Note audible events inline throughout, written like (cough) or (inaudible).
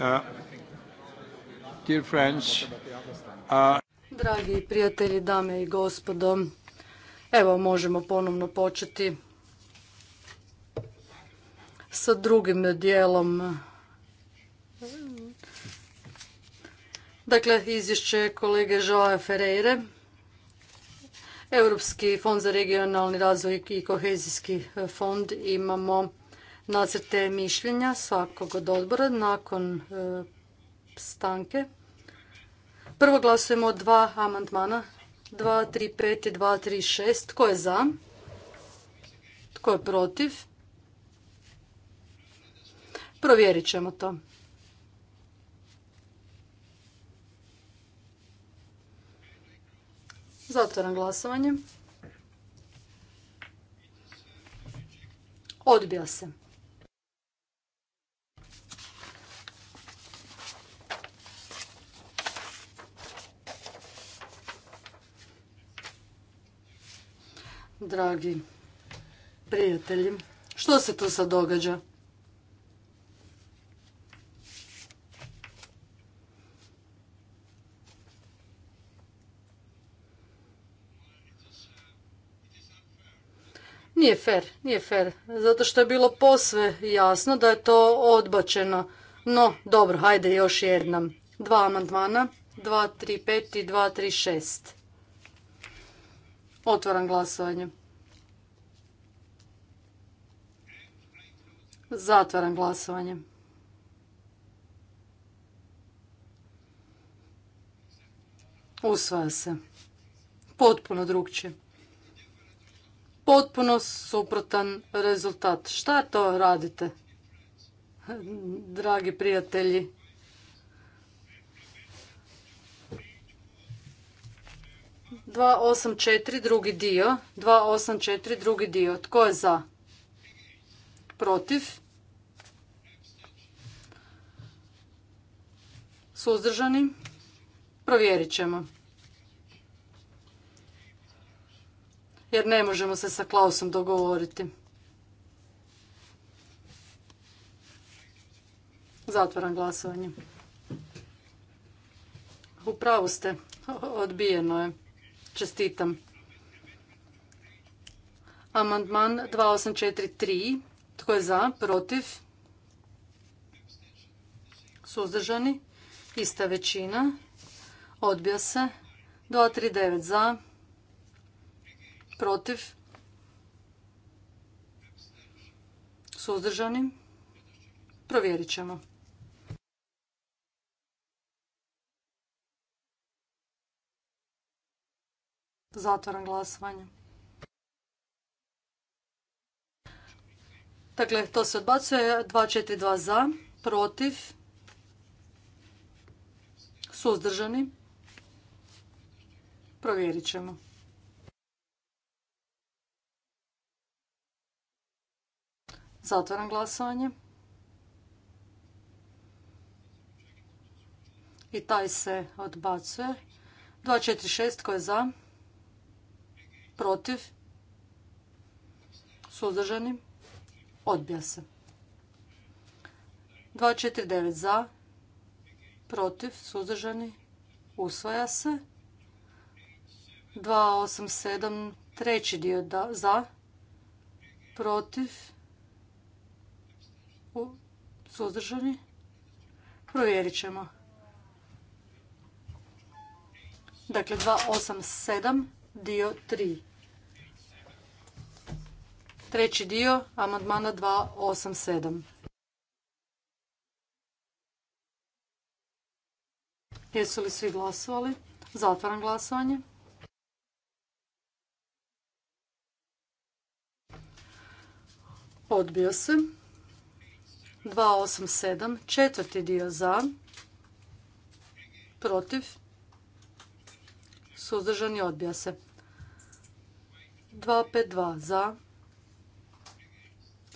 Uh, uh, Dragi prijatelji, dame i gospodo, evo možemo ponovno početi sa drugim dijelom. Dakle, izvješće kolege Joao Ferreire, Europski fond za regionalni razvoj i kohezijski fond imamo nacrte mišljenja svakog od odbora nakon e, stanke. Prvo glasujemo dva amandmana, 235 i šest. Tko je za? Tko je protiv? Provjerit ćemo to. Zatvoram glasovanje. Odbija se. Dragi prijatelji, što se tu sad događa? Nije fer, nije fer, zato što je bilo posve jasno da je to odbačeno. No, dobro, hajde još jednom. Dva amandmana, 235 i 236. Otvaram glasovanje. Zatvaram glasovanje. Usvaja se. Potpuno drugčije. Potpuno suprotan rezultat. Šta to radite? Dragi prijatelji, 284 drugi dio. 284 drugi dio. Tko je za? Protiv? Suzdržani? Provjerit ćemo. Jer ne možemo se sa Klausom dogovoriti. Zatvaram glasovanje. U pravu ste. (laughs) Odbijeno je. Čestitam. Amandman 2843. Tko je za? Protiv? Suzdržani? Ista većina. Odbija se. 239 za. Protiv? Suzdržani? Provjerit ćemo. Zatvaram glasovanje. Dakle, to se odbacuje. 242 za, protiv, suzdržani. Provjerit ćemo. Zatvaram glasovanje. I taj se odbacuje. 246 koje je za, protiv, suzdržani, odbija se. 249 za, protiv, suzdržani, usvaja se. 287, treći dio za, protiv, suzdržani, provjerit ćemo. Dakle, 287 dio 3. Treći dio amandmana 287. Jesu li svi glasovali? Zatvaram glasovanje. Odbio se. 287. Četvrti dio za. Protiv suzdržani odbija se. 2-5-2 za,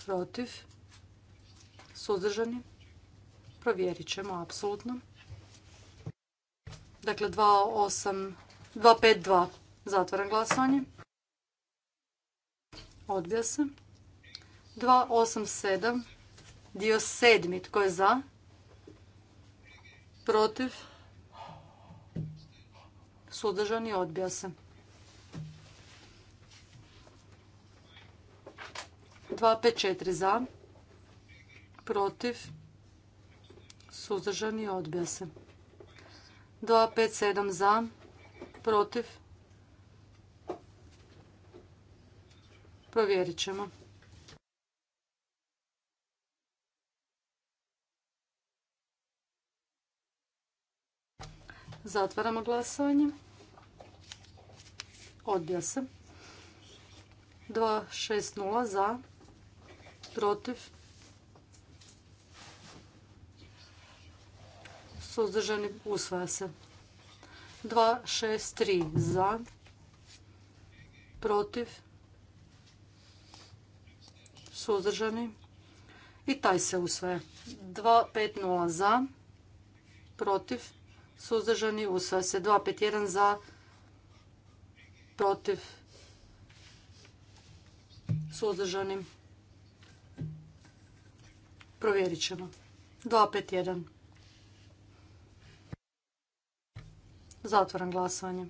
protiv, suzdržani, provjerit ćemo apsolutno. Dakle, 2-5-2 zatvoren glasovanje, odbija se. 2-8-7 dio sedmit, tko je za, protiv, Suzdržani odbija se. četiri za. Protiv. Suzdržani odbija se. sedam za. Protiv. Provjerit ćemo. Zatvaramo glasovanje odbija se. 2-6-0 za, protiv, suzdržani, usvaja se. 2-6-3 za, protiv, suzdržani i taj se usvaja. 2-5-0 za, protiv, suzdržani, usvaja se. 2-5-1 za, protiv protiv, suzdržani. Provjerit ćemo. jedan Zatvoram glasovanje.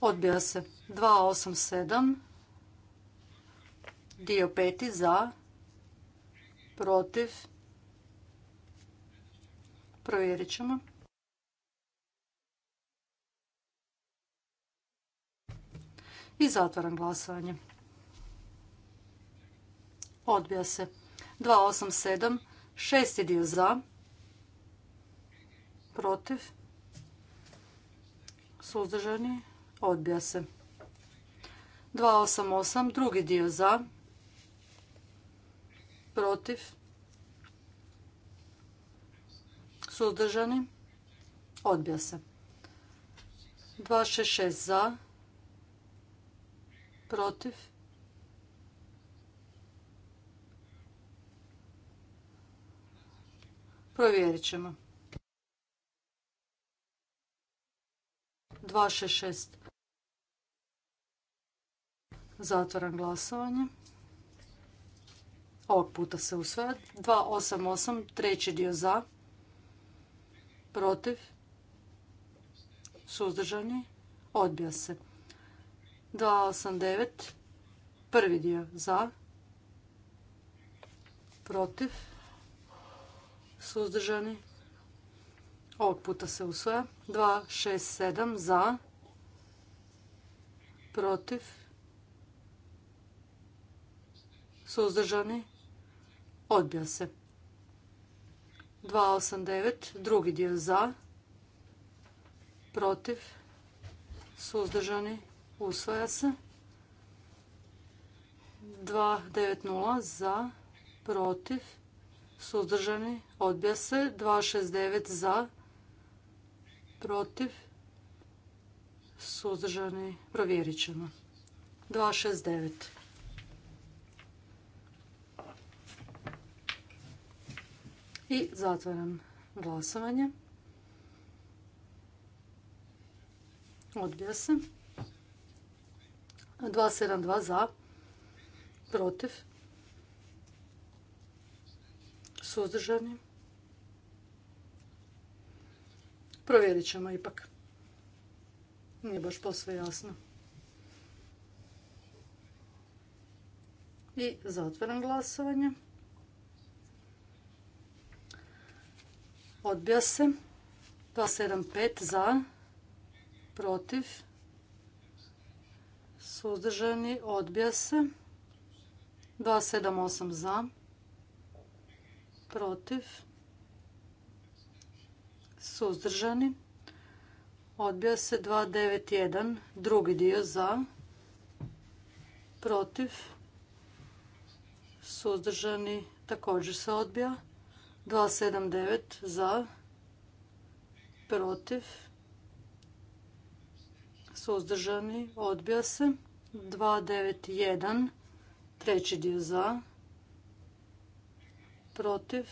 Odbija se 287, dio peti za, protiv, Provjerit ćemo. I zatvoram glasovanje. Odbija se. 287, šesti dio za, protiv, suzdržani, odbija se. 288, drugi dio za, protiv, Suzdržani? Odbija se. 266 za. Protiv? Provjerit ćemo. 266. Zatvoram glasovanje. Ovog puta se usvaja. 288, treći dio za protiv, suzdržani, odbija se. 289, prvi dio za, protiv, suzdržani, ovog puta se usvoja. 267 za, protiv, suzdržani, odbija se. 289, drugi dio za, protiv, suzdržani, usvaja se. 290 za, protiv, suzdržani, odbija se. 269 za, protiv, suzdržani, provjerit ćemo. 269. I zatvaram glasovanje. Odbija se. 272 za, protiv, suzdržani. Provjerit ćemo ipak. Nije baš posve jasno. I zatvaram glasovanje. Odbija se. 275 za, protiv, suzdržani, odbija se. 278 za, protiv, suzdržani, odbija se. 291, drugi dio za, protiv, suzdržani, također se odbija. 279 za, protiv, suzdržani, odbija se. 291, treći dio za, protiv,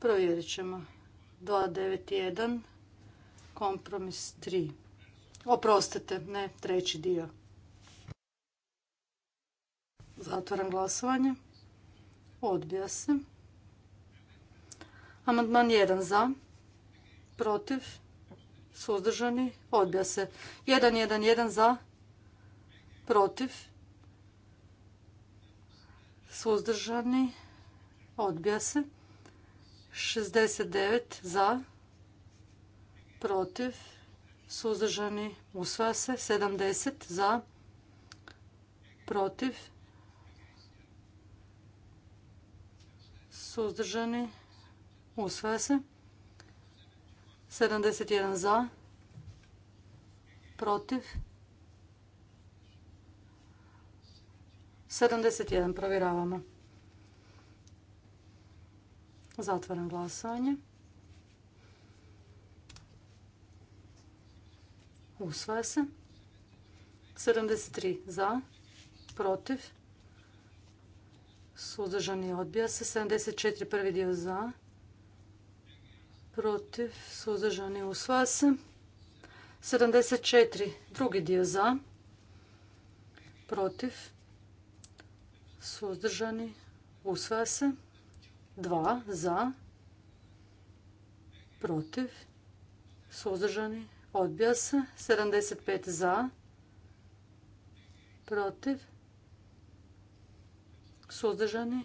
provjerit ćemo. 291, kompromis 3. Oprostite, ne, treći dio. Zatvoram glasovanje. Odbija se. Amandman 1 za. Protiv. Suzdržani. Odbija se. 1 za. Protiv. Suzdržani. Odbija se. 69 za. Protiv. Suzdržani. Usvaja se. 70 za. Protiv suzdržani, usvaja se. 71 za, protiv. 71 provjeravamo. Zatvaram glasovanje. Usvaja se. 73 za, protiv suzdržani odbija se. 74. prvi dio za, protiv, suzdržani usvaja se. 74. drugi dio za, protiv, suzdržani usvaja se. 2 za, protiv, suzdržani odbija se. 75 za, protiv, Suzdržani?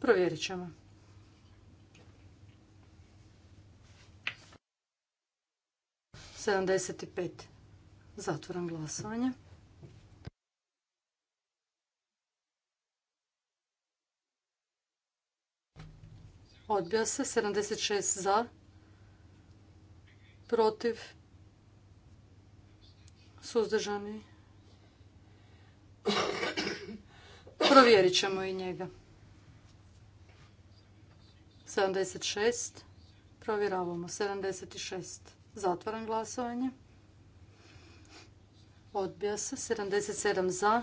Provjerit ćemo. Sedamdeset pet. Zatvoram glasovanje. Odbija se. 76 za. Protiv. Suzdržani. Provjerit ćemo i njega. 76. Provjeravamo. 76. Zatvaram glasovanje. Odbija se. 77 za.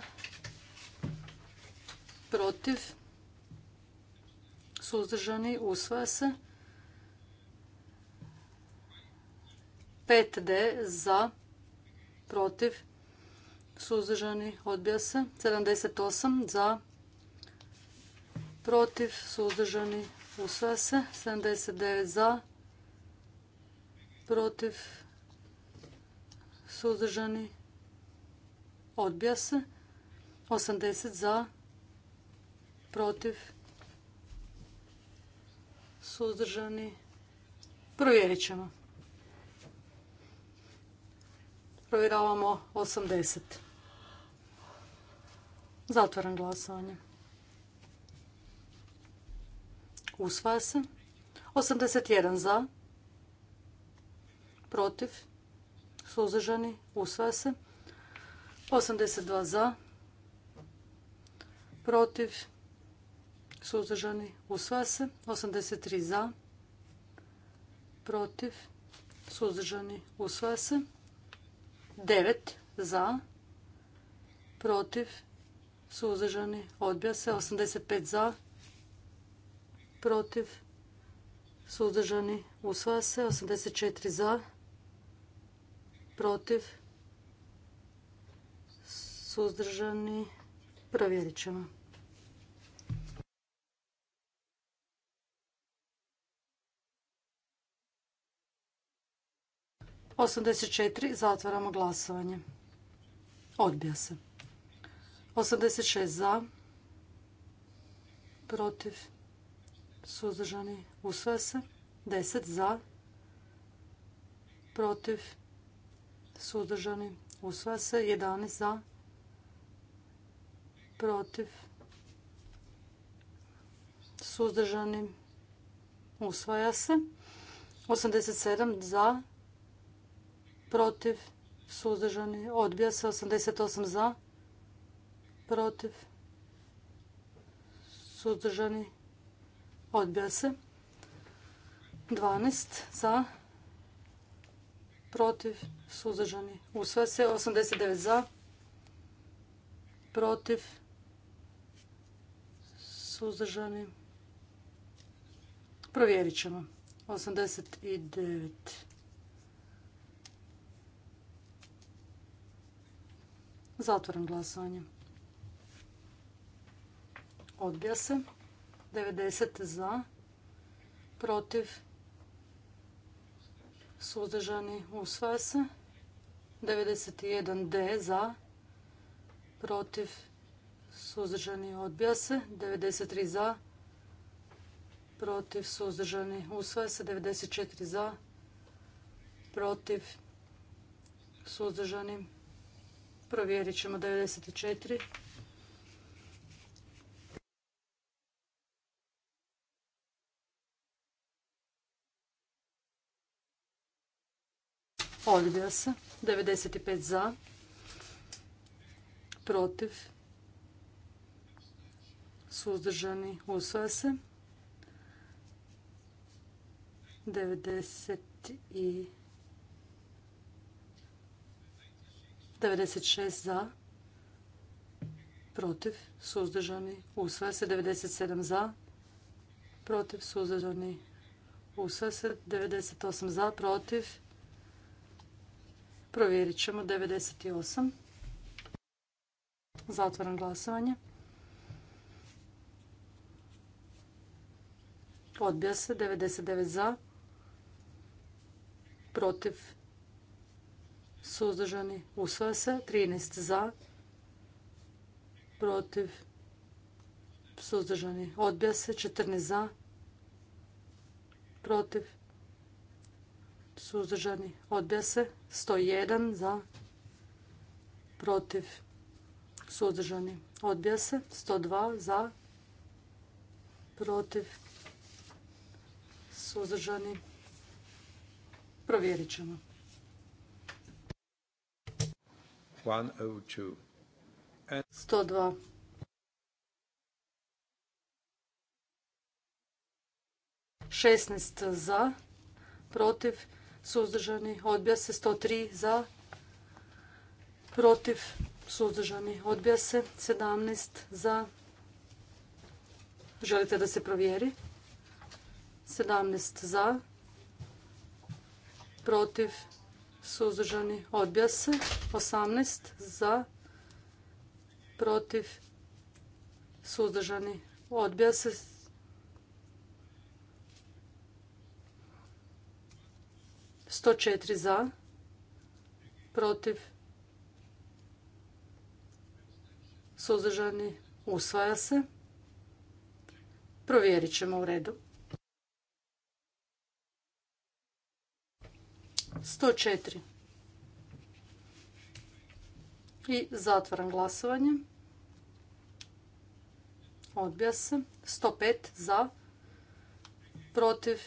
Protiv. Suzdržani. Usvaja se. 5D za. Protiv suzdržani, odbija se. 78 za, protiv, suzdržani, usvaja se. 79 za, protiv, suzdržani, odbija se. 80 za, protiv, suzdržani, provjerit ćemo. Provjeravamo 80. Zatvaram glasovanje. Usvaja se. 81 za. Protiv. Suzdržani. Usvaja se. 82 za. Protiv. Suzdržani. Usvaja se. 83 za. Protiv. Suzdržani. Usvaja se. 9 za. Protiv suzdržani, odbija se. 85 za, protiv, suzdržani, usvaja se. 84 za, protiv, suzdržani, provjerit ćemo. 84, četiri zatvaramo glasovanje. Odbija se. 86 za, protiv, suzdržani, usvaja se. 10 za, protiv, suzdržani, usvaja se. 11 za, protiv, suzdržani, usvaja se. 87 za, protiv, suzdržani, odbija se. 88 za, protiv, suzdržani, odbija se. 12 za, protiv, suzdržani, usvaja se. 89 za, protiv, suzdržani. Provjerit ćemo. 89. Zatvoram glasovanje. Odbija se. 90 za. Protiv. Suzdržani. Usvaja se. 91 D za. Protiv. Suzdržani. Odbija se. 93 za. Protiv. Suzdržani. Usvaja se. 94 za. Protiv. Suzdržani. Provjerit ćemo 94. Odbija se. 95 za. Protiv. Suzdržani. Usvaja se. 90 i 96 za. Protiv. Suzdržani. Usvaja se. 97 za. Protiv. Suzdržani. Usvaja se. 98 za. Protiv Provjerit ćemo 98. Zatvaram glasovanje. Odbija se 99 za. Protiv. Suzdržani. Usvaja se 13 za. Protiv. Suzdržani. Odbija se 14 za. Protiv suzdržani, odbija se. 101 za, protiv, suzdržani, odbija se. 102 za, protiv, suzdržani. Provjerit ćemo. 102. 16 za, protiv, suzdržani, odbija se. 103 za, protiv, suzdržani, odbija se. 17 za, želite da se provjeri? 17 za, protiv, suzdržani, odbija se. 18 za, protiv, suzdržani, odbija se. 104 za, protiv, suzdržani, usvaja se. Provjerit ćemo u redu. 104. I zatvaram glasovanje. Odbija se. 105 za, protiv,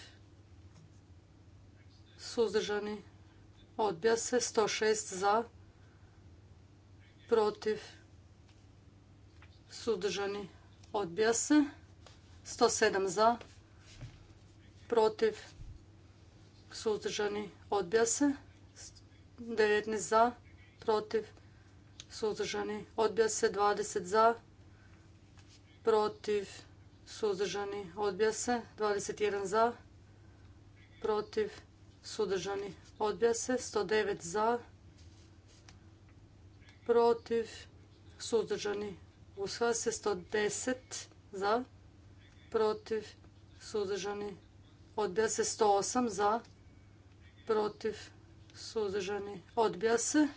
suzdržani, odbija se. 106 za, protiv, suzdržani, odbija se. 107 za, protiv, suzdržani, odbija se. 19 za, protiv, suzdržani, odbija se. 20 za, protiv, suzdržani, odbija se. 21 za, protiv, Sudržani odbija se. 109 za, protiv, suzdržani, usvaja se. 110 za, protiv, suzdržani, odbija se. 108 za, protiv, suzdržani, odbija se.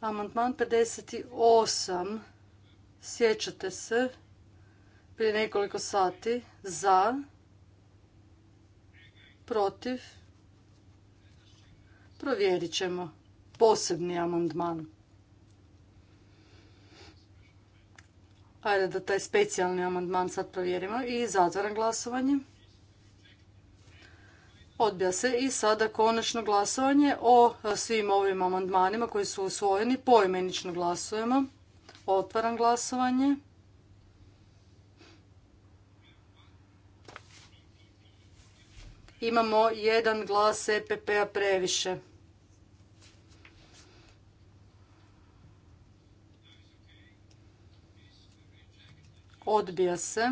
Amandman 58, sjećate se, prije nekoliko sati, za, protiv, provjerit ćemo posebni amandman. Ajde da taj specijalni amandman sad provjerimo i zatvaram glasovanje. Odbija se i sada konačno glasovanje o svim ovim amandmanima koji su usvojeni. Poimenično glasujemo. Otvaram glasovanje. imamo jedan glas EPP-a previše. Odbija se.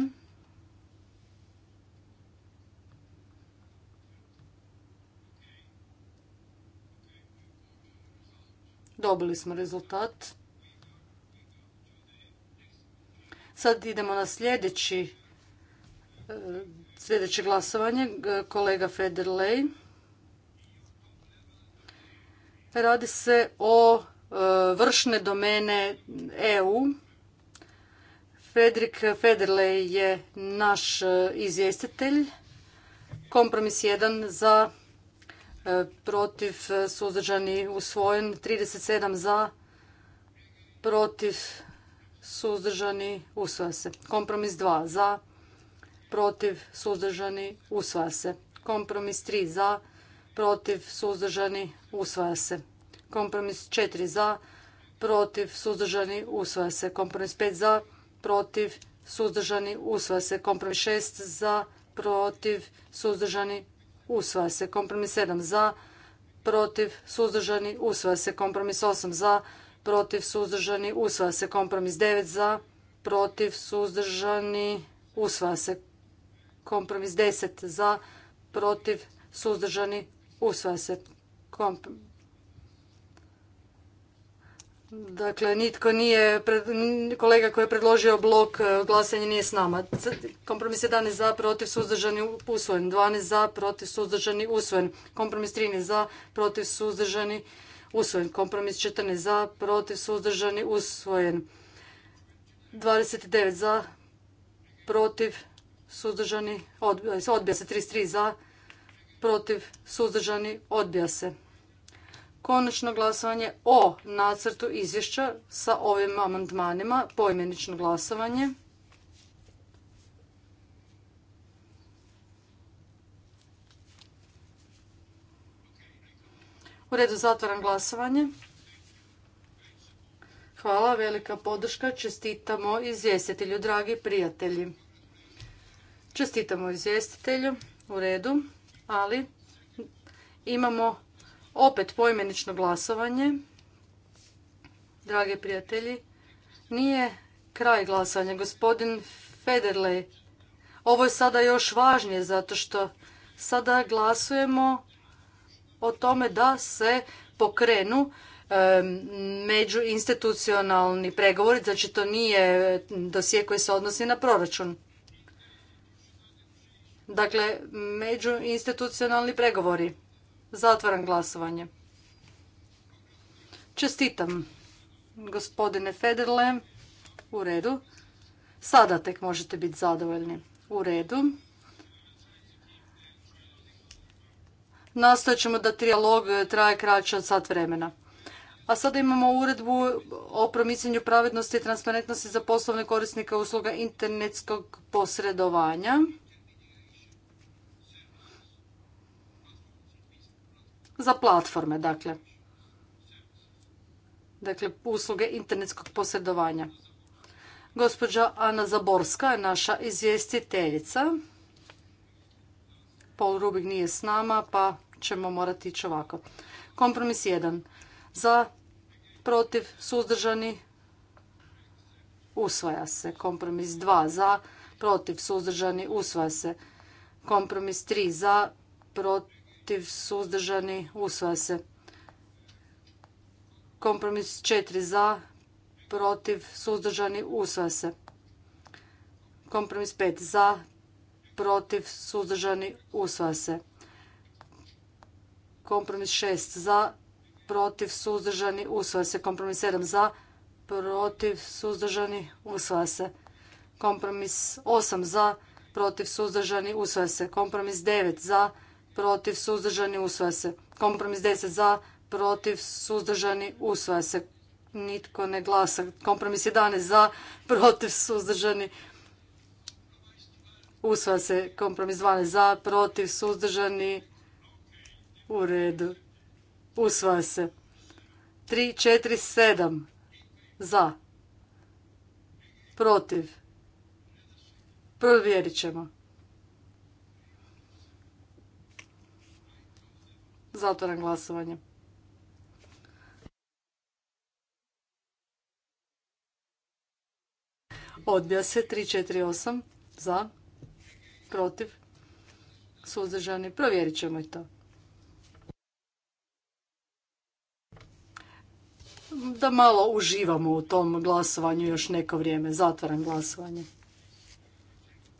Dobili smo rezultat. Sad idemo na sljedeći e, Sljedeće glasovanje, kolega Federlej. Radi se o e, vršne domene EU. Fedrik Federlej je naš e, izvjestitelj. Kompromis 1 e, za protiv suzdržani usvojen, 37 za protiv suzdržani usvoja se. Kompromis 2 za protiv, suzdržani, usvaja se. Kompromis 3 za, protiv, suzdržani, usvaja se. Kompromis 4 za, protiv, suzdržani, usvaja se. Kompromis 5 za, protiv, suzdržani, usvaja se. Kompromis 6 za, protiv, suzdržani, usvaja se. Kompromis 7 za, protiv, suzdržani, usvaja se. Kompromis 8 za, protiv, suzdržani, usvaja se. Kompromis 9 za, protiv, suzdržani, usvaja se. Kompromis 10 za, protiv, suzdržani, usvaja se. Dakle, nitko nije, kolega koji je predložio blok e, glasanje nije s nama. Kompromis 11 za, protiv, suzdržani, usvojen. 12 za, protiv, suzdržani, usvojen. Kompromis 13 za, protiv, suzdržani, usvojen. Kompromis 14 za, protiv, suzdržani, usvojen. 29 za, protiv, suzdržani, odbija se. se 33 za, protiv, suzdržani, odbija se. Konačno glasovanje o nacrtu izvješća sa ovim amandmanima, poimenično glasovanje. U redu zatvaram glasovanje. Hvala, velika podrška, čestitamo izvjestitelju, dragi prijatelji. Čestitamo izvjestitelju, u redu, ali imamo opet poimenično glasovanje. Dragi prijatelji, nije kraj glasovanja. Gospodin Federley, ovo je sada još važnije zato što sada glasujemo o tome da se pokrenu međuinstitucionalni pregovori, znači to nije dosije koji se odnosi na proračun. Dakle, međuinstitucionalni pregovori. Zatvaram glasovanje. Čestitam, gospodine Federle. U redu. Sada tek možete biti zadovoljni. U redu. Nastojat ćemo da trijalog traje kraće od sat vremena. A sada imamo uredbu o promicanju pravednosti i transparentnosti za poslovne korisnike usluga internetskog posredovanja. za platforme, dakle. Dakle, usluge internetskog posjedovanja. Gospođa Ana Zaborska je naša izvjestiteljica. Paul Rubik nije s nama, pa ćemo morati ići ovako. Kompromis 1. Za, protiv, suzdržani, usvaja se. Kompromis 2. Za, protiv, suzdržani, usvaja se. Kompromis 3. Za, protiv, protiv, suzdržani, usvaja se. Kompromis 4 za, protiv, suzdržani, usvaja se. Kompromis 5 za, protiv, suzdržani, usvaja se. Kompromis 6 za, protiv, suzdržani, usvaja se. Kompromis 7 za, protiv, suzdržani, usvaja se. Kompromis 8 za, protiv, suzdržani, usvaja se. Kompromis 9 za, protiv, suzdržani, usvaja se. Kompromis 10 za, protiv, suzdržani, usvaja se. Nitko ne glasa. Kompromis 11 za, protiv, suzdržani, usvaja se. Kompromis 12 za, protiv, suzdržani, u redu. Usvaja se. 3, 4, 7 za, protiv. Provjerit ćemo. Zatvaram glasovanje. Odbija se 348 za, protiv, suzdržani. Provjerit ćemo i to. Da malo uživamo u tom glasovanju još neko vrijeme. Zatvaram glasovanje.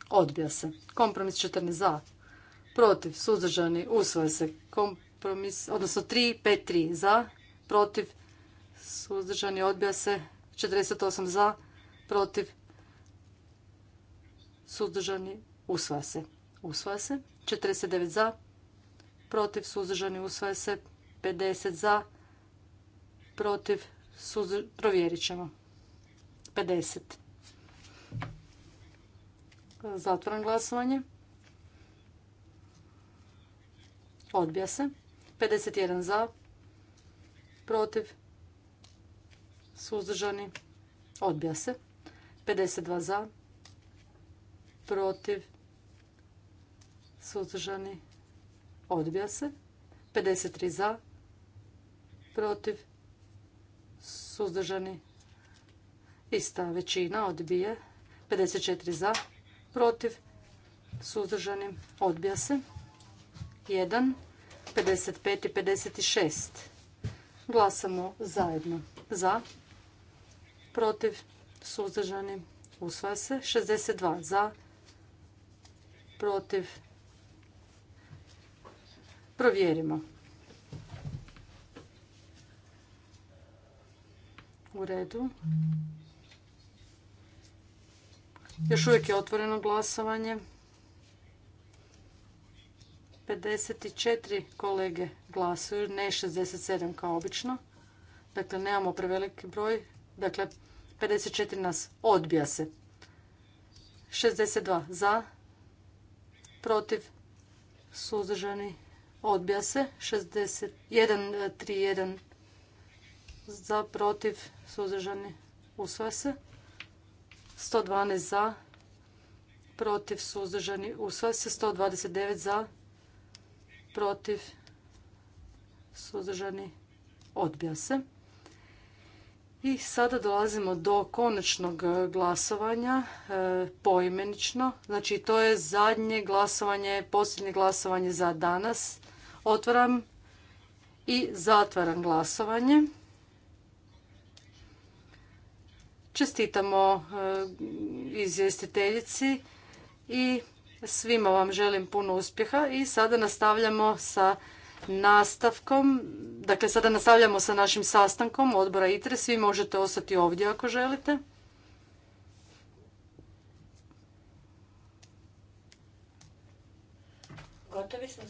Odbija se. Kompromis 14 za, protiv, suzdržani, usvoje se kompromis, odnosno 3, 5, 3 za, protiv, suzdržani, odbija se, 48 za, protiv, suzdržani, usvaja se, usvaja se, 49 za, protiv, suzdržani, usvaja se, 50 za, protiv, suzdržani, provjerit ćemo, 50. Zatvoram glasovanje. Odbija se. 51 za, protiv, suzdržani, odbija se. 52 za, protiv, suzdržani, odbija se. 53 za, protiv, suzdržani, ista većina odbije. 54 za, protiv, suzdržani, odbija se. 1 55 i 56. Glasamo zajedno. Za, protiv, suzdržani, usvaja se. 62 za, protiv, provjerimo. U redu. Još uvijek je otvoreno glasovanje. 54 kolege glasuju, ne 67 kao obično. Dakle, nemamo preveliki broj. Dakle, 54 nas odbija se. 62 za, protiv, suzdržani, odbija se. 61, 3, za, protiv, suzdržani, usvaja se. 112 za, protiv, suzdržani, usvaja se. 129 za, protiv, suzdržani, odbija se. I sada dolazimo do konačnog e, glasovanja e, poimenično. Znači to je zadnje glasovanje, posljednje glasovanje za danas. Otvaram i zatvaram glasovanje. Čestitamo e, izvjestiteljici i Svima vam želim puno uspjeha i sada nastavljamo sa nastavkom. Dakle, sada nastavljamo sa našim sastankom odbora ITRE. Svi možete ostati ovdje ako želite. Gotovi smo.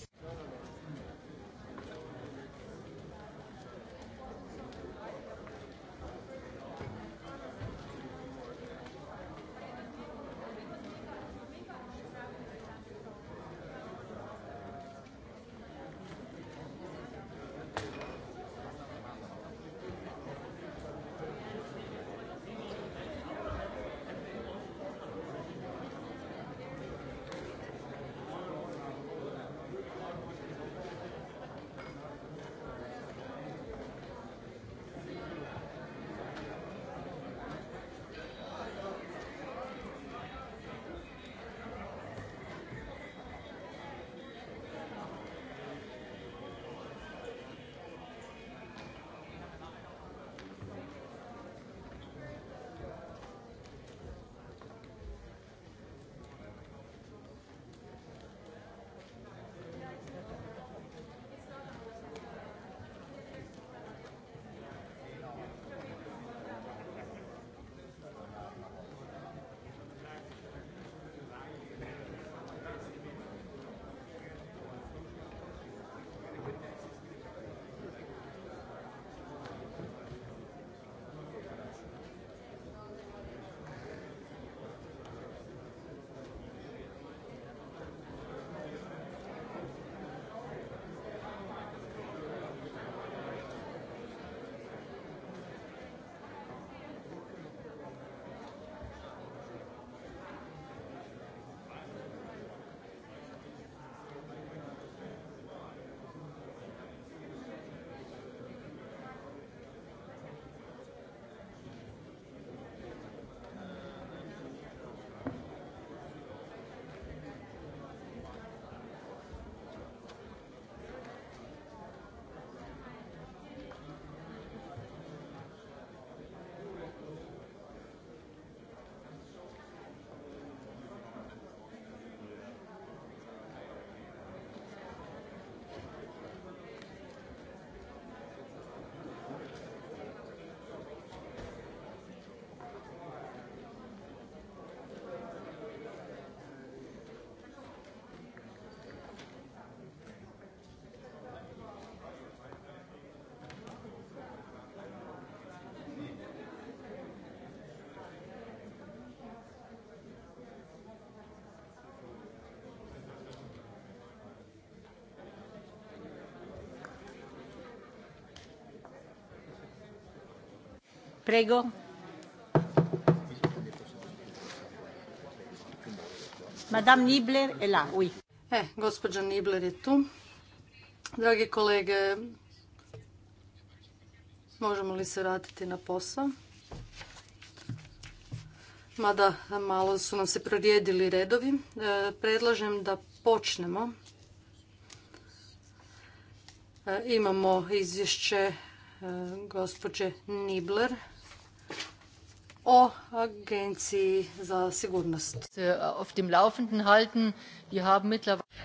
Prego. Madame Nibler je E, eh, gospođa Nibler je tu. Dragi kolege, možemo li se vratiti na posao? Mada malo su nam se prorijedili redovi. E, predlažem da počnemo. E, imamo izvješće gospođe Nibler o Agenciji za sigurnost.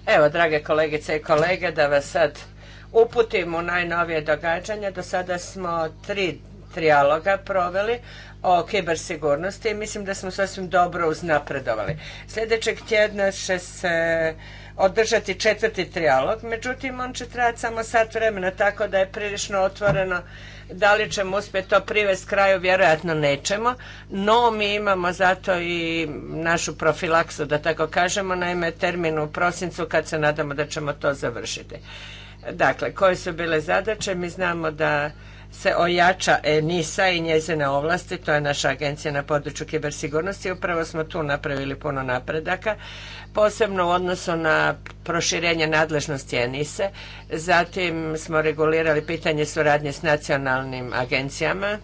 Evo, drage kolegice i kolege, da vas sad uputim u najnovije događanja. Do sada smo tri trijaloga proveli o kibersigurnosti i mislim da smo sasvim dobro uznapredovali. Sljedećeg tjedna će se održati četvrti trijalog, međutim on će trajati samo sat vremena, tako da je prilično otvoreno da li ćemo uspjeti to privesti kraju, vjerojatno nećemo, no mi imamo zato i našu profilaksu, da tako kažemo, naime termin u prosincu kad se nadamo da ćemo to završiti. Dakle, koje su bile zadaće? Mi znamo da se ojača ENISA i njezine ovlasti, to je naša agencija na području kibersigurnosti. Upravo smo tu napravili puno napredaka, posebno u odnosu na proširenje nadležnosti ENISE. Zatim smo regulirali pitanje suradnje s nacionalnim agencijama.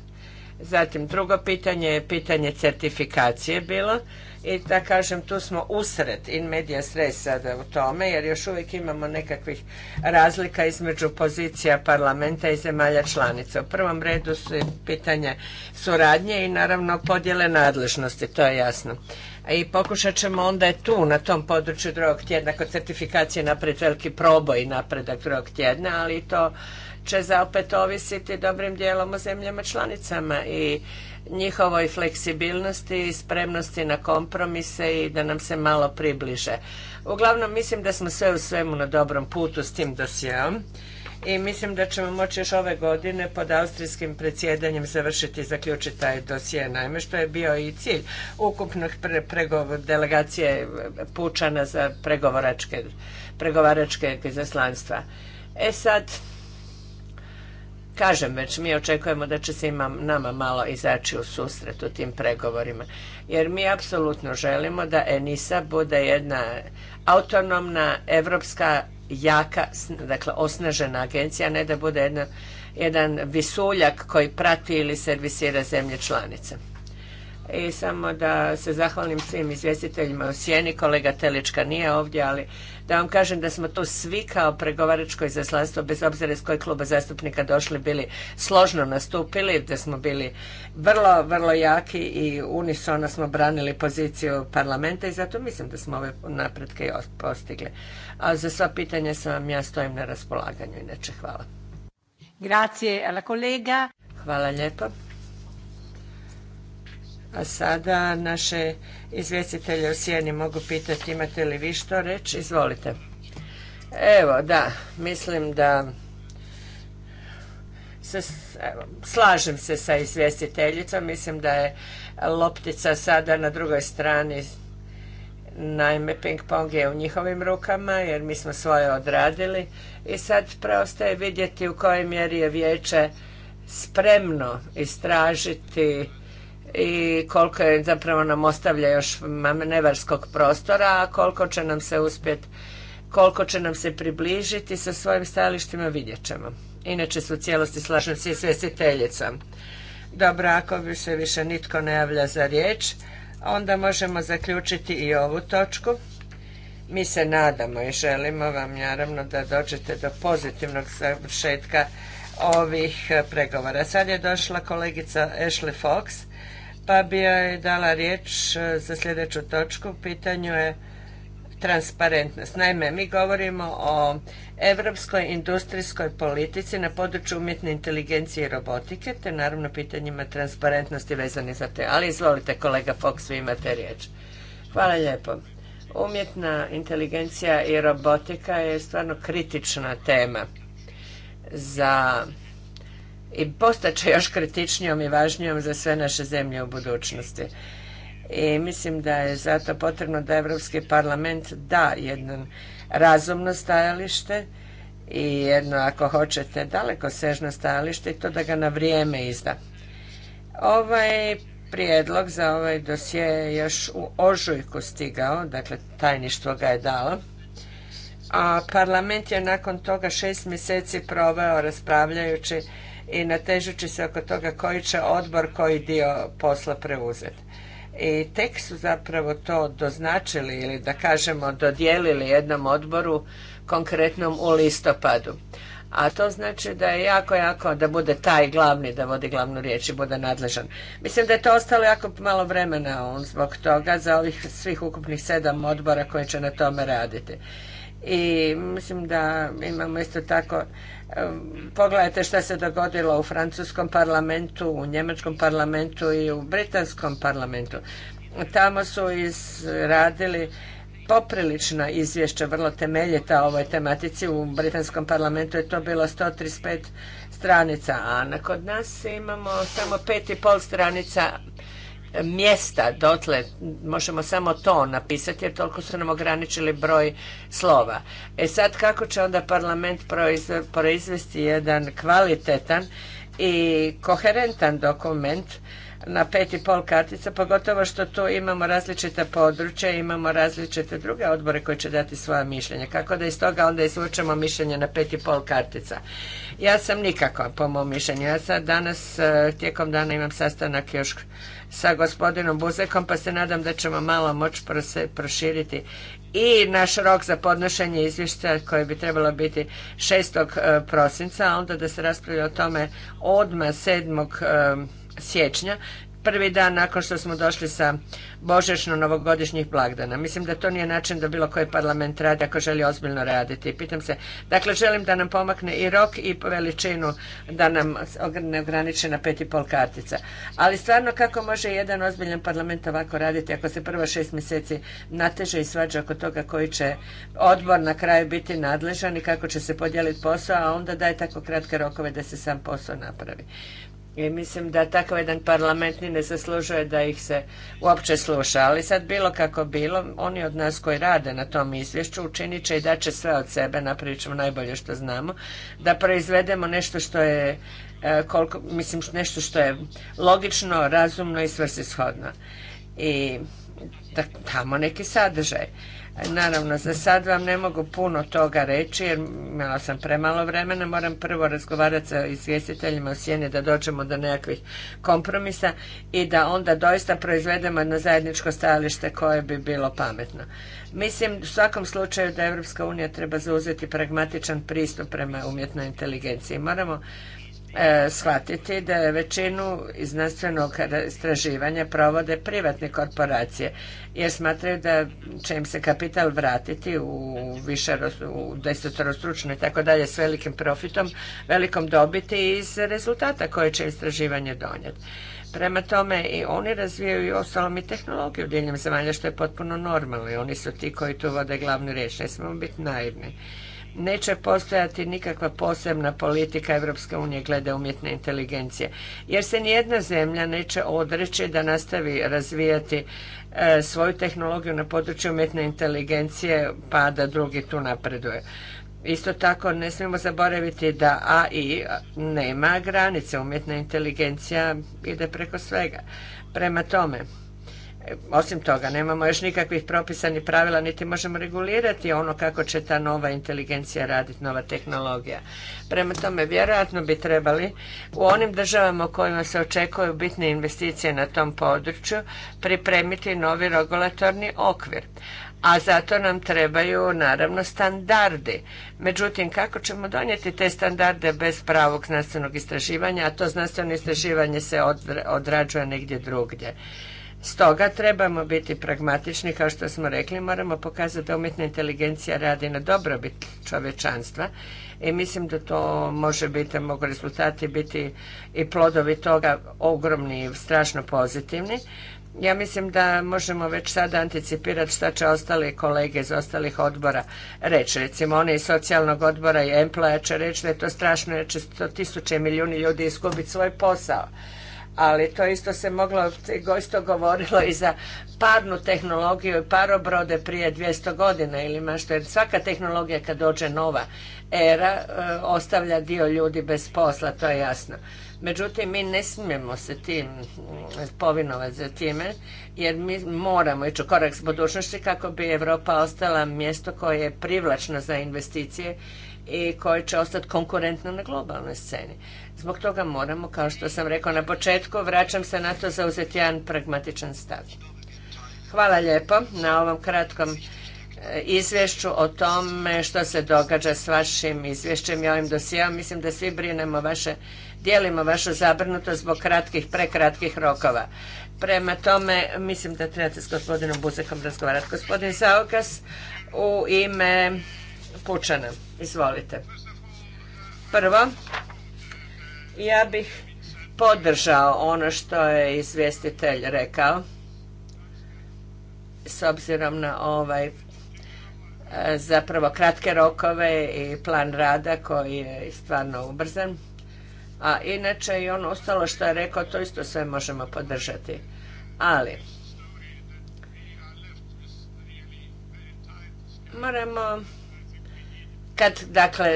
Zatim drugo pitanje je pitanje certifikacije bilo i da kažem tu smo usred in medija sred u tome jer još uvijek imamo nekakvih razlika između pozicija parlamenta i zemalja članica. U prvom redu su pitanje suradnje i naravno podjele nadležnosti, to je jasno. I pokušat ćemo onda je tu na tom području drugog tjedna kod certifikacije napred veliki proboj napredak drugog tjedna, ali to će zaopet ovisiti dobrim dijelom o zemljama članicama i njihovoj fleksibilnosti i spremnosti na kompromise i da nam se malo približe. Uglavnom, mislim da smo sve u svemu na dobrom putu s tim dosjeom i mislim da ćemo moći još ove godine pod austrijskim predsjedanjem završiti i zaključiti taj dosje. Naime, što je bio i cilj ukupnog delegacije pučana za pregovaračke, pregovaračke izaslanstva. E sad, Kažem već, mi očekujemo da će se nama malo izaći u susret u tim pregovorima. Jer mi apsolutno želimo da ENISA bude jedna autonomna, evropska, jaka, dakle osnažena agencija, ne da bude jedan visuljak koji prati ili servisira zemlje članice i samo da se zahvalim svim izvjestiteljima u sjeni. Kolega Telička nije ovdje, ali da vam kažem da smo tu svi kao pregovaračko izaslanstvo, bez obzira iz kojeg kluba zastupnika došli, bili složno nastupili, da smo bili vrlo, vrlo jaki i unisono smo branili poziciju parlamenta i zato mislim da smo ove napretke i postigli. A za sva pitanja sam vam ja stojim na raspolaganju, inače hvala. Grazie alla Hvala lijepo. A sada naše izvjestitelje u sjeni mogu pitati imate li vi što reći? Izvolite. Evo, da, mislim da se, slažem se sa izvjestiteljicom. Mislim da je loptica sada na drugoj strani Naime, ping-pong je u njihovim rukama jer mi smo svoje odradili i sad preostaje vidjeti u kojoj mjeri je vijeće spremno istražiti i koliko je zapravo nam ostavlja još manevarskog prostora, a koliko će nam se uspjeti, koliko će nam se približiti sa svojim stajalištima vidjet ćemo. Inače su u cijelosti slažem se i svjestiteljica. Dobro, ako bi se više nitko ne javlja za riječ, onda možemo zaključiti i ovu točku. Mi se nadamo i želimo vam naravno da dođete do pozitivnog završetka ovih pregovora. Sad je došla kolegica Ashley Fox pa bi joj dala riječ e, za sljedeću točku. U pitanju je transparentnost. Naime, mi govorimo o europskoj industrijskoj politici na području umjetne inteligencije i robotike, te naravno pitanjima transparentnosti vezani za te. Ali izvolite kolega Fox, vi imate riječ. Hvala lijepo. Umjetna inteligencija i robotika je stvarno kritična tema za i će još kritičnijom i važnijom za sve naše zemlje u budućnosti. I mislim da je zato potrebno da Europski parlament da jedno razumno stajalište i jedno, ako hoćete, daleko sežno stajalište i to da ga na vrijeme izda. Ovaj prijedlog za ovaj dosje je još u ožujku stigao, dakle tajništvo ga je dalo, a parlament je nakon toga šest mjeseci proveo raspravljajući i natežući se oko toga koji će odbor koji dio posla preuzeti. I tek su zapravo to doznačili ili da kažemo dodijelili jednom odboru konkretnom u listopadu. A to znači da je jako, jako da bude taj glavni, da vodi glavnu riječ i bude nadležan. Mislim da je to ostalo jako malo vremena zbog toga za ovih svih ukupnih sedam odbora koji će na tome raditi. I mislim da imamo isto tako Pogledajte šta se dogodilo u francuskom parlamentu, u njemačkom parlamentu i u britanskom parlamentu. Tamo su izradili poprilična izvješća, vrlo temeljita o ovoj tematici. U britanskom parlamentu je to bilo 135 stranica, a kod nas imamo samo pet i pol stranica mjesta dotle možemo samo to napisati jer toliko su nam ograničili broj slova. E sad kako će onda parlament proizvesti jedan kvalitetan i koherentan dokument na pet i pol kartica, pogotovo što tu imamo različita područja, imamo različite druge odbore koji će dati svoja mišljenja. Kako da iz toga onda izvučemo mišljenje na pet i pol kartica? Ja sam nikako, po mom mišljenju. Ja sad danas, e, tijekom dana imam sastanak još sa gospodinom Buzekom, pa se nadam da ćemo malo moći proširiti i naš rok za podnošenje izvješća koje bi trebalo biti 6. E, prosinca, a onda da se raspravlja o tome odma 7 siječnja, prvi dan nakon što smo došli sa božešno-novogodišnjih blagdana. Mislim da to nije način da bilo koji parlament radi ako želi ozbiljno raditi. Pitam se, dakle želim da nam pomakne i rok i veličinu da nam ne ograniče na pet i pol kartica. Ali stvarno kako može jedan ozbiljan parlament ovako raditi ako se prvo šest mjeseci nateže i svađa oko toga koji će odbor na kraju biti nadležan i kako će se podijeliti posao, a onda daje tako kratke rokove da se sam posao napravi. I mislim da takav jedan parlament ni ne zaslužuje da ih se uopće sluša. Ali sad bilo kako bilo, oni od nas koji rade na tom izvješću učinit će i da će sve od sebe, napravit ćemo najbolje što znamo, da proizvedemo nešto što je e, koliko, mislim, nešto što je logično, razumno i svrsishodno. I da, tamo neki sadržaj. Naravno, za sad vam ne mogu puno toga reći jer imala sam premalo vremena. Moram prvo razgovarati sa izvjestiteljima u sjeni da dođemo do nekakvih kompromisa i da onda doista proizvedemo jedno zajedničko stajalište koje bi bilo pametno. Mislim u svakom slučaju da Europska unija treba zauzeti pragmatičan pristup prema umjetnoj inteligenciji. Moramo E, shvatiti da je većinu znanstvenog istraživanja provode privatne korporacije jer smatraju da će im se kapital vratiti u više u desetorostručno i tako dalje s velikim profitom, velikom dobiti iz rezultata koje će istraživanje donijeti. Prema tome i oni razvijaju i ostalom i tehnologiju diljem zemalja što je potpuno normalno i oni su ti koji tu vode glavnu riječ. Ne smijemo biti naivni neće postojati nikakva posebna politika Europske unije glede umjetne inteligencije. Jer se nijedna zemlja neće odreći da nastavi razvijati e, svoju tehnologiju na području umjetne inteligencije pa da drugi tu napreduje. Isto tako ne smijemo zaboraviti da AI nema granice, umjetna inteligencija ide preko svega. Prema tome, E, osim toga, nemamo još nikakvih propisanih pravila, niti možemo regulirati ono kako će ta nova inteligencija raditi, nova tehnologija. Prema tome, vjerojatno bi trebali u onim državama u kojima se očekuju bitne investicije na tom području pripremiti novi regulatorni okvir. A zato nam trebaju, naravno, standardi. Međutim, kako ćemo donijeti te standarde bez pravog znanstvenog istraživanja, a to znanstveno istraživanje se odrađuje negdje drugdje. Stoga trebamo biti pragmatični, kao što smo rekli, moramo pokazati da umjetna inteligencija radi na dobrobit čovečanstva i mislim da to može biti, mogu rezultati biti i plodovi toga ogromni i strašno pozitivni. Ja mislim da možemo već sada anticipirati šta će ostali kolege iz ostalih odbora reći. Recimo, oni iz socijalnog odbora i Emploja će reći da je to strašno jer će sto tisuće milijuni ljudi izgubiti svoj posao ali to isto se moglo, isto govorilo i za parnu tehnologiju i parobrode prije 200 godina ili mašto, jer svaka tehnologija kad dođe nova era e, ostavlja dio ljudi bez posla, to je jasno. Međutim, mi ne smijemo se tim povinovati za time, jer mi moramo ići u korak s budućnosti kako bi Europa ostala mjesto koje je privlačno za investicije i koje će ostati konkurentno na globalnoj sceni. Zbog toga moramo, kao što sam rekao na početku, vraćam se na to zauzeti jedan pragmatičan stav. Hvala lijepo na ovom kratkom e, izvješću o tome što se događa s vašim izvješćem i ovim dosijom. Mislim da svi brinemo vaše, dijelimo vašu zabrnutost zbog kratkih, prekratkih rokova. Prema tome, mislim da trebate s gospodinom Buzekom razgovarati. Gospodin Zaukas, u ime Pučana. Izvolite. Prvo, ja bih podržao ono što je izvjestitelj rekao s obzirom na ovaj e, zapravo kratke rokove i plan rada koji je stvarno ubrzan. A inače i ono ostalo što je rekao, to isto sve možemo podržati. Ali, moramo kad dakle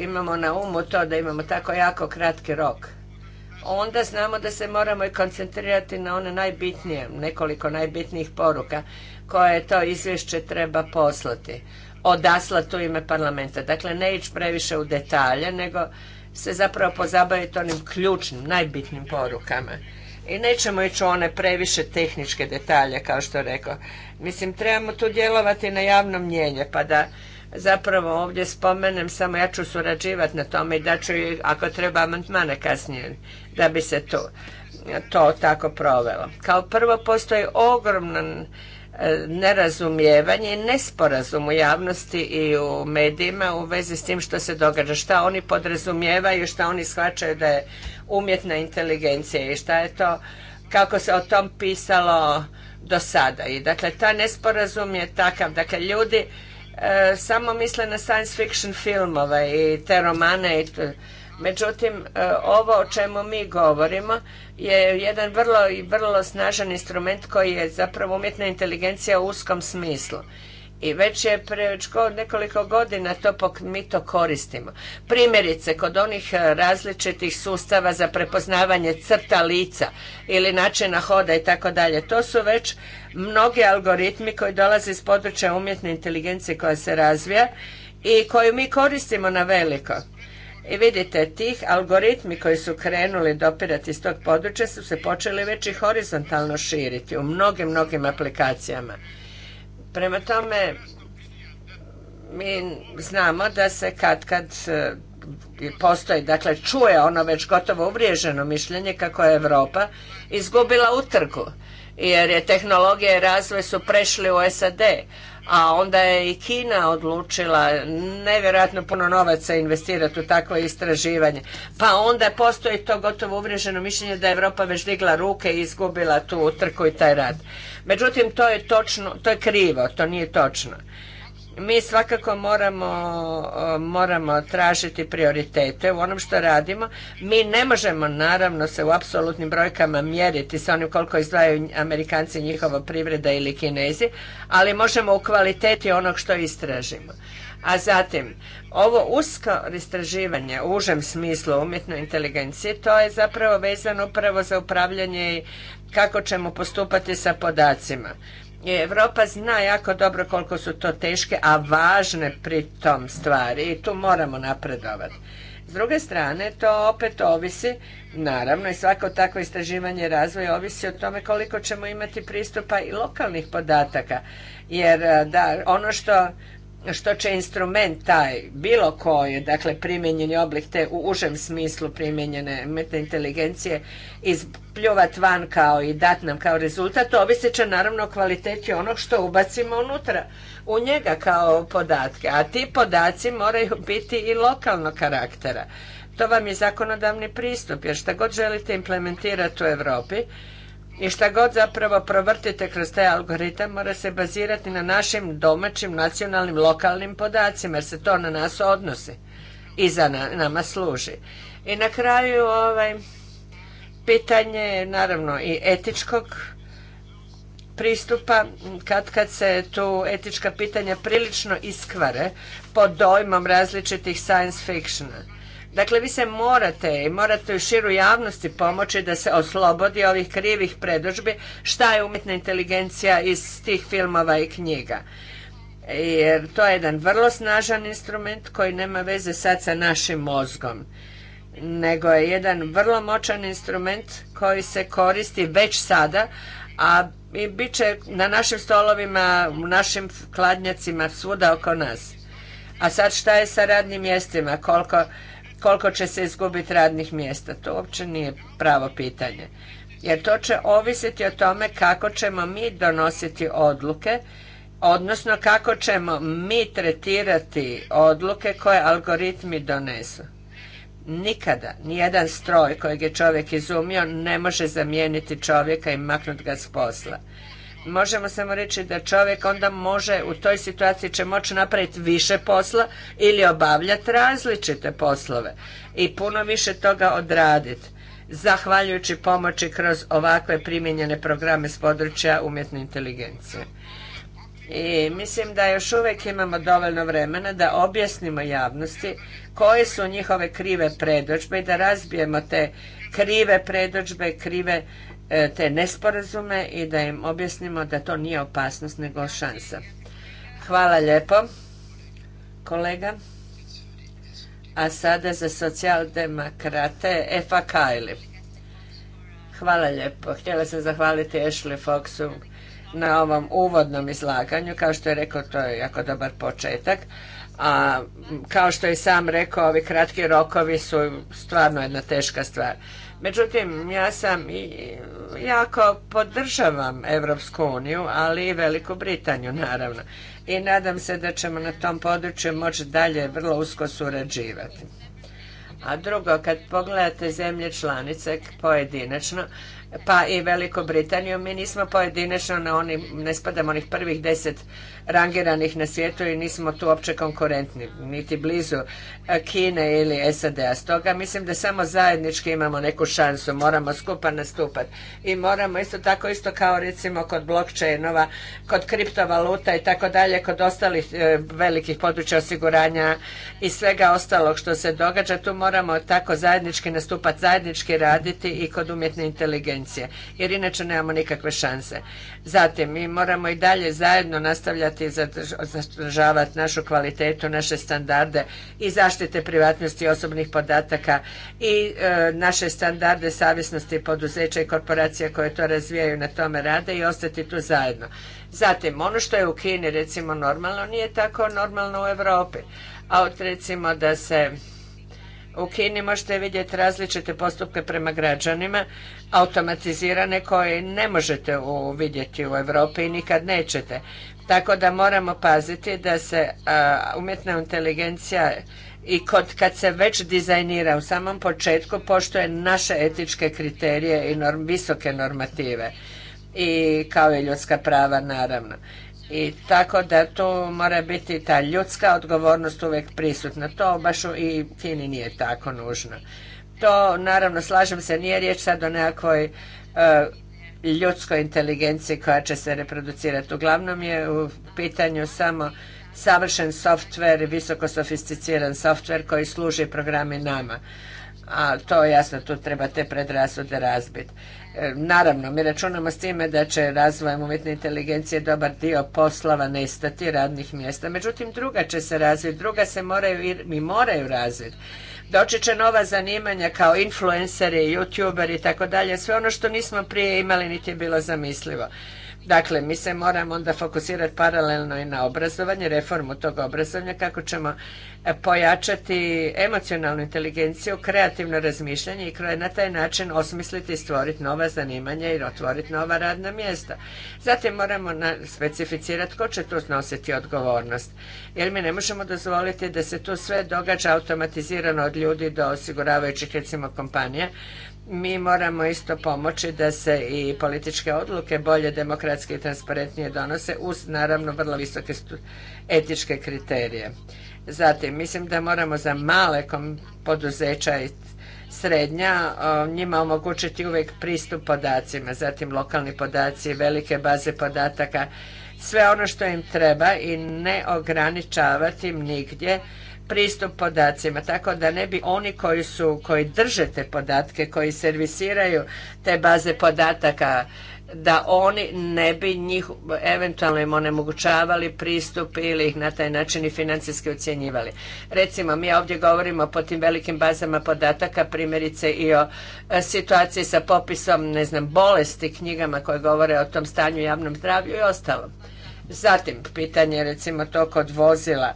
imamo na umu to da imamo tako jako kratki rok, onda znamo da se moramo i koncentrirati na one najbitnije, nekoliko najbitnijih poruka koje to izvješće treba poslati, odasla u ime parlamenta. Dakle, ne ići previše u detalje, nego se zapravo pozabaviti onim ključnim, najbitnim porukama. I nećemo ići u one previše tehničke detalje, kao što rekao. Mislim, trebamo tu djelovati na javno mnjenje, pa da zapravo ovdje spomenem, samo ja ću surađivati na tome i da ću ako treba amantmane kasnije da bi se to, to tako provelo. Kao prvo postoji ogromno e, nerazumijevanje i nesporazum u javnosti i u medijima u vezi s tim što se događa, šta oni podrazumijevaju, šta oni shvaćaju da je umjetna inteligencija i šta je to, kako se o tom pisalo do sada. I dakle, ta nesporazum je takav. Dakle, ljudi E, samo misle na science fiction filmove i te romane i t... Međutim, e, ovo o čemu mi govorimo je jedan vrlo i vrlo snažan instrument koji je zapravo umjetna inteligencija u uskom smislu i već je prije nekoliko godina to pok, mi to koristimo. Primjerice, kod onih e, različitih sustava za prepoznavanje crta lica ili načina hoda i tako dalje, to su već mnogi algoritmi koji dolaze iz područja umjetne inteligencije koja se razvija i koju mi koristimo na veliko. I vidite, tih algoritmi koji su krenuli dopirati iz tog područja su se počeli već i horizontalno širiti u mnogim, mnogim aplikacijama. Prema tome, mi znamo da se kad kad e, postoji, dakle čuje ono već gotovo uvriježeno mišljenje kako je Europa izgubila utrgu jer je tehnologija i razvoj su prešli u SAD, a onda je i Kina odlučila nevjerojatno puno novaca investirati u takvo istraživanje. Pa onda postoji to gotovo uvriježeno mišljenje da je Europa već digla ruke i izgubila tu trku i taj rad. Međutim, to je točno, to je krivo, to nije točno mi svakako moramo, moramo tražiti prioritete u onom što radimo. Mi ne možemo naravno se u apsolutnim brojkama mjeriti sa onim koliko izdvajaju Amerikanci njihova privreda ili Kinezi, ali možemo u kvaliteti onog što istražimo. A zatim, ovo usko istraživanje u užem smislu umjetnoj inteligenciji, to je zapravo vezano upravo za upravljanje i kako ćemo postupati sa podacima. Europa zna jako dobro koliko su to teške, a važne pri tom stvari i tu moramo napredovati. S druge strane, to opet ovisi, naravno i svako takvo istraživanje i razvoj ovisi o tome koliko ćemo imati pristupa i lokalnih podataka. Jer ono što što će instrument taj, bilo koji, dakle primijenjeni oblik te u užem smislu primijenjene umjetne inteligencije izpljuvat van kao i dat nam kao rezultat, ovisit će naravno o kvaliteti onog što ubacimo unutra u njega kao podatke, a ti podaci moraju biti i lokalnog karaktera. To vam je zakonodavni pristup, jer šta god želite implementirati u Europi, i šta god zapravo provrtite kroz taj algoritam mora se bazirati na našim domaćim, nacionalnim, lokalnim podacima jer se to na nas odnosi i za nama služi. I na kraju ovaj, pitanje naravno i etičkog pristupa kad kad se tu etička pitanja prilično iskvare pod dojmom različitih science fictiona Dakle, vi se morate i morate u širu javnosti pomoći da se oslobodi ovih krivih predožbi šta je umjetna inteligencija iz tih filmova i knjiga. Jer to je jedan vrlo snažan instrument koji nema veze sad sa našim mozgom nego je jedan vrlo moćan instrument koji se koristi već sada, a i bit će na našim stolovima, u našim kladnjacima, svuda oko nas. A sad šta je sa radnim mjestima? Koliko koliko će se izgubiti radnih mjesta. To uopće nije pravo pitanje. Jer to će ovisiti o tome kako ćemo mi donositi odluke, odnosno kako ćemo mi tretirati odluke koje algoritmi donesu. Nikada nijedan stroj kojeg je čovjek izumio ne može zamijeniti čovjeka i maknuti ga s posla možemo samo reći da čovjek onda može u toj situaciji će moći napraviti više posla ili obavljati različite poslove i puno više toga odraditi zahvaljujući pomoći kroz ovakve primijenjene programe s područja umjetne inteligencije. I mislim da još uvijek imamo dovoljno vremena da objasnimo javnosti koje su njihove krive predođbe i da razbijemo te krive predođbe, krive E, te nesporazume i da im objasnimo da to nije opasnost nego šansa. Hvala lijepo, kolega. A sada za socijaldemokrate Efa Kajli. Hvala lijepo. Htjela sam zahvaliti Ashley Foxu na ovom uvodnom izlaganju. Kao što je rekao, to je jako dobar početak. A kao što je sam rekao, ovi kratki rokovi su stvarno jedna teška stvar. Međutim, ja sam i jako podržavam Evropsku uniju, ali i Veliku Britaniju naravno. I nadam se da ćemo na tom području moći dalje vrlo usko surađivati. A drugo, kad pogledate zemlje članice pojedinačno, pa i Veliku Britaniju, mi nismo pojedinačno na onim, ne spadamo onih prvih deset rangiranih na svijetu i nismo tu uopće konkurentni, niti blizu Kine ili SAD-a. Stoga mislim da samo zajednički imamo neku šansu, moramo skupa nastupati i moramo isto tako isto kao recimo kod blockchainova, kod kriptovaluta i tako dalje, kod ostalih e, velikih područja osiguranja i svega ostalog što se događa, tu moramo tako zajednički nastupati, zajednički raditi i kod umjetne inteligencije, jer inače nemamo nikakve šanse. Zatim, mi moramo i dalje zajedno nastavljati i zadržavati našu kvalitetu, naše standarde i zaštite privatnosti osobnih podataka i e, naše standarde savjesnosti poduzeća i korporacija koje to razvijaju na tome rade i ostati tu zajedno. Zatim, ono što je u Kini recimo normalno, nije tako normalno u Europi. A od recimo da se u Kini možete vidjeti različite postupke prema građanima, automatizirane koje ne možete vidjeti u Europi i nikad nećete. Tako da moramo paziti da se umjetna inteligencija i kod, kad se već dizajnira u samom početku poštuje naše etičke kriterije i norm, visoke normative i kao i ljudska prava naravno. I tako da tu mora biti ta ljudska odgovornost uvijek prisutna. To baš i Kini nije tako nužno. To naravno slažem se nije riječ sad o nekakvoj e, ljudskoj inteligenciji koja će se reproducirati. Uglavnom je u pitanju samo savršen softver, visoko sofisticiran softver koji služi programi nama. A to jasno, tu treba te predrasude razbiti. E, naravno, mi računamo s time da će razvojem umjetne inteligencije dobar dio poslova nestati radnih mjesta. Međutim, druga će se razviti, druga se moraju i moraju razviti Doći će nova zanimanja kao influenceri, youtuberi i tako dalje, sve ono što nismo prije imali niti je bilo zamislivo. Dakle, mi se moramo onda fokusirati paralelno i na obrazovanje, reformu tog obrazovanja, kako ćemo e, pojačati emocionalnu inteligenciju, kreativno razmišljanje i na taj način osmisliti i stvoriti nova zanimanja i otvoriti nova radna mjesta. Zatim moramo specificirati ko će tu snositi odgovornost. Jer mi ne možemo dozvoliti da se tu sve događa automatizirano od ljudi do osiguravajućih recimo kompanija, mi moramo isto pomoći da se i političke odluke bolje demokratske i transparentnije donose uz naravno vrlo visoke etičke kriterije. Zatim, mislim da moramo za male poduzeća i srednja njima omogućiti uvijek pristup podacima, zatim lokalni podaci, velike baze podataka, sve ono što im treba i ne ograničavati im nigdje pristup podacima, tako da ne bi oni koji su, koji drže te podatke, koji servisiraju te baze podataka, da oni ne bi njih eventualno im onemogućavali pristup ili ih na taj način i financijski ocjenjivali. Recimo, mi ovdje govorimo po tim velikim bazama podataka, primjerice i o e, situaciji sa popisom, ne znam, bolesti, knjigama koje govore o tom stanju javnom zdravlju i ostalom. Zatim, pitanje recimo to kod vozila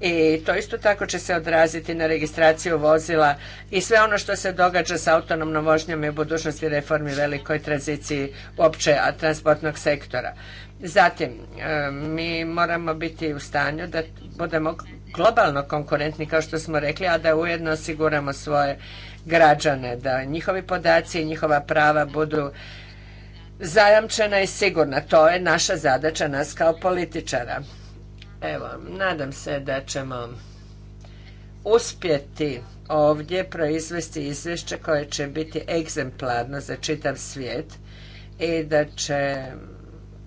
i to isto tako će se odraziti na registraciju vozila i sve ono što se događa sa autonomnom vožnjom i u budućnosti reformi velikoj tranziciji uopće transportnog sektora. Zatim, e, mi moramo biti u stanju da budemo globalno konkurentni, kao što smo rekli, a da ujedno osiguramo svoje građane, da njihovi podaci i njihova prava budu zajamčena i sigurna. To je naša zadaća nas kao političara. Evo, nadam se da ćemo uspjeti ovdje proizvesti izvješće koje će biti egzemplarno za čitav svijet i da će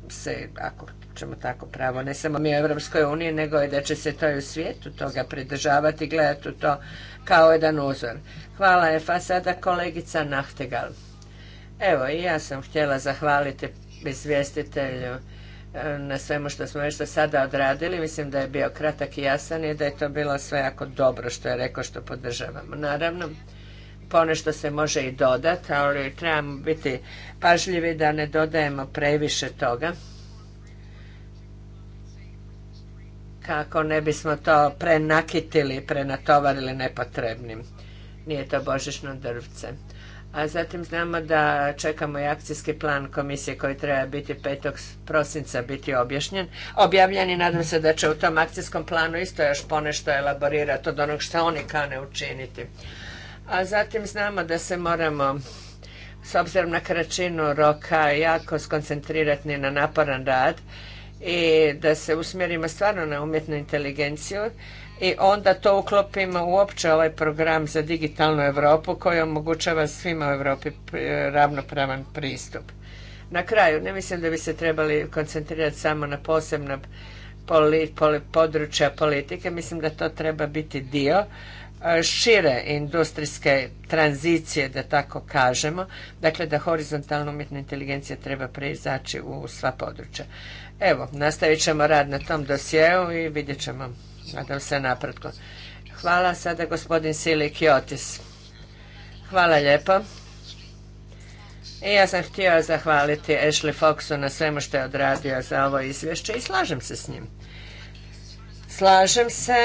se, ako ćemo tako pravo, ne samo mi u Europskoj uniji, nego i da će se to i u svijetu toga pridržavati, gledati to kao jedan uzor. Hvala Efa, sada kolegica Nahtegal. Evo, i ja sam htjela zahvaliti izvjestitelju na svemu što smo već do sada odradili. Mislim da je bio kratak i jasan i da je to bilo sve jako dobro što je rekao što podržavamo. Naravno, ponešto se može i dodati, ali trebamo biti pažljivi da ne dodajemo previše toga. Kako ne bismo to prenakitili, prenatovarili nepotrebnim. Nije to božično drvce a zatim znamo da čekamo i akcijski plan komisije koji treba biti 5. prosinca biti objašnjen, objavljen i nadam se da će u tom akcijskom planu isto još ponešto elaborirati od onog što oni kane učiniti. A zatim znamo da se moramo s obzirom na kraćinu roka jako skoncentrirati na naporan rad i da se usmjerimo stvarno na umjetnu inteligenciju i onda to uklopimo uopće ovaj program za digitalnu Europu koji omogućava svima u Europi e, ravnopravan pristup. Na kraju, ne mislim da bi se trebali koncentrirati samo na posebna poli, područja politike, mislim da to treba biti dio e, šire industrijske tranzicije, da tako kažemo, dakle da horizontalna umjetna inteligencija treba preizaći u sva područja. Evo, nastavit ćemo rad na tom dosjeu i vidjet ćemo Nadam se napretku. Hvala sada gospodin Sili Kiotis. Hvala lijepo. I ja sam htio zahvaliti Ashley Foxu na svemu što je odradio za ovo izvješće i slažem se s njim. Slažem se,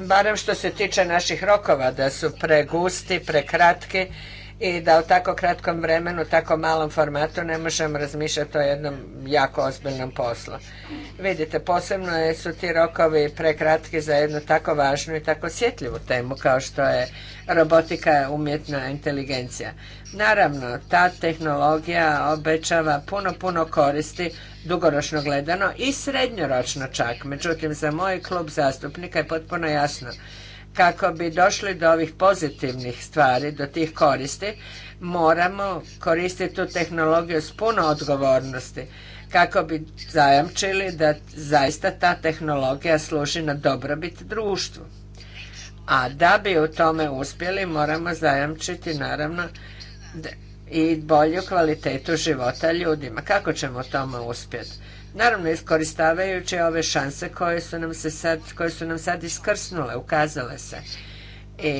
barem što se tiče naših rokova, da su pregusti, prekratki i da u tako kratkom vremenu, tako malom formatu ne možemo razmišljati o jednom jako ozbiljnom poslu. Vidite, posebno su ti rokovi prekratki za jednu tako važnu i tako sjetljivu temu kao što je robotika umjetna inteligencija. Naravno, ta tehnologija obećava puno, puno koristi dugoročno gledano i srednjoročno čak. Međutim, za moj klub zastupnika je potpuno jasno kako bi došli do ovih pozitivnih stvari, do tih koristi, moramo koristiti tu tehnologiju s puno odgovornosti kako bi zajamčili da zaista ta tehnologija služi na dobrobit društvu. A da bi u tome uspjeli moramo zajamčiti naravno i bolju kvalitetu života ljudima. Kako ćemo u tome uspjeti? Naravno, iskoristavajući ove šanse koje su nam se sad, koje su nam sad iskrsnule, ukazale se. I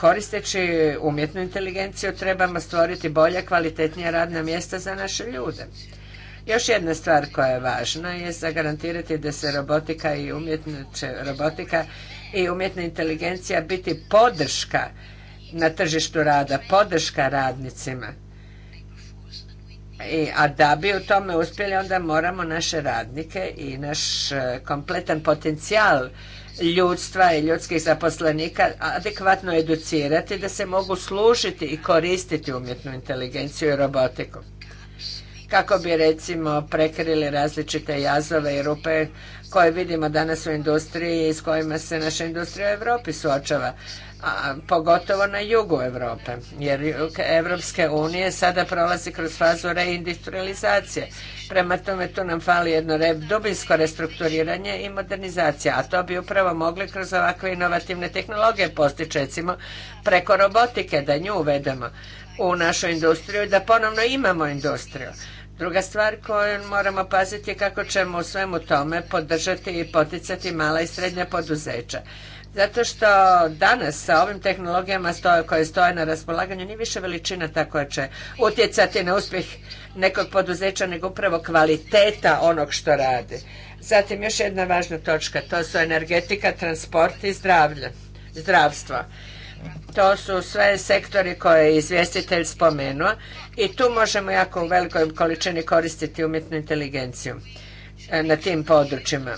koristeći umjetnu inteligenciju trebamo stvoriti bolje, kvalitetnija radna mjesta za naše ljude. Još jedna stvar koja je važna je zagarantirati da se robotika i umjetna robotika i umjetna inteligencija biti podrška na tržištu rada, podrška radnicima a da bi u tome uspjeli onda moramo naše radnike i naš e, kompletan potencijal ljudstva i ljudskih zaposlenika adekvatno educirati da se mogu služiti i koristiti umjetnu inteligenciju i robotiku kako bi recimo prekrili različite jazove i rupe koje vidimo danas u industriji i s kojima se naša industrija u Europi suočava, a pogotovo na jugu Europe, jer Evropske unije sada prolazi kroz fazu reindustrializacije. Prema tome tu nam fali jedno dubinsko restrukturiranje i modernizacija, a to bi upravo mogli kroz ovakve inovativne tehnologije postići, recimo preko robotike, da nju uvedemo u našu industriju i da ponovno imamo industriju. Druga stvar koju moramo paziti je kako ćemo u svemu tome podržati i poticati mala i srednja poduzeća. Zato što danas sa ovim tehnologijama stoje, koje stoje na raspolaganju nije više veličina ta koja će utjecati na uspjeh nekog poduzeća nego upravo kvaliteta onog što radi. Zatim još jedna važna točka, to su energetika, transport i zdravlje, zdravstvo. To su sve sektori koje je izvjestitelj spomenuo i tu možemo jako u velikoj količini koristiti umjetnu inteligenciju e, na tim područjima.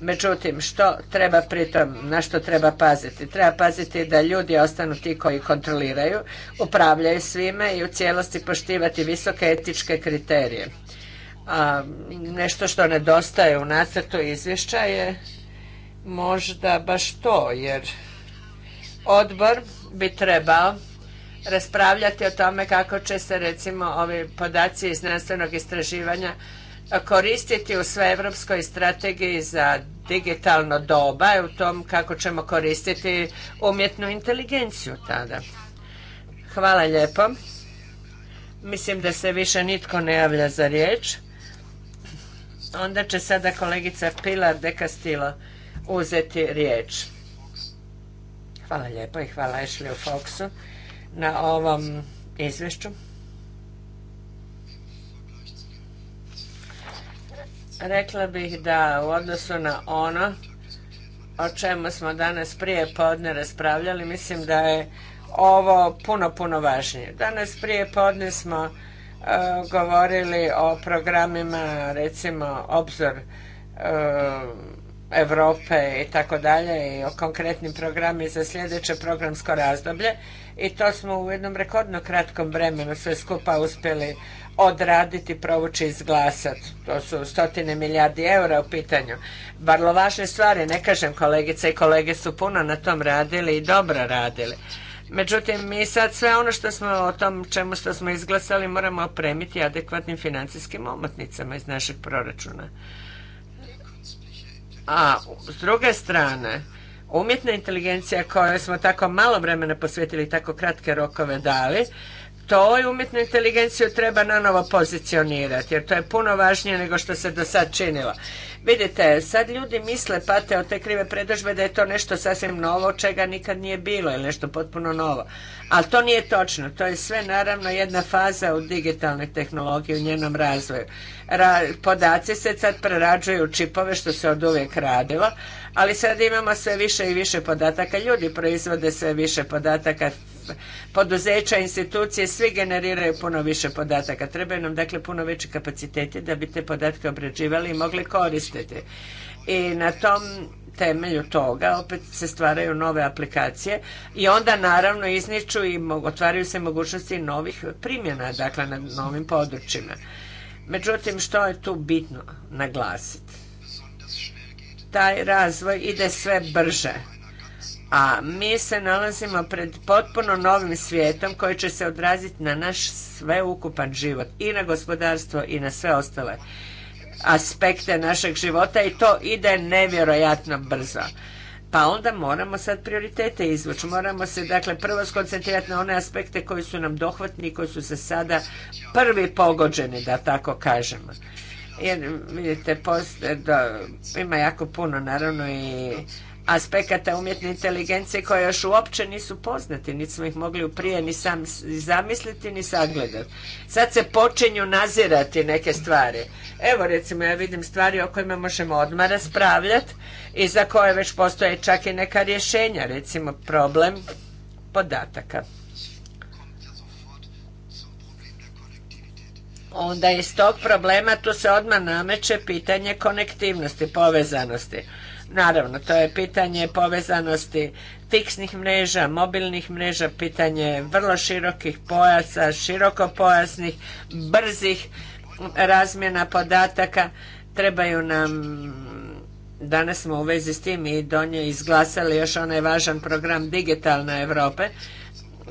Međutim, što treba pritom, na što treba paziti? Treba paziti da ljudi ostanu ti koji kontroliraju, upravljaju svime i u cijelosti poštivati visoke etičke kriterije. A, nešto što nedostaje u nacrtu izvješća je možda baš to, jer odbor bi trebao raspravljati o tome kako će se recimo ovi podaci iz znanstvenog istraživanja koristiti u sveevropskoj strategiji za digitalno doba i u tom kako ćemo koristiti umjetnu inteligenciju tada. Hvala lijepo. Mislim da se više nitko ne javlja za riječ. Onda će sada kolegica Pilar de Castillo uzeti riječ. Hvala lijepo i hvala u Foxu na ovom izvješću. Rekla bih da u odnosu na ono o čemu smo danas prije podne raspravljali, mislim da je ovo puno, puno važnije. Danas prije podne smo e, govorili o programima, recimo, obzor e, Europe i tako dalje i o konkretnim programima za sljedeće programsko razdoblje i to smo u jednom rekordno kratkom vremenu sve skupa uspjeli odraditi, provući izglasati. To su stotine milijardi eura u pitanju. Varlo važne stvari, ne kažem kolegice i kolege su puno na tom radili i dobro radili. Međutim, mi sad sve ono što smo o tom čemu što smo izglasali moramo opremiti adekvatnim financijskim omotnicama iz našeg proračuna. A s druge strane, umjetna inteligencija kojoj smo tako malo vremena posvetili i tako kratke rokove dali, to ovaj umjetnu inteligenciju treba novo pozicionirati, jer to je puno važnije nego što se do sad činilo. Vidite, sad ljudi misle, pate od te krive predržbe, da je to nešto sasvim novo, čega nikad nije bilo, ili nešto potpuno novo. Ali to nije točno. To je sve, naravno, jedna faza u digitalnoj tehnologiji, u njenom razvoju. podaci se sad prerađuju u čipove, što se od uvijek radilo, ali sad imamo sve više i više podataka. Ljudi proizvode sve više podataka, poduzeća, institucije, svi generiraju puno više podataka. Trebaju nam dakle puno veći kapaciteti da bi te podatke obrađivali i mogli koristiti. I na tom temelju toga opet se stvaraju nove aplikacije i onda naravno izniču i otvaraju se mogućnosti novih primjena, dakle na novim područjima. Međutim, što je tu bitno naglasiti? Taj razvoj ide sve brže a mi se nalazimo pred potpuno novim svijetom koji će se odraziti na naš sveukupan život i na gospodarstvo i na sve ostale aspekte našeg života i to ide nevjerojatno brzo. Pa onda moramo sad prioritete izvući. Moramo se dakle prvo skoncentrirati na one aspekte koji su nam dohvatni i koji su se sada prvi pogođeni, da tako kažemo. Jer vidite, post, da, ima jako puno naravno i aspekata umjetne inteligencije koje još uopće nisu poznati, niti smo ih mogli prije ni sam zamisliti ni sagledati. Sad se počinju nazirati neke stvari. Evo recimo ja vidim stvari o kojima možemo odmah raspravljati i za koje već postoje čak i neka rješenja, recimo problem podataka. Onda iz tog problema tu se odmah nameće pitanje konektivnosti, povezanosti. Naravno, to je pitanje povezanosti fiksnih mreža, mobilnih mreža, pitanje vrlo širokih pojasa, širokopojasnih, brzih razmjena podataka. Trebaju nam, danas smo u vezi s tim i donje izglasali još onaj važan program Digitalne Europe,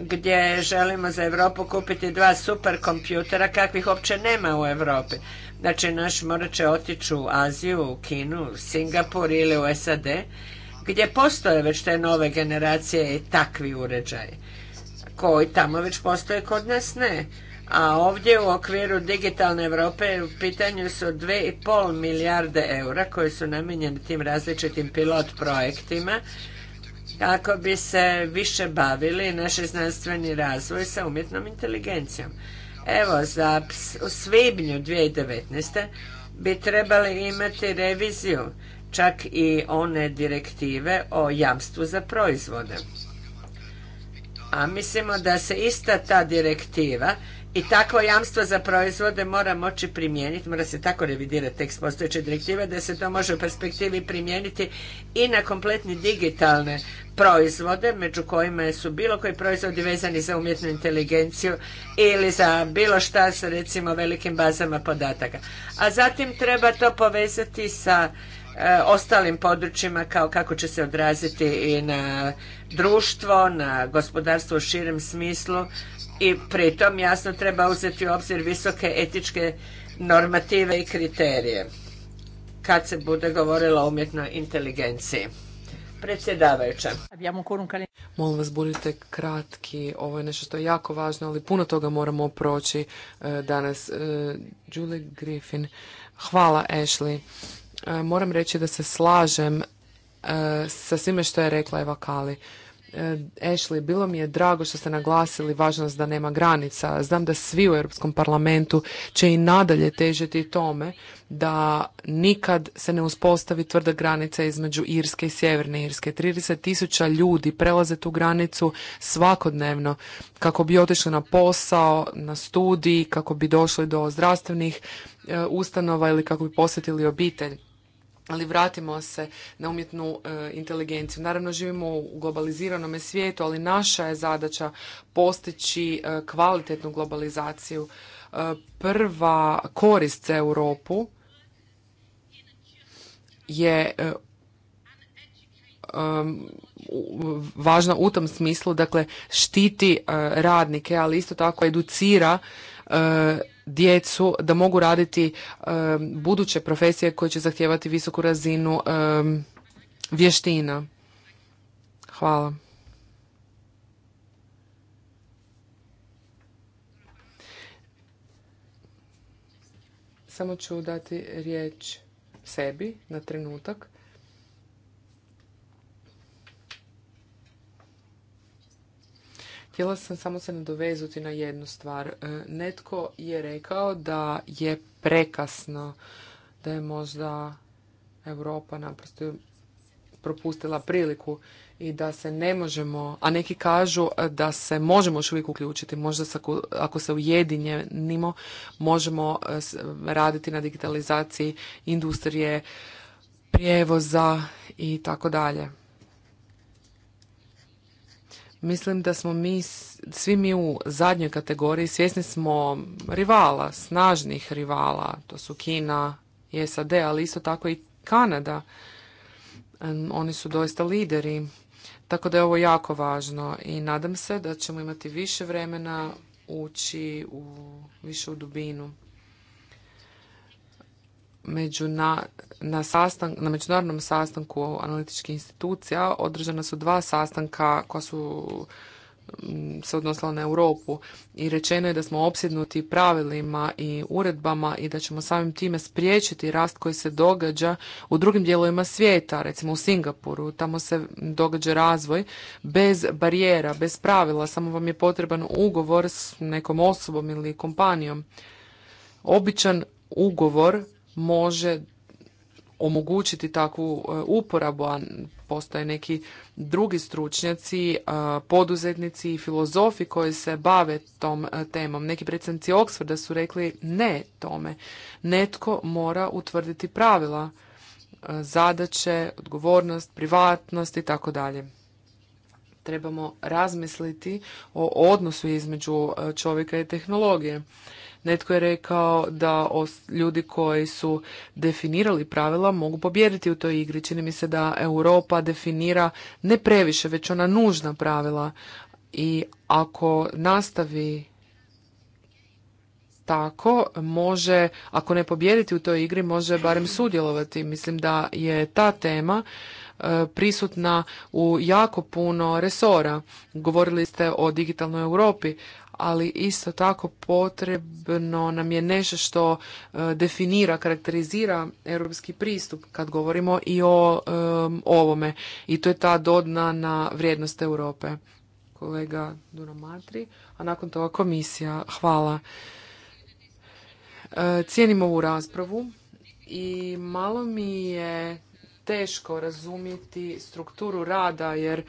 gdje želimo za Europu kupiti dva super kompjutera kakvih uopće nema u Europi. Znači, naš morat će otići u Aziju, u Kinu, u Singapur ili u SAD gdje postoje već te nove generacije i takvi uređaji koji tamo već postoje kod nas ne. A ovdje u okviru digitalne Europe u pitanju su 2,5 milijarde eura koji su namijenjeni tim različitim pilot projektima kako bi se više bavili naše znanstveni razvoj sa umjetnom inteligencijom. Evo, za u svibnju 2019. bi trebali imati reviziju čak i one direktive o jamstvu za proizvode. A mislimo da se ista ta direktiva i takvo jamstvo za proizvode mora moći primijeniti, mora se tako revidirati tekst postojeće direktive da se to može u perspektivi primijeniti i na kompletni digitalne proizvode među kojima su bilo koji proizvodi vezani za umjetnu inteligenciju ili za bilo šta sa recimo velikim bazama podataka. A zatim treba to povezati sa e, ostalim područjima kao kako će se odraziti i na društvo, na gospodarstvo u širem smislu, i pritom jasno treba uzeti u obzir visoke etičke normative i kriterije kad se bude govorila o umjetnoj inteligenciji. Predsjedavajuća. Molim vas, budite kratki. Ovo je nešto što je jako važno, ali puno toga moramo proći e, danas. E, Julie Griffin. Hvala, Ashley. E, moram reći da se slažem sa svime što je rekla Eva Kali. E, Ashley, bilo mi je drago što ste naglasili važnost da nema granica. Znam da svi u Europskom parlamentu će i nadalje težiti tome da nikad se ne uspostavi tvrda granica između Irske i Sjeverne Irske. 30 tisuća ljudi prelaze tu granicu svakodnevno kako bi otišli na posao, na studij, kako bi došli do zdravstvenih e, ustanova ili kako bi posjetili obitelj ali vratimo se na umjetnu e, inteligenciju. Naravno živimo u globaliziranom svijetu, ali naša je zadaća postići e, kvalitetnu globalizaciju. E, prva korist za Europu je važna u tom smislu, dakle štiti radnike, ali isto tako educira djecu da mogu raditi buduće profesije koje će zahtijevati visoku razinu vještina. Hvala. Samo ću dati riječ sebi na trenutak. Htjela sam samo se nadovezuti na jednu stvar. E, netko je rekao da je prekasno, da je možda Europa naprosto propustila priliku i da se ne možemo, a neki kažu e, da se možemo još uvijek uključiti, možda ako se ujedinjenimo možemo e, raditi na digitalizaciji industrije, prijevoza i tako dalje. Mislim da smo mi, svi mi u zadnjoj kategoriji svjesni smo rivala, snažnih rivala, to su Kina i SAD, ali isto tako i Kanada. Oni su doista lideri. Tako da je ovo jako važno i nadam se da ćemo imati više vremena ući u, više u dubinu međuna, na, sastan, na međunarodnom sastanku analitičkih institucija održana su dva sastanka koja su mm, se odnosila na Europu i rečeno je da smo opsjednuti pravilima i uredbama i da ćemo samim time spriječiti rast koji se događa u drugim dijelovima svijeta, recimo u Singapuru, tamo se događa razvoj bez barijera, bez pravila, samo vam je potreban ugovor s nekom osobom ili kompanijom. Običan ugovor može omogućiti takvu e, uporabu, a postoje neki drugi stručnjaci, e, poduzetnici i filozofi koji se bave tom e, temom. Neki predsjednici Oxforda su rekli ne tome. Netko mora utvrditi pravila, zadaće, odgovornost, privatnost i tako dalje. Trebamo razmisliti o odnosu između čovjeka i tehnologije Netko je rekao da ljudi koji su definirali pravila mogu pobijediti u toj igri. Čini mi se da Europa definira ne previše, već ona nužna pravila. I ako nastavi tako može, ako ne pobijediti u toj igri, može barem sudjelovati. Mislim da je ta tema e, prisutna u jako puno resora. Govorili ste o digitalnoj Europi, ali isto tako potrebno nam je nešto što e, definira, karakterizira europski pristup kad govorimo i o e, ovome. I to je ta na vrijednost Europe. Kolega Dunamatri, a nakon toga komisija. Hvala. E, cijenim ovu raspravu i malo mi je teško razumjeti strukturu rada jer e,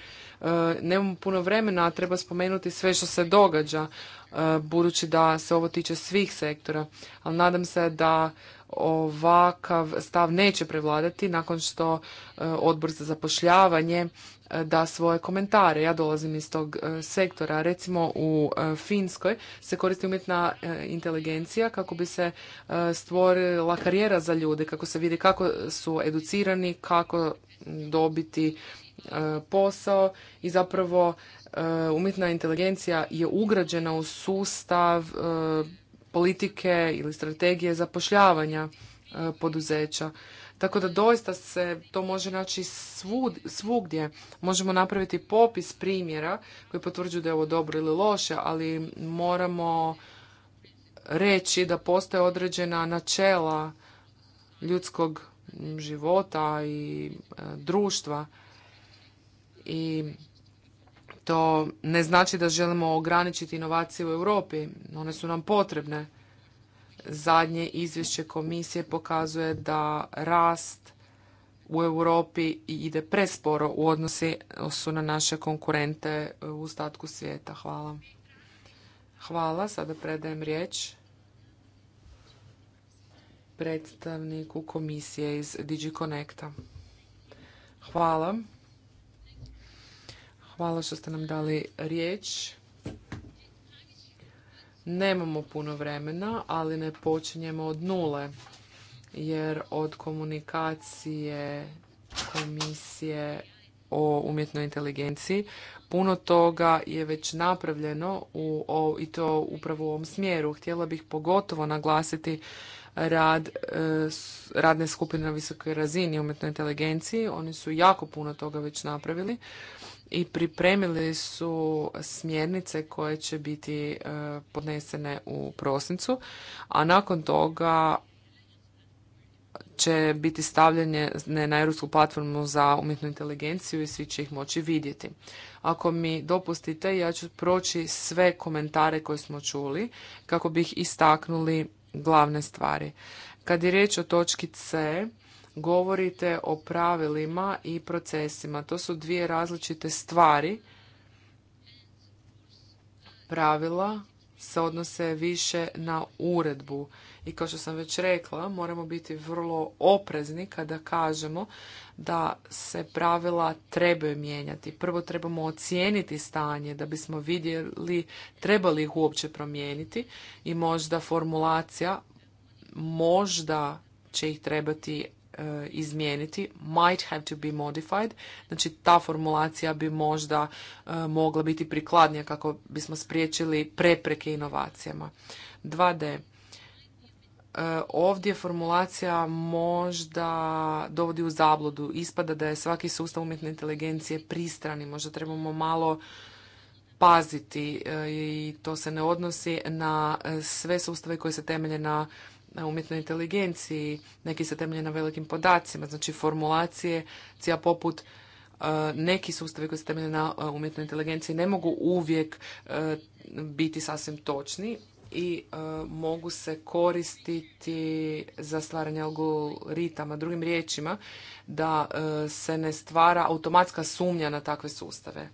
nemamo puno vremena, a treba spomenuti sve što se događa e, budući da se ovo tiče svih sektora. Ali nadam se da ovakav stav neće prevladati nakon što e, odbor za zapošljavanje da svoje komentare. Ja dolazim iz tog e, sektora. Recimo u e, Finskoj se koristi umjetna e, inteligencija kako bi se stvorila karijera za ljude, kako se vidi kako su educirani, kako dobiti posao i zapravo umjetna inteligencija je ugrađena u sustav politike ili strategije zapošljavanja poduzeća. Tako da doista se to može naći svud, svugdje. Možemo napraviti popis primjera koji potvrđuju da je ovo dobro ili loše, ali moramo reći da postoje određena načela ljudskog života i e, društva i to ne znači da želimo ograničiti inovacije u Europi, one su nam potrebne zadnje izvješće komisije pokazuje da rast u Europi ide presporo u odnosi su na naše konkurente e, u ostatku svijeta. Hvala. Hvala. Sada predajem riječ predstavniku komisije iz DigiConnecta. Hvala. Hvala što ste nam dali riječ. Nemamo puno vremena, ali ne počinjemo od nule, jer od komunikacije komisije o umjetnoj inteligenciji puno toga je već napravljeno u, o, i to upravo u ovom smjeru. Htjela bih pogotovo naglasiti rad e, radne skupine na visokoj razini umjetnoj inteligenciji. Oni su jako puno toga već napravili i pripremili su smjernice koje će biti e, podnesene u prosincu, a nakon toga će biti stavljanje na europsku platformu za umjetnu inteligenciju i svi će ih moći vidjeti. Ako mi dopustite, ja ću proći sve komentare koje smo čuli kako bih istaknuli glavne stvari. Kad je riječ o točki C, govorite o pravilima i procesima. To su dvije različite stvari. Pravila se odnose više na uredbu. I kao što sam već rekla, moramo biti vrlo oprezni kada kažemo da se pravila trebaju mijenjati. Prvo trebamo ocijeniti stanje da bismo vidjeli trebali ih uopće promijeniti i možda formulacija možda će ih trebati E, izmijeniti, might have to be modified, znači ta formulacija bi možda e, mogla biti prikladnija kako bismo spriječili prepreke inovacijama. 2D. E, ovdje formulacija možda dovodi u zabludu. Ispada da je svaki sustav umjetne inteligencije pristrani. Možda trebamo malo paziti i to se ne odnosi na sve sustave koje se temelje na na umjetnoj inteligenciji, neki se temelje na velikim podacima, znači formulacije, cija poput e, neki sustavi koji se temelje na e, umjetnoj inteligenciji ne mogu uvijek e, biti sasvim točni i mogu se koristiti za stvaranje algoritama. Drugim riječima, da se ne stvara automatska sumnja na takve sustave.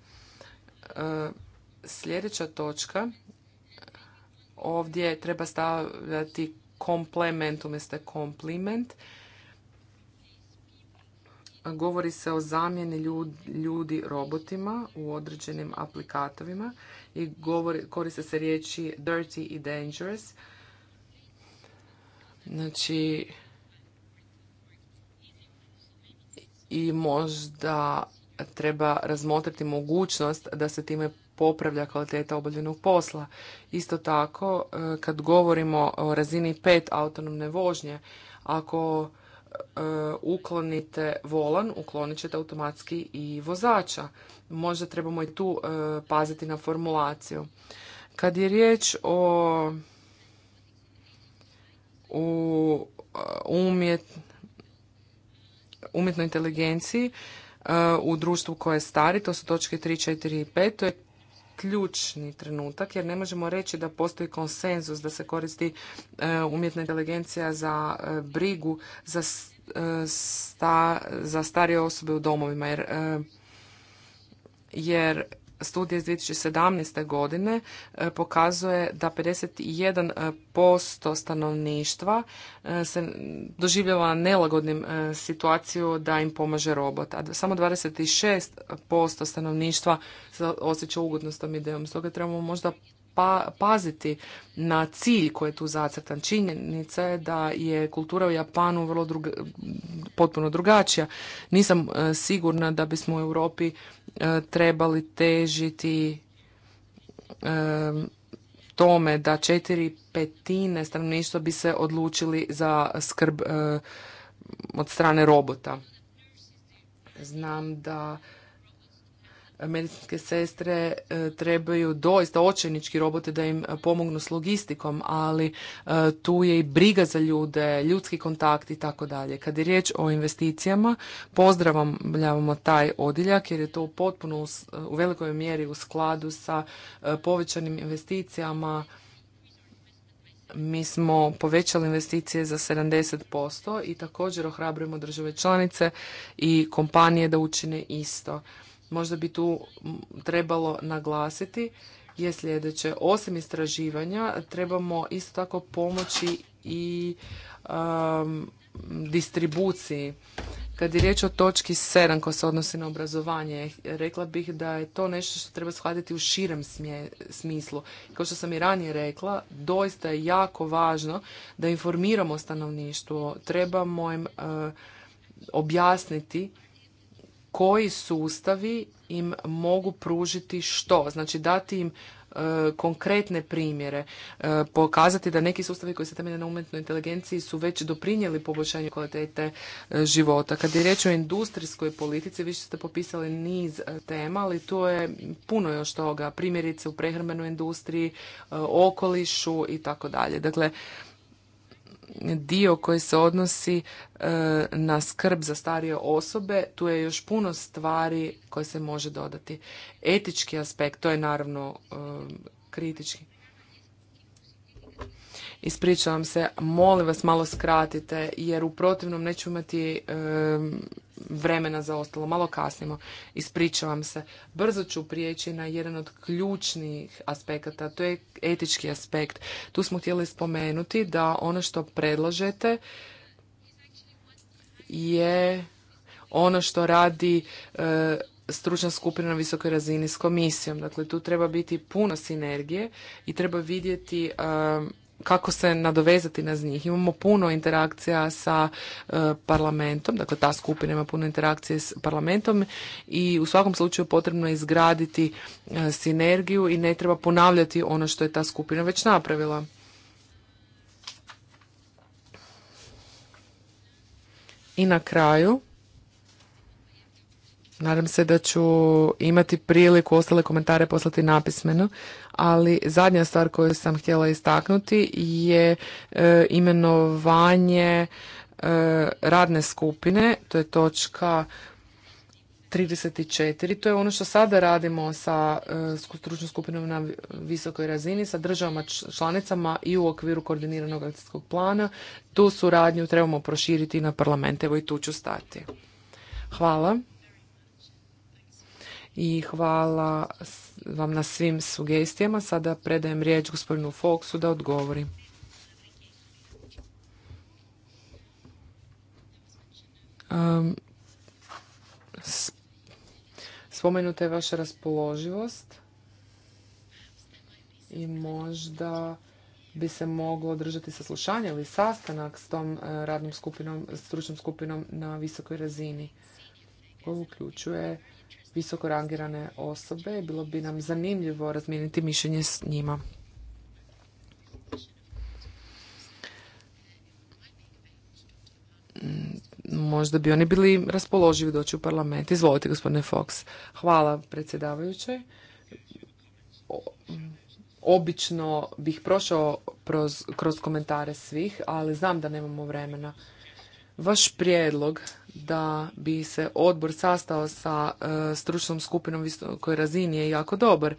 Sljedeća točka ovdje treba stavljati komplement umjesto kompliment. Govori se o zamjeni ljudi robotima u određenim aplikatovima i koriste se riječi dirty i dangerous. Znači, i možda treba razmotriti mogućnost da se time popravlja kvaliteta obavljenog posla. Isto tako, e, kad govorimo o razini 5 autonomne vožnje, ako e, uklonite volan, uklonit ćete automatski i vozača. Možda trebamo i tu e, paziti na formulaciju. Kad je riječ o umjetnoj inteligenciji u društvu koje je stari, to su točke 3, 4 i 5, to je ključni trenutak jer ne možemo reći da postoji konsenzus da se koristi e, umjetna inteligencija za e, brigu e, za, starije osobe u domovima jer studija iz 2017. godine e, pokazuje da 51% stanovništva e, se doživljava nelagodnim e, situaciju da im pomaže robot, a samo 26% stanovništva se osjeća ugodno s tom idejom. Stoga trebamo možda pa, paziti na cilj koji je tu zacrtan. Činjenica je da je kultura u Japanu vrlo druga, potpuno drugačija. Nisam e, sigurna da bismo u Europi e, trebali težiti e, tome da četiri petine stanovništva bi se odlučili za skrb od strane robota. Znam da medicinske sestre e, trebaju doista očajnički robote da im pomognu s logistikom, ali e, tu je i briga za ljude, ljudski kontakt i tako dalje. Kad je riječ o investicijama, pozdravljamo taj odjeljak jer je to potpuno u velikoj mjeri u skladu sa e, povećanim investicijama mi smo povećali investicije za 70% i također ohrabrujemo države članice i kompanije da učine isto možda bi tu trebalo naglasiti je sljedeće. Osim istraživanja trebamo isto tako pomoći i distribuciji. Kad je riječ o točki 7 koja se odnosi na obrazovanje, rekla bih da je to nešto što treba shvatiti u širem smje, smislu. Kao što sam i ranije rekla, doista je jako važno da informiramo stanovništvo, trebamo im e, objasniti koji sustavi im mogu pružiti što, znači dati im e, konkretne primjere, e, pokazati da neki sustavi koji se temelje na umjetnoj inteligenciji su već doprinijeli poboljšanju kvalitete e, života. Kad je riječ o industrijskoj politici, vi ste popisali niz tema, ali tu je puno još toga, primjerice u prehrambenoj industriji, okolišu i tako dalje. Dakle, dio koji se odnosi e, na skrb za starije osobe, tu je još puno stvari koje se može dodati. Etički aspekt, to je naravno e, kritički. Ispričavam se, molim vas malo skratite jer u protivnom neću imati e, vremena za ostalo. malo kasnimo. Ispričavam se. Brzo ću prijeći na jedan od ključnih aspekata, to je etički aspekt. Tu smo htjeli spomenuti da ono što predlažete je ono što radi e, stručna skupina na visokoj razini s komisijom. Dakle, tu treba biti puno sinergije i treba vidjeti e, kako se nadovezati na njih. Imamo puno interakcija sa e, parlamentom, dakle ta skupina ima puno interakcije s parlamentom i u svakom slučaju potrebno je izgraditi e, sinergiju i ne treba ponavljati ono što je ta skupina već napravila. I na kraju Nadam se da ću imati priliku ostale komentare poslati napismeno, ali zadnja stvar koju sam htjela istaknuti je e, imenovanje e, radne skupine, to je točka 34. To je ono što sada radimo sa e, stručnom skupinom na visokoj razini, sa državama članicama i u okviru koordiniranog akcijskog plana. Tu suradnju trebamo proširiti na parlamente Evo i tu ću stati. Hvala i hvala vam na svim sugestijama. Sada predajem riječ gospodinu Foksu da odgovori. Spomenuta je vaša raspoloživost i možda bi se moglo održati saslušanje ili sastanak s tom e, radnom skupinom, stručnom skupinom na visokoj razini. Ovo uključuje visoko rangirane osobe. Bilo bi nam zanimljivo razmijeniti mišljenje s njima. Mm, možda bi oni bili raspoloživi doći u parlament. Izvolite, gospodine Fox. Hvala predsjedavajuće. Obično bih prošao kroz komentare svih, ali znam da nemamo vremena. Vaš prijedlog da bi se odbor sastao sa e, stručnom skupinom visokoj razini je jako dobar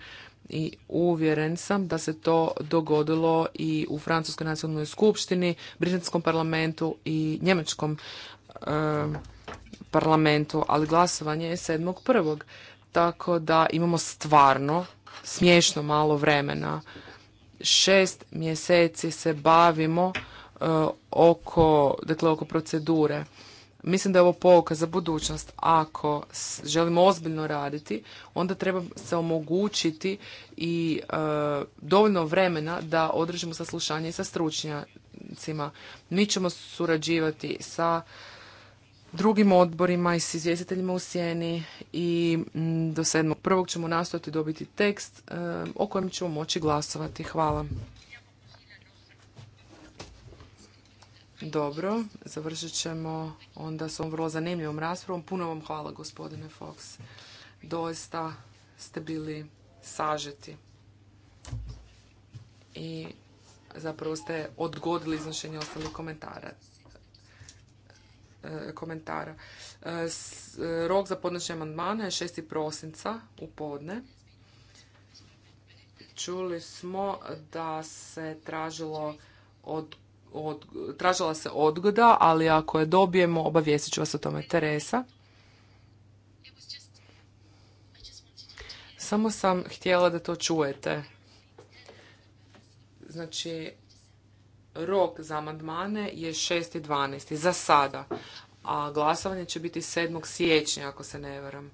i uvjeren sam da se to dogodilo i u Francuskoj nacionalnoj skupštini, Britanskom parlamentu i Njemačkom e, parlamentu, ali glasovanje je 7.1. Tako da imamo stvarno smiješno malo vremena. Šest mjeseci se bavimo e, oko, dakle, oko procedure. Mislim da je ovo pouka za budućnost. Ako želimo ozbiljno raditi, onda treba se omogućiti i e, dovoljno vremena da održimo saslušanje sa stručnjacima. Mi ćemo surađivati sa drugim odborima i s izvjestiteljima u sjeni i do prvog ćemo nastojati dobiti tekst e, o kojem ćemo moći glasovati. Hvala. Dobro, završit ćemo onda s ovom vrlo zanimljivom raspravom. Puno vam hvala gospodine Fox. Doista ste bili sažeti i zapravo ste odgodili iznošenje ostalih komentara. E, komentara. E, e, rok za podnošenje amandmana je 6. prosinca u podne. Čuli smo da se tražilo od od, tražila se odgoda, ali ako je dobijemo, obavijestit ću vas o tome. Teresa. Samo sam htjela da to čujete. Znači, rok za amandmane je 6.12. za sada, a glasovanje će biti 7. siječnja, ako se ne varam.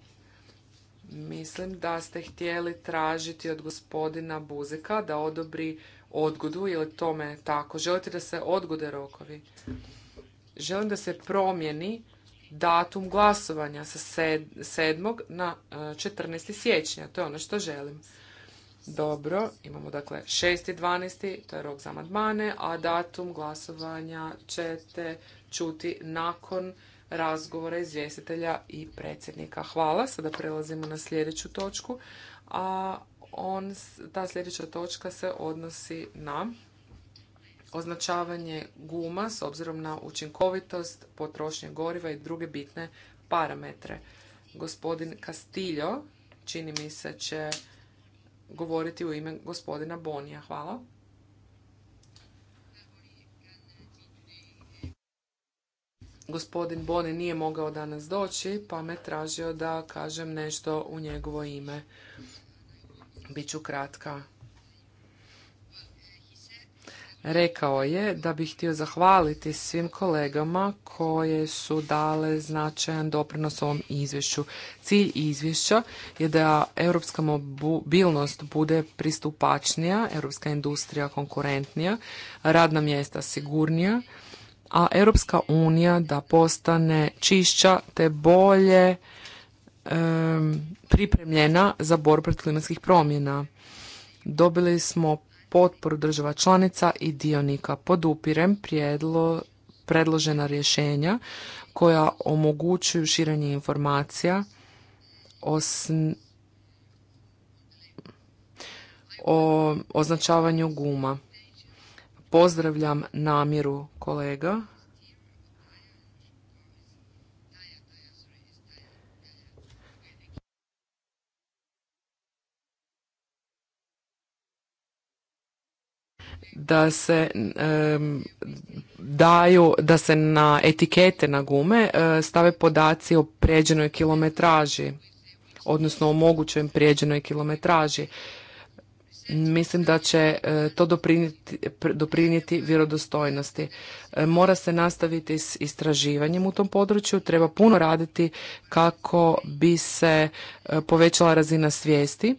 Mislim da ste htjeli tražiti od gospodina Buzika da odobri odgodu, ili tome tako? Želite da se odgode rokovi? Želim da se promijeni datum glasovanja sa 7. na 14. E, siječnja. To je ono što želim. Dobro, imamo dakle 12. to je rok za amandmane, a datum glasovanja ćete čuti nakon razgovora izvjestitelja i predsjednika. Hvala. Sada prelazimo na sljedeću točku. A on, ta sljedeća točka se odnosi na označavanje guma s obzirom na učinkovitost potrošnje goriva i druge bitne parametre. Gospodin Castillo, čini mi se, će govoriti u ime gospodina Bonija. Hvala. Gospodin Boni nije mogao danas doći, pa me tražio da kažem nešto u njegovo ime ću kratka. Rekao je da bih htio zahvaliti svim kolegama koje su dale značajan doprinos ovom izvješću. Cilj izvješća je da europska mobilnost bude pristupačnija, europska industrija konkurentnija, radna mjesta sigurnija, a Europska unija da postane čišća te bolje pripremljena za borbu protiv klimatskih promjena. Dobili smo potporu država članica i dionika. Podupirem prijedlo, predložena rješenja koja omogućuju širenje informacija o, o označavanju guma. Pozdravljam namjeru kolega da se daju, da se na etikete na gume e, stave podaci o prijeđenoj kilometraži, odnosno o mogućoj prijeđenoj kilometraži. Mislim da će e, to doprinijeti, vjerodostojnosti. E, mora se nastaviti s istraživanjem u tom području, treba puno raditi kako bi se povećala razina svijesti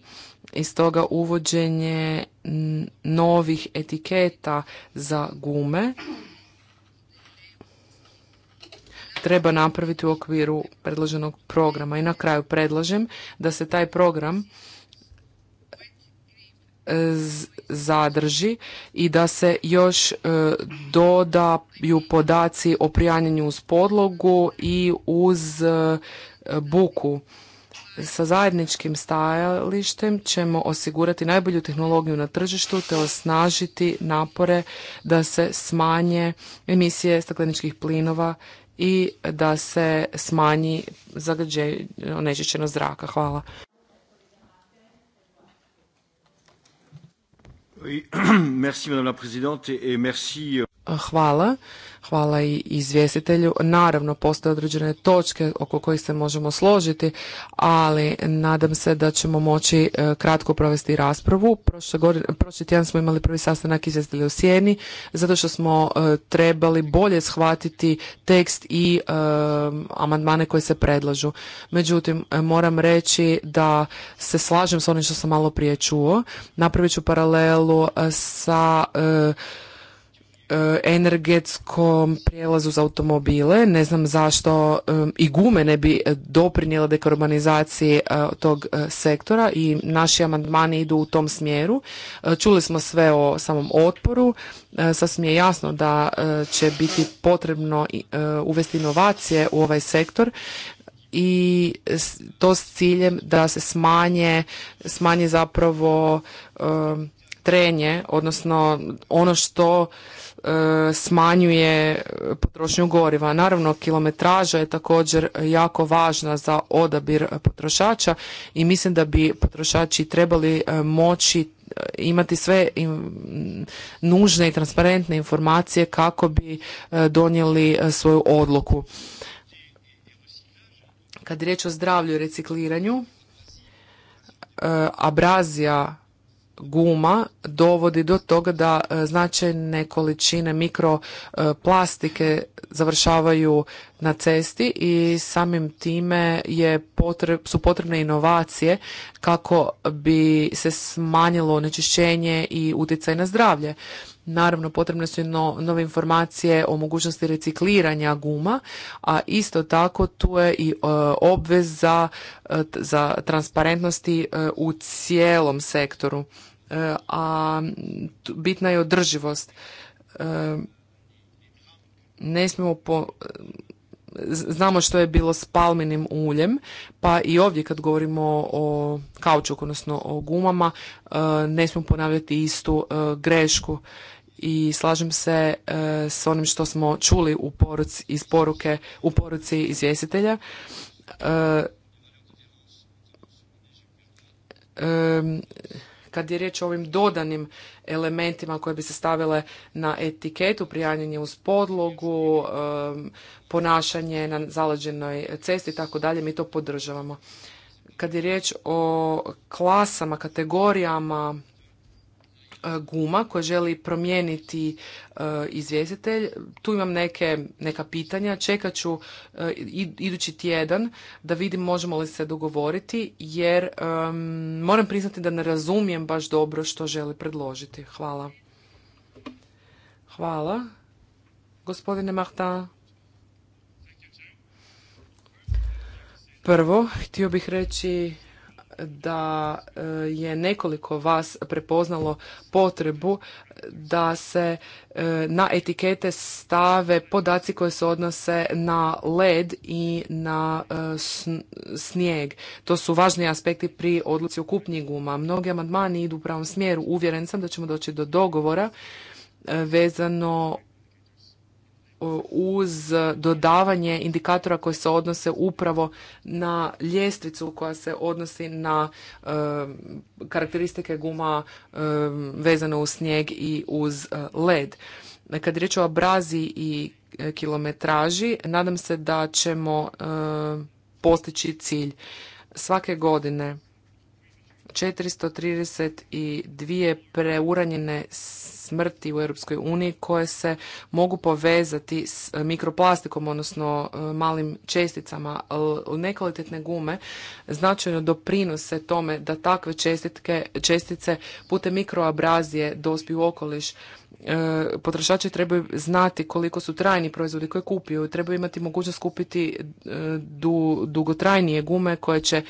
i stoga uvođenje novih etiketa za gume treba napraviti u okviru predloženog programa. I na kraju predlažem da se taj program e, zadrži i da se još e, dodaju podaci o prijanjanju uz podlogu i uz e, buku sa zajedničkim stajalištem ćemo osigurati najbolju tehnologiju na tržištu te osnažiti napore da se smanje emisije stakleničkih plinova i da se smanji zagađenje onečišćenost zraka. Hvala. (clears throat) Merci madame la présidente et merci euh, Hvala. Hvala i izvjestitelju. Naravno, postoje određene točke oko kojih se možemo složiti, ali nadam se da ćemo moći e, kratko provesti raspravu. prošli tjedan smo imali prvi sastanak izvjestitelja u Sjeni, zato što smo e, trebali bolje shvatiti tekst i e, amandmane koji se predlažu. Međutim, moram reći da se slažem s onim što sam malo prije čuo. Napravit ću paralelu sa E, energetskom prijelazu za automobile. Ne znam zašto e, i gume ne bi doprinijele dekarbonizaciji e, tog sektora i naši amandmani idu u tom smjeru. Čuli smo sve o samom otporu. Sasvim je jasno da će biti potrebno uvesti inovacije u ovaj sektor i to s ciljem da se smanje, smanje zapravo trenje, odnosno ono što E, smanjuje potrošnju goriva. Naravno, kilometraža je također jako važna za odabir potrošača i mislim da bi potrošači trebali e, moći e, imati sve nužne i transparentne informacije kako bi donijeli svoju odluku. Kad je riječ o zdravlju i recikliranju, abrazija guma dovodi do toga da e, značajne količine mikroplastike e, završavaju na cesti i samim time je potreb, su potrebne inovacije kako bi se smanjilo onečišćenje i utjecaj na zdravlje. Naravno, potrebne su i nove informacije o mogućnosti recikliranja guma, a isto tako tu je i e, obvez za e, transparentnosti e, u cijelom sektoru, a bitna je održivost. Ne smijemo po znamo što je bilo s palminim uljem, pa i ovdje kad govorimo o kaučuku, odnosno o gumama, ne smijemo ponavljati istu grešku i slažem se e, s onim što smo čuli u poruci, iz poruke, u poruci izvjestitelja. E, kad je riječ o ovim dodanim elementima koje bi se stavile na etiketu, prijanjanje uz podlogu, ponašanje na zalađenoj cesti i tako dalje, mi to podržavamo. Kad je riječ o klasama, kategorijama, E, guma koje želi promijeniti e, izvjestitelj. Tu imam neke, neka pitanja. Čekat ću e, idući tjedan da vidim možemo li se dogovoriti jer moram priznati da ne razumijem baš dobro što želi predložiti. Hvala. Hvala. Gospodine mahta Prvo, htio bih reći da e, je nekoliko vas prepoznalo potrebu da se e, na etikete stave podaci koje se odnose na led i na e, snijeg. To su važni aspekti pri odluci o kupnji guma. Mnogi amandmani idu u pravom smjeru. Uvjeren sam da ćemo doći do dogovora vezano E, uz dodavanje indikatora koji se odnose upravo na ljestvicu koja se odnosi na e, karakteristike guma e, vezano uz snijeg i uz led. Kad je riječ o abrazi i kilometraži, nadam se da ćemo postići cilj. Svake godine 432 preuranjene smrti u Europskoj uniji koje se mogu povezati s e, mikroplastikom, odnosno e, malim česticama nekvalitetne gume, značajno doprinose tome da takve čestitke, čestice putem mikroabrazije dospiju u okoliš e, potrošači trebaju znati koliko su trajni proizvodi koje kupuju, trebaju imati mogućnost kupiti dugotrajnije gume koje će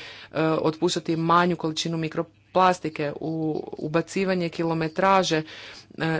otpuštati manju količinu mikro plastike, u ubacivanje kilometraže e,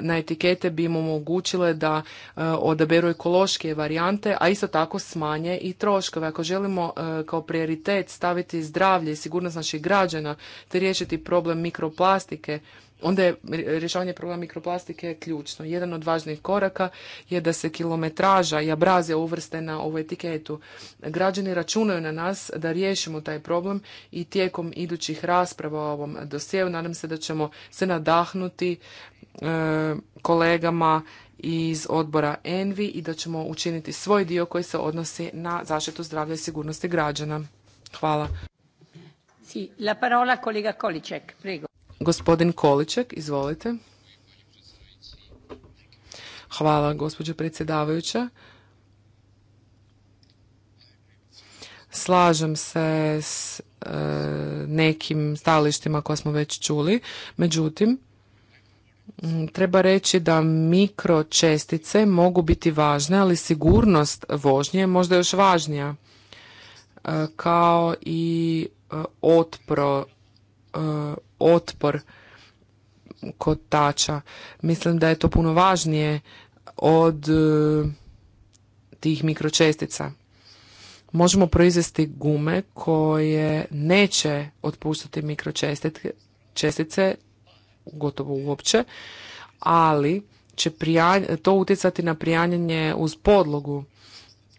na etikete bi im omogućile da e, odaberu ekološke varijante, a isto tako smanje i troškove. Ako želimo e, kao prioritet staviti zdravlje i sigurnost naših građana te riješiti problem mikroplastike, onda je rješavanje problema mikroplastike ključno. Jedan od važnijih koraka je da se kilometraža i abrazija uvrste na ovu etiketu. Građani računaju na nas da riješimo taj problem i tijekom idućih rasprava o ovom dosjeu nadam se da ćemo se nadahnuti e, kolegama iz odbora Envi i da ćemo učiniti svoj dio koji se odnosi na zaštitu zdravlja i sigurnosti građana. Hvala. la parola kolega Količek, prego. Gospodin Količek, izvolite. Hvala, gospođo predsjedavajuća. Slažem se s e, nekim stalištima koje smo već čuli, međutim, treba reći da mikročestice mogu biti važne, ali sigurnost vožnje je možda još važnija, e, kao i e, otpro, otpor tača. Mislim da je to puno važnije od e, tih mikročestica. Možemo proizvesti gume koje neće otpuštati mikročestice gotovo uopće, ali će to utjecati na prijanjanje uz podlogu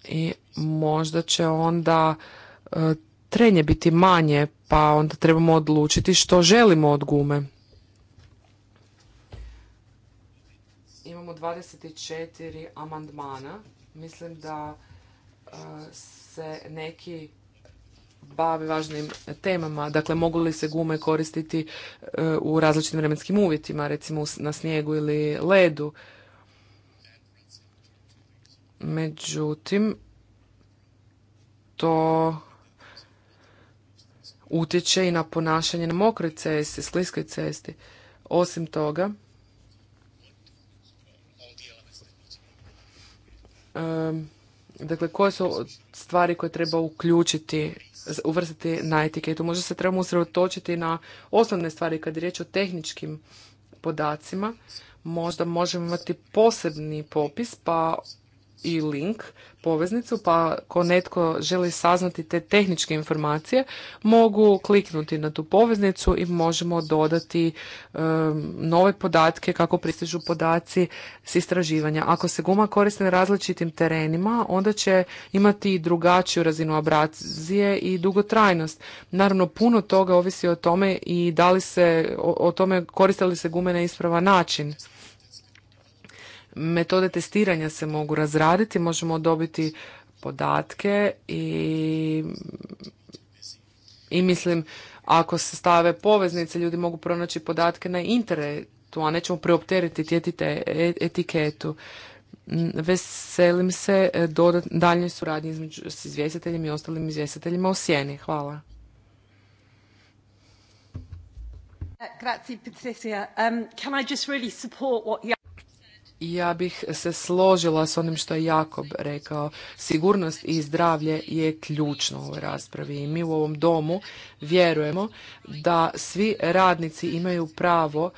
i možda će onda e, trenje biti manje, pa onda trebamo odlučiti što želimo od gume. Imamo 24 amandmana. Mislim da uh, se neki bavi važnim temama. Dakle, mogu li se gume koristiti uh, u različitim vremenskim uvjetima, recimo na snijegu ili ledu. Međutim, to utječe i na ponašanje na mokroj cesti, sliskoj cesti. Osim toga, dakle, koje su stvari koje treba uključiti, uvrstiti na etiketu? Možda se trebamo usredotočiti na osnovne stvari kad je riječ o tehničkim podacima. Možda možemo imati posebni popis pa i link poveznicu, pa ako netko želi saznati te tehničke informacije, mogu kliknuti na tu poveznicu i možemo dodati nove podatke kako pristižu podaci s istraživanja. Ako se guma koristi na različitim terenima, onda će imati drugačiju razinu abrazije i dugotrajnost. Naravno, puno toga ovisi o tome i da li se, o, o tome koriste li se gume na ispravan način metode testiranja se mogu razraditi, možemo dobiti podatke i, i mislim ako se stave poveznice ljudi mogu pronaći podatke na internetu, a nećemo preopteriti e-, etiketu. Mm, veselim se e, do daljnjoj suradnji između, s izvjestiteljima i ostalim izvjestiteljima u sjeni. Hvala. Grazie, Patricia. Um, can I just really support what ja bih se složila s onim što je Jakob rekao. Sigurnost i zdravlje je ključno u ovoj raspravi i mi u ovom domu vjerujemo da svi radnici imaju pravo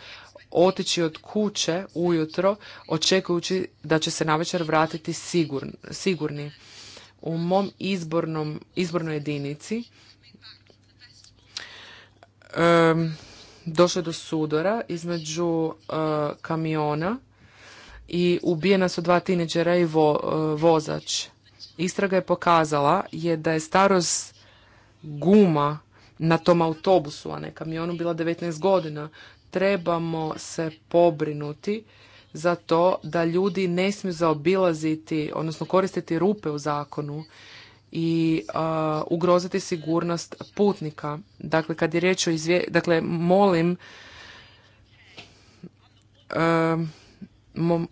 otići od kuće ujutro očekujući da će se navečer vratiti sigurni. U mom izbornom, izbornoj jedinici um, došlo je do sudora između eh, kamiona i ubijena su dva tineđera i e, vozač. Istraga je pokazala je da je starost guma na tom autobusu, a ne kamionu, bila 19 godina. Trebamo se pobrinuti za to da ljudi ne smiju zaobilaziti, odnosno koristiti rupe u zakonu i ugroziti sigurnost putnika. Dakle, kad je riječ o Dakle, molim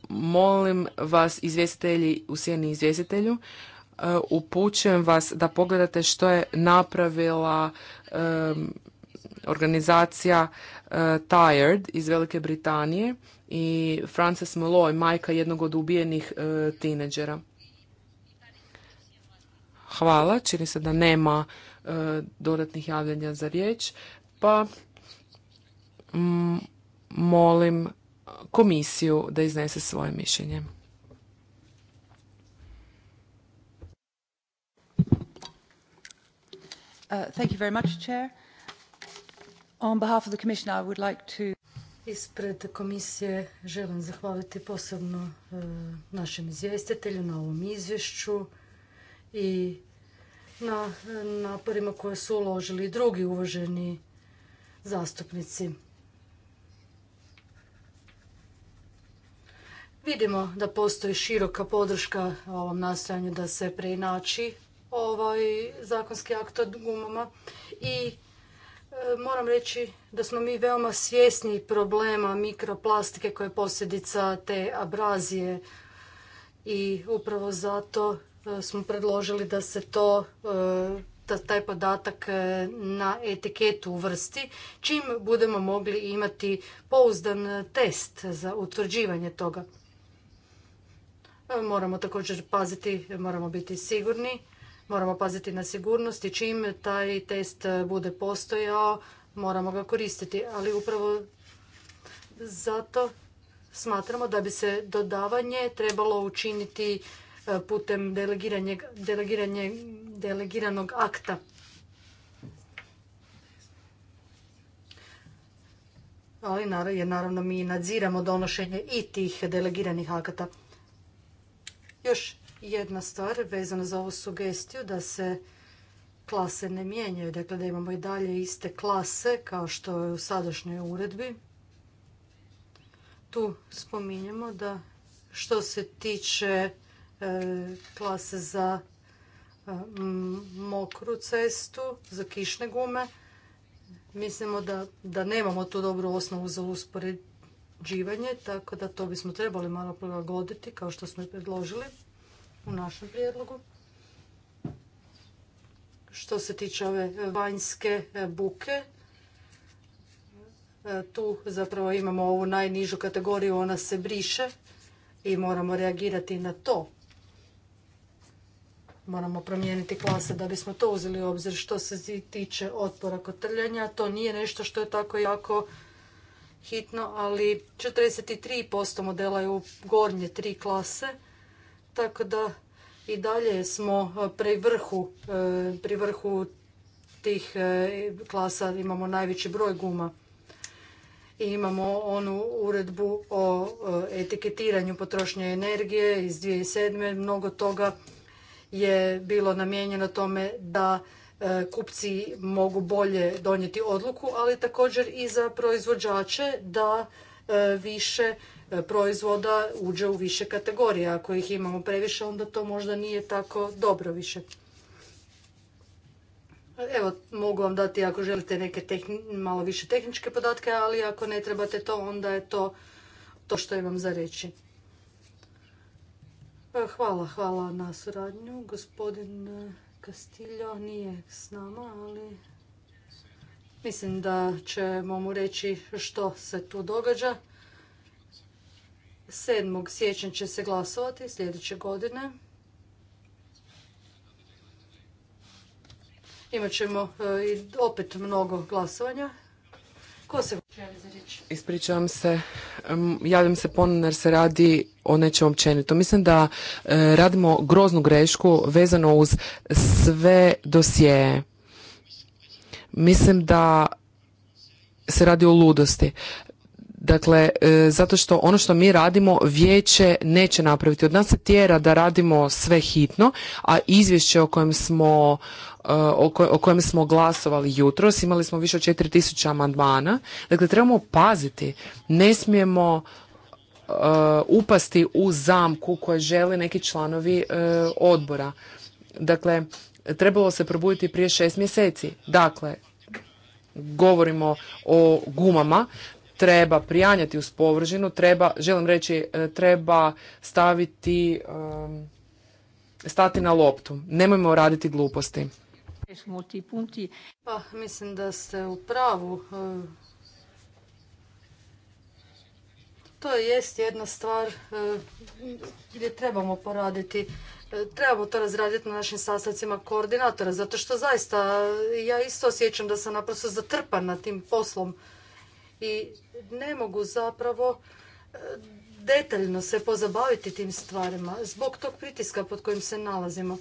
molim vas izvjestitelji u sjeni izvjestitelju e, upućujem vas da pogledate što je napravila e, organizacija e, Tired iz Velike Britanije i Frances Molloy, majka jednog od ubijenih tineđera. Hvala, čini se da nema dodatnih javljanja za riječ, pa molim komisiju da iznese svoje mišljenje. Ispred komisije želim zahvaliti posebno uh, našem izvjestitelju na ovom izvješću i na uh, naporima koje su uložili i drugi uvaženi zastupnici. Vidimo da postoji široka podrška ovom nastojanju da se preinači ovaj zakonski akt o gumama i e, moram reći da smo mi veoma svjesni problema mikroplastike koja je posljedica te abrazije i upravo zato e, smo predložili da se to e, taj podatak na etiketu uvrsti, čim budemo mogli imati pouzdan test za utvrđivanje toga. E, moramo također paziti, moramo biti sigurni, moramo paziti na sigurnost i čim taj test bude postojao, moramo ga koristiti. Ali upravo zato smatramo da bi se dodavanje trebalo učiniti e, putem delegiranog akta. Ali naravno mi nadziramo donošenje i tih delegiranih akata. Još jedna stvar vezana za ovu sugestiju da se klase ne mijenjaju, dakle da imamo i dalje iste klase kao što je u sadašnjoj uredbi. Tu spominjemo da što se tiče e, klase za e, mokru cestu, za kišne gume, mislimo da, da nemamo tu dobru osnovu za usporedbu usklađivanje, tako da to bismo trebali malo prilagoditi kao što smo i predložili u našem prijedlogu. Što se tiče ove vanjske e, buke, e, tu zapravo imamo ovu najnižu kategoriju, ona se briše i moramo reagirati na to. Moramo promijeniti klase da bismo to uzeli u obzir. Što se tiče otpora trljanja, to nije nešto što je tako jako hitno, ali 43% modela je u gornje tri klase, tako da i dalje smo e, pri vrhu, e, pri vrhu tih e, klasa imamo najveći broj guma. I imamo onu uredbu o etiketiranju potrošnje energije iz 2007. Mnogo toga je bilo namijenjeno tome da E, kupci mogu bolje donijeti odluku, ali također i za proizvođače da e, više e, proizvoda uđe u više kategorija. Ako ih imamo previše, onda to možda nije tako dobro više. Evo, mogu vam dati ako želite neke malo više tehničke podatke, ali ako ne trebate to, onda je to to što imam za reći. Hvala, hvala na suradnju. Gospodin Castillo nije s nama, ali mislim da ćemo mu reći što se tu događa. 7. siječnja će se glasovati sljedeće godine. Imat ćemo e, opet mnogo glasovanja. Ko Ispričavam se, javljam se ponovno jer se radi o nečem općenito. Mislim da e, radimo groznu grešku vezano uz sve dosjeje. Mislim da se radi o ludosti. Dakle, e, zato što ono što mi radimo vijeće neće napraviti. Od nas se tjera da radimo sve hitno, a izvješće o kojem smo e, o kojem smo glasovali jutros, imali smo više od 4000 amandmana. Dakle, trebamo paziti. Ne smijemo e, upasti u zamku koje žele neki članovi odbora. Dakle, trebalo se probuditi prije šest mjeseci. Dakle, govorimo o gumama, treba prijanjati uz površinu, treba, želim reći, e, treba staviti, stati na loptu. Nemojmo raditi gluposti. Pa, mislim da ste u pravu. E. To jest jedna stvar e, gdje trebamo poraditi. Trebamo to razraditi na našim sastavcima koordinatora, zato što zaista ja isto osjećam da sam naprosto zatrpan na tim poslom i ne mogu zapravo e, detaljno se pozabaviti tim stvarima zbog tog pritiska pod kojim se nalazimo.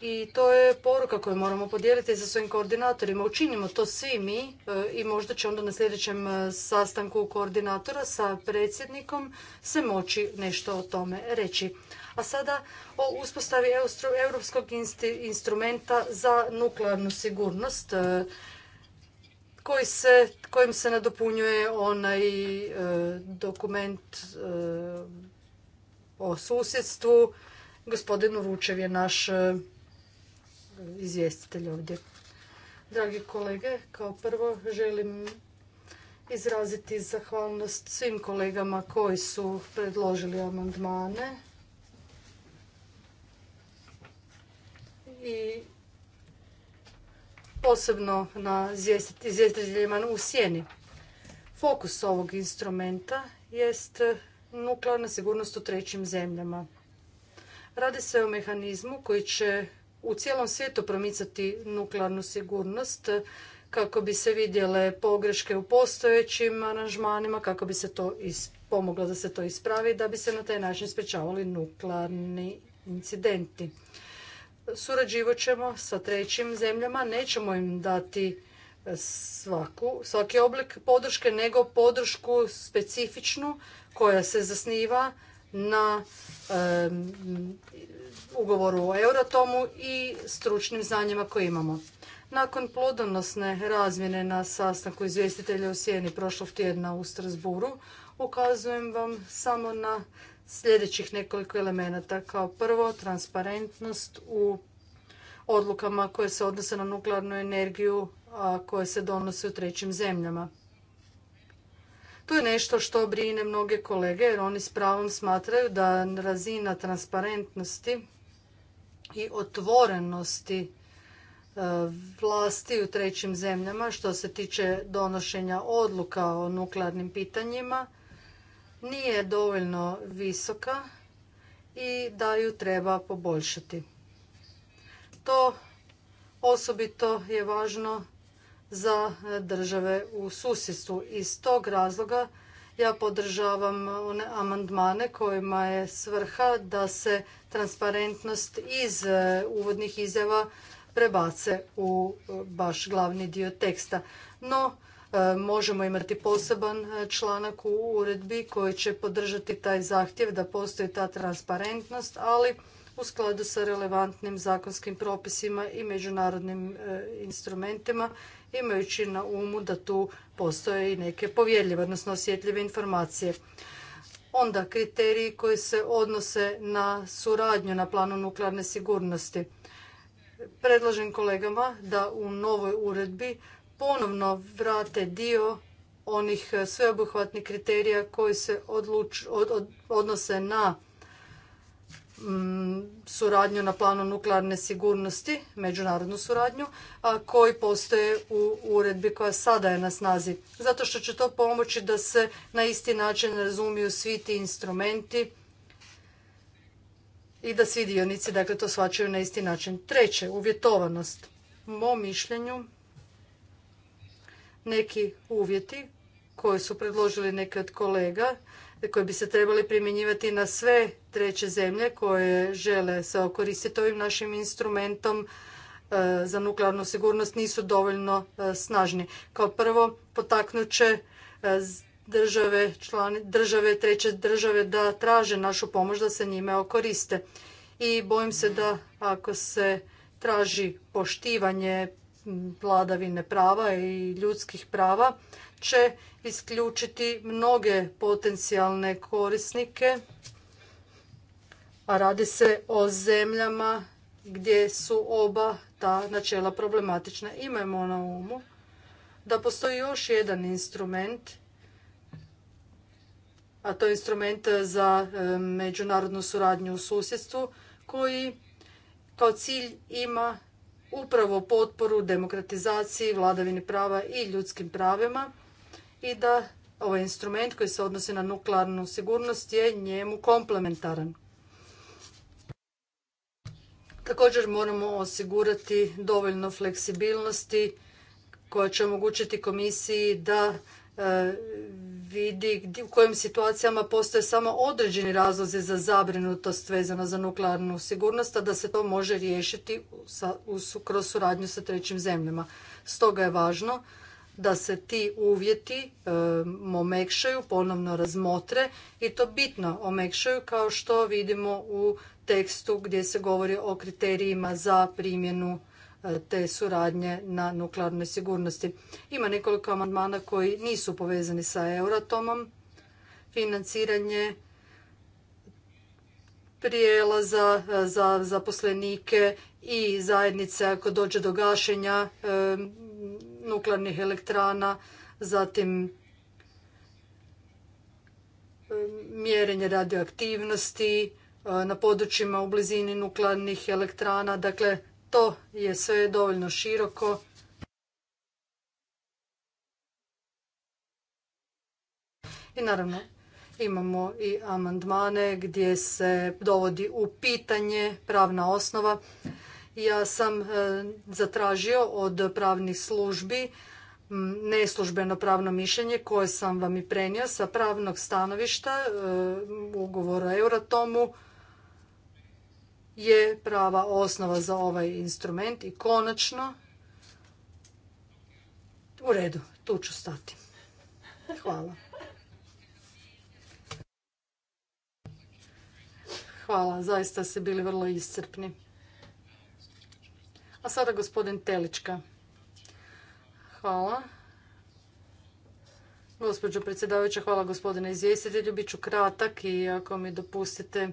I to je poruka koju moramo podijeliti sa svojim koordinatorima. Učinimo to svi mi e, i možda će onda na sljedećem e, sastanku koordinatora sa predsjednikom se moći nešto o tome reći. A sada o uspostavi Europskog instrumenta za nuklearnu sigurnost se, kojim se nadopunjuje onaj e, dokument e, o susjedstvu. Gospodin Uručev je naš e, izvjestitelj ovdje. Dragi kolege, kao prvo želim izraziti zahvalnost svim kolegama koji su predložili amandmane. I posebno na izvjestiteljima u sjeni. Fokus ovog instrumenta jest nuklearna sigurnost u trećim zemljama. Radi se o mehanizmu koji će u cijelom svijetu promicati nuklearnu sigurnost kako bi se vidjele pogreške u postojećim aranžmanima, kako bi se to pomoglo da se to ispravi, da bi se na taj način sprječavali nuklearni incidenti surađivat ćemo sa trećim zemljama, nećemo im dati e, svaku, svaki oblik podrške, nego podršku specifičnu koja se zasniva na ugovoru o Euratomu i stručnim znanjima koje imamo. Nakon plodonosne razmjene na sastanku izvjestitelja u Sjeni prošlog tjedna u Strasburu, ukazujem vam samo na sljedećih nekoliko elemenata. Kao prvo, transparentnost u odlukama koje se odnose na nuklearnu energiju a koje se donose u trećim zemljama. To je nešto što brine mnoge kolege jer oni s pravom smatraju da razina transparentnosti i otvorenosti e, vlasti u trećim zemljama što se tiče donošenja odluka o nuklearnim pitanjima nije dovoljno visoka i da ju treba poboljšati. To osobito je važno za države u susjedstvu. Iz tog razloga ja podržavam one amandmane kojima je svrha da se transparentnost iz e, uvodnih izjava prebace u e, baš glavni dio teksta. No, E, možemo imati poseban e, članak u uredbi koji će podržati taj zahtjev da postoji ta transparentnost, ali u skladu sa relevantnim zakonskim propisima i međunarodnim e, instrumentima, imajući na umu da tu postoje i neke povjerljive, odnosno osjetljive informacije. Onda kriteriji koji se odnose na suradnju na planu nuklearne sigurnosti. Predlažem kolegama da u novoj uredbi ponovno vrate dio onih sveobuhvatnih kriterija koji se odnose na mm, suradnju na planu nuklearne sigurnosti, međunarodnu suradnju, a koji postoje u uredbi koja sada je na snazi. Zato što će to pomoći da se na isti način razumiju svi ti instrumenti i da svi dionici dakle, to shvaćaju na isti način. Treće, uvjetovanost. mom mišljenju neki uvjeti koje su predložili neki od kolega koji bi se trebali primjenjivati na sve treće zemlje koje žele se okoristiti ovim našim instrumentom e, za nuklearnu sigurnost nisu dovoljno e, snažni. Kao prvo, potaknut će e, države, člani, države, treće države da traže našu pomoć da se njime okoriste. I bojim se da ako se traži poštivanje vladavine prava i ljudskih prava će isključiti mnoge potencijalne korisnike, a radi se o zemljama gdje su oba ta načela problematična. Imajmo na umu da postoji još jedan instrument, a to je instrument za e, međunarodnu suradnju u susjedstvu koji kao cilj ima upravo potporu demokratizaciji, vladavini prava i ljudskim pravima i da ovaj instrument koji se odnosi na nuklearnu sigurnost je njemu komplementaran. Također moramo osigurati dovoljno fleksibilnosti koja će omogućiti komisiji da e, vidi u kojim situacijama postoje samo određeni razlozi za zabrinutost vezano za nuklearnu sigurnost, a da se to može riješiti kroz suradnju sa trećim zemljama. Stoga je važno da se ti uvjeti e, omekšaju, ponovno razmotre i to bitno omekšaju kao što vidimo u tekstu gdje se govori o kriterijima za primjenu te suradnje na nuklearnoj sigurnosti. Ima nekoliko amandmana koji nisu povezani sa Euratomom. Financiranje prijelaza e, za zaposlenike i zajednice ako dođe do gašenja e, nuklearnih elektrana, zatim e, mjerenje radioaktivnosti na područjima u blizini nuklearnih elektrana. Dakle, to je sve dovoljno široko i naravno imamo i amandmane gdje se dovodi u pitanje pravna osnova ja sam e, zatražio od pravnih službi neslužbeno pravno mišljenje koje sam vam i prenio sa pravnog stanovišta e, ugovora o Euratomu je prava osnova za ovaj instrument i konačno u redu, tu ću stati. Hvala. Hvala, zaista ste bili vrlo iscrpni. A sada gospodin Telička. Hvala. Gospođo predsjedavajuća, hvala gospodine izvjestitelju. Biću kratak i ako mi dopustite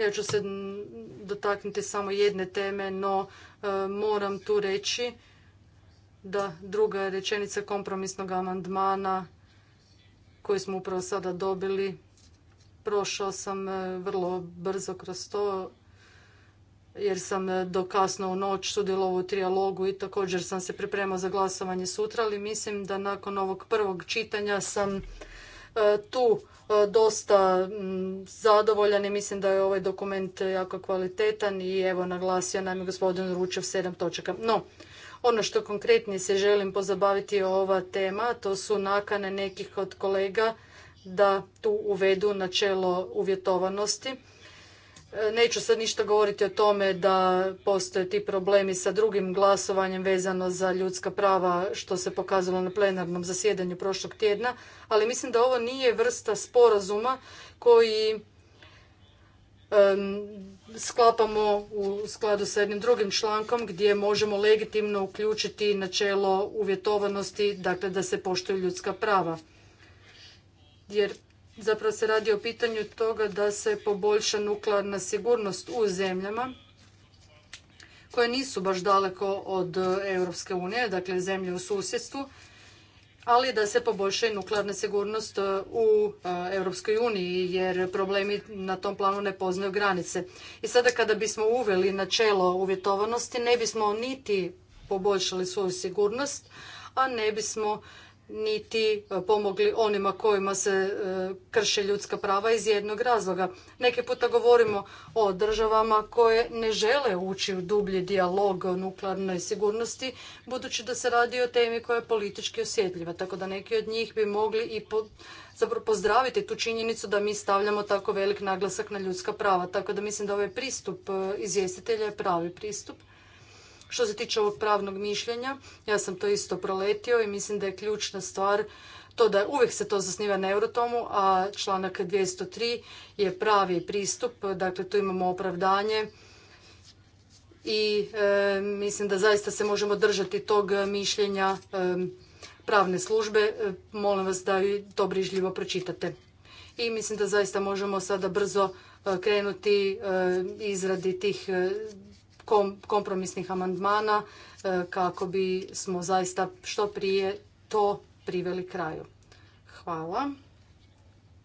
ja ću se dotaknuti samo jedne teme, no e, moram tu reći da druga rečenica kompromisnog amandmana koji smo upravo sada dobili, prošao sam e, vrlo brzo kroz to jer sam e, do kasno u noć sudjelovao u trijalogu i također sam se pripremao za glasovanje sutra, ali mislim da nakon ovog prvog čitanja sam E, tu e, dosta mm, zadovoljan i mislim da je ovaj dokument jako kvalitetan i evo naglasio nam je gospodin Ručev sedam točaka. No, ono što konkretnije se želim pozabaviti je ova tema, to su nakane nekih od kolega da tu uvedu načelo uvjetovanosti Neću sad ništa govoriti o tome da postoje ti problemi sa drugim glasovanjem vezano za ljudska prava što se pokazalo na plenarnom zasjedanju prošlog tjedna, ali mislim da ovo nije vrsta sporazuma koji sklapamo u skladu sa jednim drugim člankom gdje možemo legitimno uključiti načelo uvjetovanosti, dakle da se poštuju ljudska prava. Jer Zapravo se radi o pitanju toga da se poboljša nuklearna sigurnost u zemljama koje nisu baš daleko od Europske unije, dakle zemlje u susjedstvu, ali da se poboljša i nuklearna sigurnost e, u e, Europskoj uniji jer problemi na tom planu ne poznaju granice. I sada kada bismo uveli načelo uvjetovanosti ne bismo niti poboljšali svoju sigurnost, a ne bismo niti e, pomogli onima kojima se e, krše ljudska prava iz jednog razloga. Neki puta govorimo o državama koje ne žele ući u dublji dijalog o nuklearnoj sigurnosti, budući da se radi o temi koja je politički osjetljiva, tako da neki od njih bi mogli i po, zapravo pozdraviti tu činjenicu da mi stavljamo tako velik naglasak na ljudska prava. Tako da mislim da ovaj pristup e, izvjestitelja je pravi pristup što se tiče ovog pravnog mišljenja, ja sam to isto proletio i mislim da je ključna stvar to da uvijek se to zasniva na Eurotomu, a članak 203 je pravi pristup, dakle tu imamo opravdanje i e, mislim da zaista se možemo držati tog mišljenja e, pravne službe. E, molim vas da ju to brižljivo pročitate. I mislim da zaista možemo sada brzo krenuti izradi tih kompromisnih amandmana e, kako bi smo zaista što prije to priveli kraju. Hvala.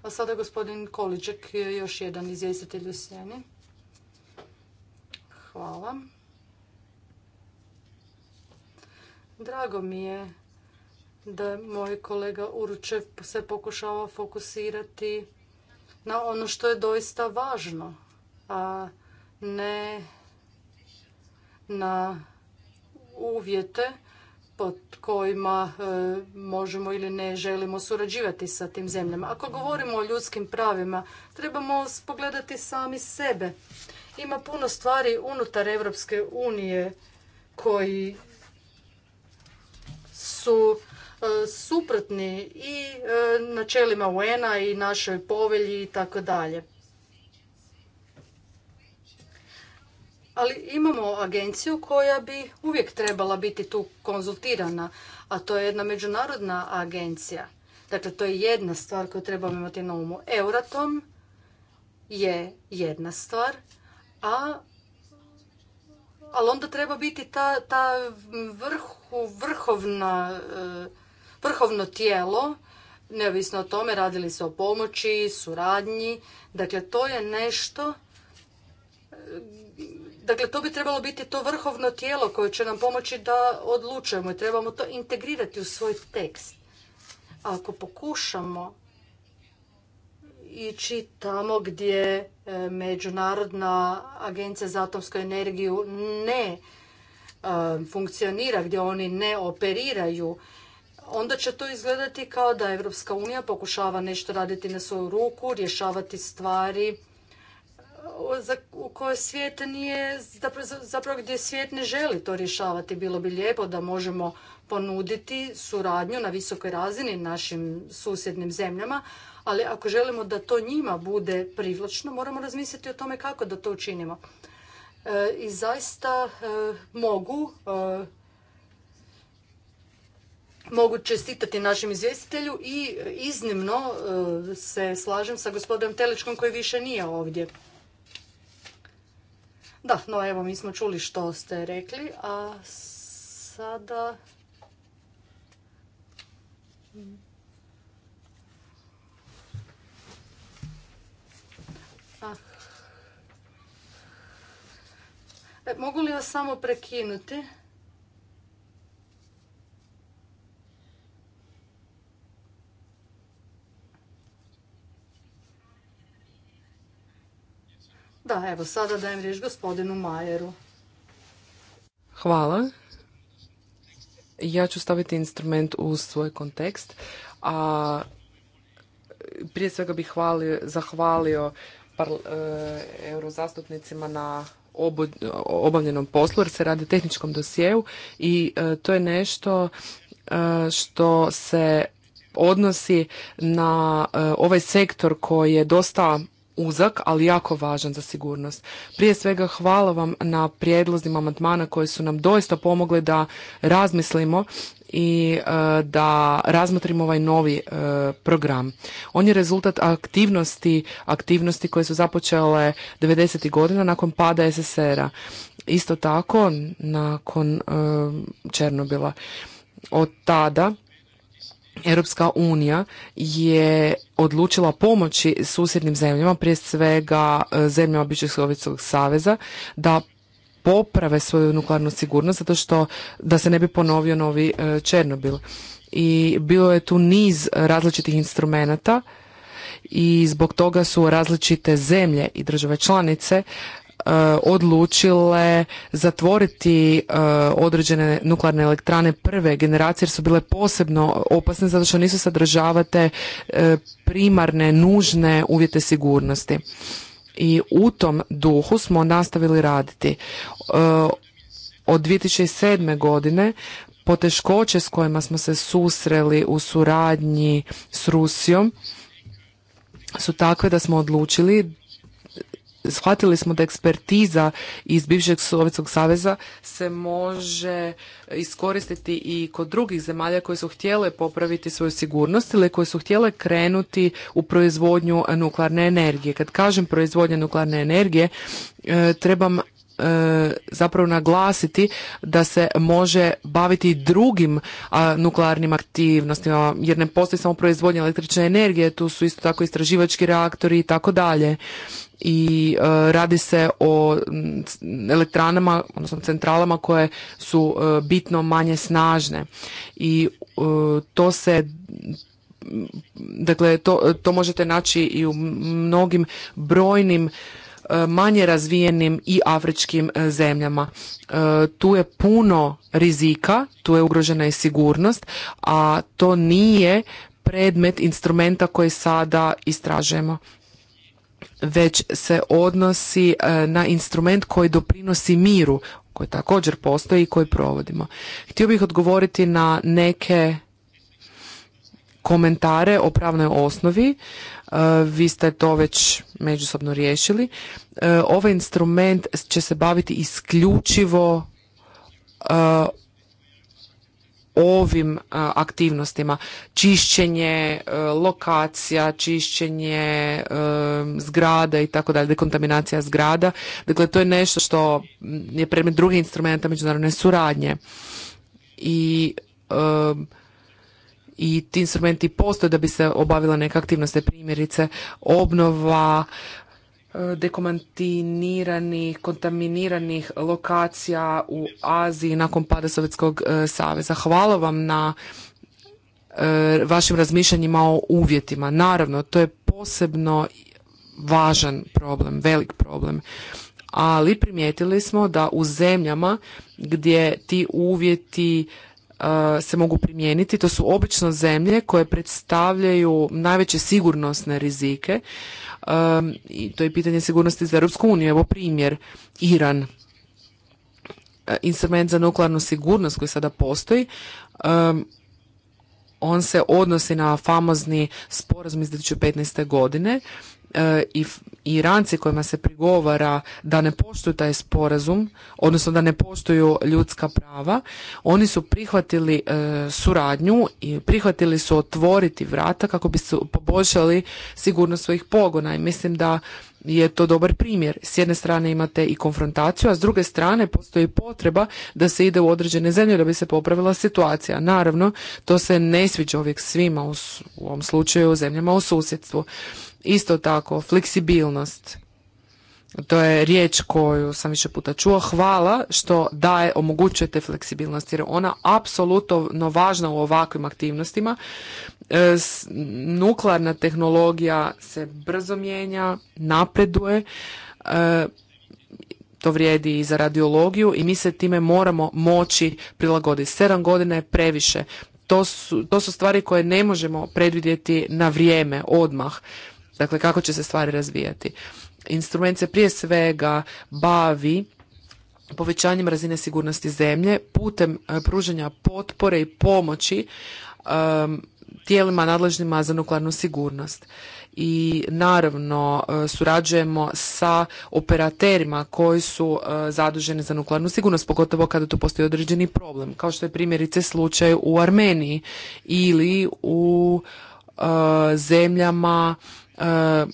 A sada gospodin Količek, još jedan izvjestitelj u sjeni. Hvala. Drago mi je da moj kolega Uručev se pokušava fokusirati na ono što je doista važno, a ne na uvjete pod kojima e, možemo ili ne želimo surađivati sa tim zemljama. Ako govorimo o ljudskim pravima, trebamo pogledati sami sebe. Ima puno stvari unutar Europske unije koji su e, suprotni i e, načelima un i našoj povelji i tako dalje. ali imamo agenciju koja bi uvijek trebala biti tu konzultirana, a to je jedna međunarodna agencija. Dakle, to je jedna stvar koju trebamo imati na umu. Euratom je jedna stvar, a ali onda treba biti ta, ta e, vrhovno tijelo, neovisno o tome radili se o pomoći, suradnji. Dakle, to je nešto Dakle, to bi trebalo biti to vrhovno tijelo koje će nam pomoći da odlučujemo i trebamo to integrirati u svoj tekst. ako pokušamo ići tamo gdje e, Međunarodna agencija za atomsku energiju ne e, funkcionira, gdje oni ne operiraju, onda će to izgledati kao da Evropska unija pokušava nešto raditi na svoju ruku, rješavati stvari u koje svijet nije, zapravo gdje svijet ne želi to rješavati. Bilo bi lijepo da možemo ponuditi suradnju na visokoj razini našim susjednim zemljama, ali ako želimo da to njima bude privlačno, moramo razmisliti o tome kako da to učinimo. E, I zaista e, mogu e, mogu čestitati našem izvjestitelju i iznimno se slažem sa gospodinom Telečkom koji više nije ovdje. Da, no evo, mi smo čuli što ste rekli, a sada... E, mogu li vas samo prekinuti? Da, evo sada dajem riječ gospodinu Majeru. Hvala. Ja ću staviti instrument u svoj kontekst, a prije svega bih hvalio, zahvalio euro e, eurozastupnicima na obavljenom poslu jer se radi o tehničkom dosjeu i e, to je nešto e, što se odnosi na e, ovaj sektor koji je dosta uzak, ali jako važan za sigurnost. Prije svega hvala vam na prijedlozima amandmana koji su nam doista pomogli da razmislimo i e, da razmotrimo ovaj novi e, program. On je rezultat aktivnosti, aktivnosti koje su započele 90. godina nakon pada SSR-a. Isto tako nakon e, Černobila. Od tada Europska unija je odlučila pomoći susjednim zemljama, prije svega e, zemljama Bičeg saveza, da poprave svoju nuklearnu sigurnost zato što da se ne bi ponovio novi e, Černobil. I bilo je tu niz različitih instrumenata i zbog toga su različite zemlje i države članice E, odlučile zatvoriti e, određene nuklearne elektrane prve generacije jer su bile posebno opasne zato što nisu sadržavate e, primarne, nužne uvjete sigurnosti. I u tom duhu smo nastavili raditi. Od 2007. godine poteškoće s kojima smo se susreli u suradnji s Rusijom su takve da smo odlučili shvatili smo da ekspertiza iz bivšeg Sovjetskog saveza se može iskoristiti i kod drugih zemalja koje su htjele popraviti svoju sigurnost ili koje su htjele krenuti u proizvodnju nuklearne energije. Kad kažem proizvodnja nuklearne energije, e, trebam e, zapravo naglasiti da se može baviti drugim nuklearnim aktivnostima jer ne postoji samo proizvodnja električne energije, tu su isto tako istraživački reaktori i tako dalje i e, radi se o elektranama, odnosno centralama koje su e, bitno manje snažne i e, to se dakle to, to možete naći i u mnogim brojnim manje razvijenim i afričkim zemljama. Tu je puno rizika, tu je ugrožena i sigurnost, a to nije predmet instrumenta koji sada istražujemo već se odnosi e, na instrument koji doprinosi miru, koji također postoji i koji provodimo. Htio bih odgovoriti na neke komentare o pravnoj osnovi. E, vi ste to već međusobno riješili. E, ovaj instrument će se baviti isključivo ovim e, aktivnostima. Čišćenje e, lokacija, čišćenje e, zgrada i tako dalje, dekontaminacija zgrada. Dakle, to je nešto što je predmet drugih instrumenta međunarodne suradnje. I i ti instrumenti postoje da bi se obavila neka aktivnost, primjerice obnova dekomantiniranih, kontaminiranih lokacija u Aziji nakon pada Sovjetskog e, saveza. Hvala vam na e, vašim razmišljanjima o uvjetima. Naravno, to je posebno važan problem, velik problem. Ali primijetili smo da u zemljama gdje ti uvjeti e, se mogu primijeniti, to su obično zemlje koje predstavljaju najveće sigurnosne rizike Ehm, i to je pitanje sigurnosti za Europsku uniju. Evo primjer, Iran. E, instrument za nuklearnu sigurnost koji sada postoji, ehm, on se odnosi na famozni sporazum iz 2015. godine E, i Iranci kojima se prigovara da ne poštuju taj sporazum, odnosno da ne poštuju ljudska prava, oni su prihvatili e, suradnju i prihvatili su otvoriti vrata kako bi su poboljšali sigurnost svojih pogona i mislim da je to dobar primjer. S jedne strane imate i konfrontaciju, a s druge strane postoji potreba da se ide u određene zemlje da bi se popravila situacija. Naravno, to se ne sviđa uvijek svima u, ovom slučaju zemljama u susjedstvu. Isto tako, fleksibilnost. To je riječ koju sam više puta čuo. Hvala što daje, omogućujete fleksibilnost jer ona apsolutno važna u ovakvim aktivnostima. E, nuklearna tehnologija se brzo mijenja, napreduje. E, to vrijedi i za radiologiju i mi se time moramo moći prilagoditi. Sedam godina je previše. To su, to su stvari koje ne možemo predvidjeti na vrijeme, odmah. Dakle, kako će se stvari razvijati. Instrument se prije svega bavi povećanjem razine sigurnosti zemlje putem e, pružanja potpore i pomoći tijelima nadležnima za nuklearnu sigurnost. I naravno e, surađujemo sa operaterima koji su e, zaduženi za nuklearnu sigurnost, pogotovo kada tu postoji određeni problem, kao što je primjerice slučaj u Armeniji ili u zemljama E,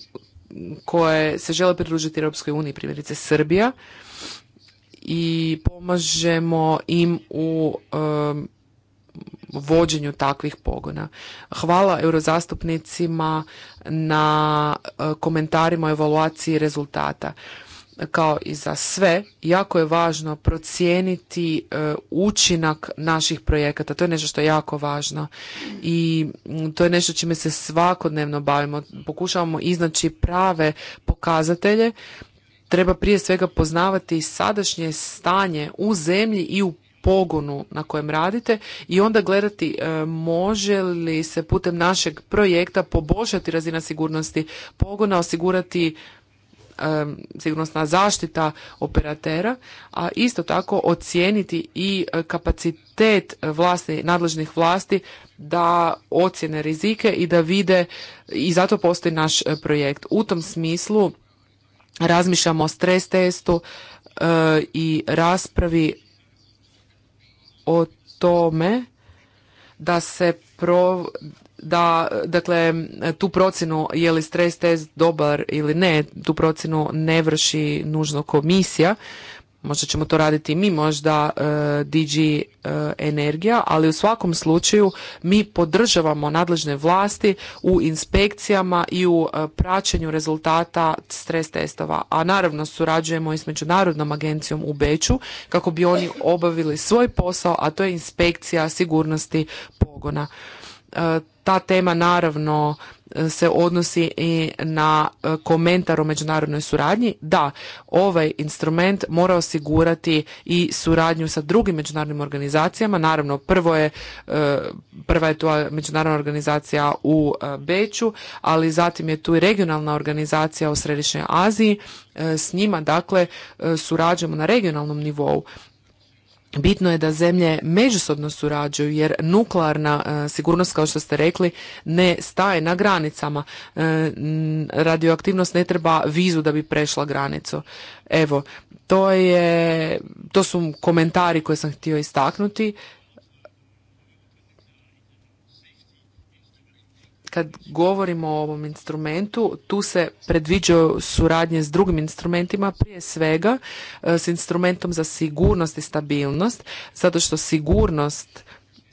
koje se žele pridružiti Europskoj uniji, primjerice Srbija, i pomažemo im u e, vođenju takvih pogona. Hvala eurozastupnicima na e, komentarima o evaluaciji rezultata kao i za sve, jako je važno procijeniti e, učinak naših projekata. To je nešto što je jako važno i to je nešto čime se svakodnevno bavimo. Pokušavamo iznaći prave pokazatelje. Treba prije svega poznavati sadašnje stanje u zemlji i u pogonu na kojem radite i onda gledati e, može li se putem našeg projekta poboljšati razina sigurnosti pogona, osigurati sigurnosna zaštita operatera, a isto tako ocijeniti i e, kapacitet vlasti, nadležnih vlasti da ocjene rizike i da vide i zato postoji naš e, projekt. U tom smislu razmišljamo o stres testu e, i raspravi o tome da se pro, da dakle tu procjenu je li stres test dobar ili ne, tu procjenu ne vrši nužno komisija. Možda ćemo to raditi mi, možda uh, e, DG e, Energija, ali u svakom slučaju mi podržavamo nadležne vlasti u inspekcijama i u e, praćenju rezultata stres testova. A naravno surađujemo i s Međunarodnom agencijom u Beču kako bi oni obavili svoj posao, a to je inspekcija sigurnosti pogona. E, ta tema naravno e, se odnosi i na e, komentar o međunarodnoj suradnji. Da, ovaj instrument mora osigurati i suradnju sa drugim međunarodnim organizacijama. Naravno, prvo je, prva je to međunarodna organizacija u Beću, ali zatim je tu i regionalna organizacija u Središnjoj Aziji. S njima, dakle, surađujemo na regionalnom nivou. Bitno je da zemlje međusobno surađuju jer nuklearna e, sigurnost kao što ste rekli ne staje na granicama. E, radioaktivnost ne treba vizu da bi prešla granicu. Evo, to je to su komentari koje sam htio istaknuti Kad govorimo o ovom instrumentu, tu se predviđaju suradnje s drugim instrumentima, prije svega e, s instrumentom za sigurnost i stabilnost, zato što sigurnost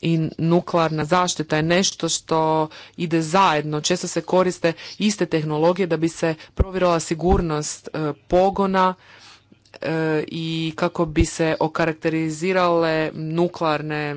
i nuklearna zaštita je nešto što ide zajedno. Često se koriste iste tehnologije da bi se provjerila sigurnost e, pogona, E, i kako bi se okarakterizirale nuklearne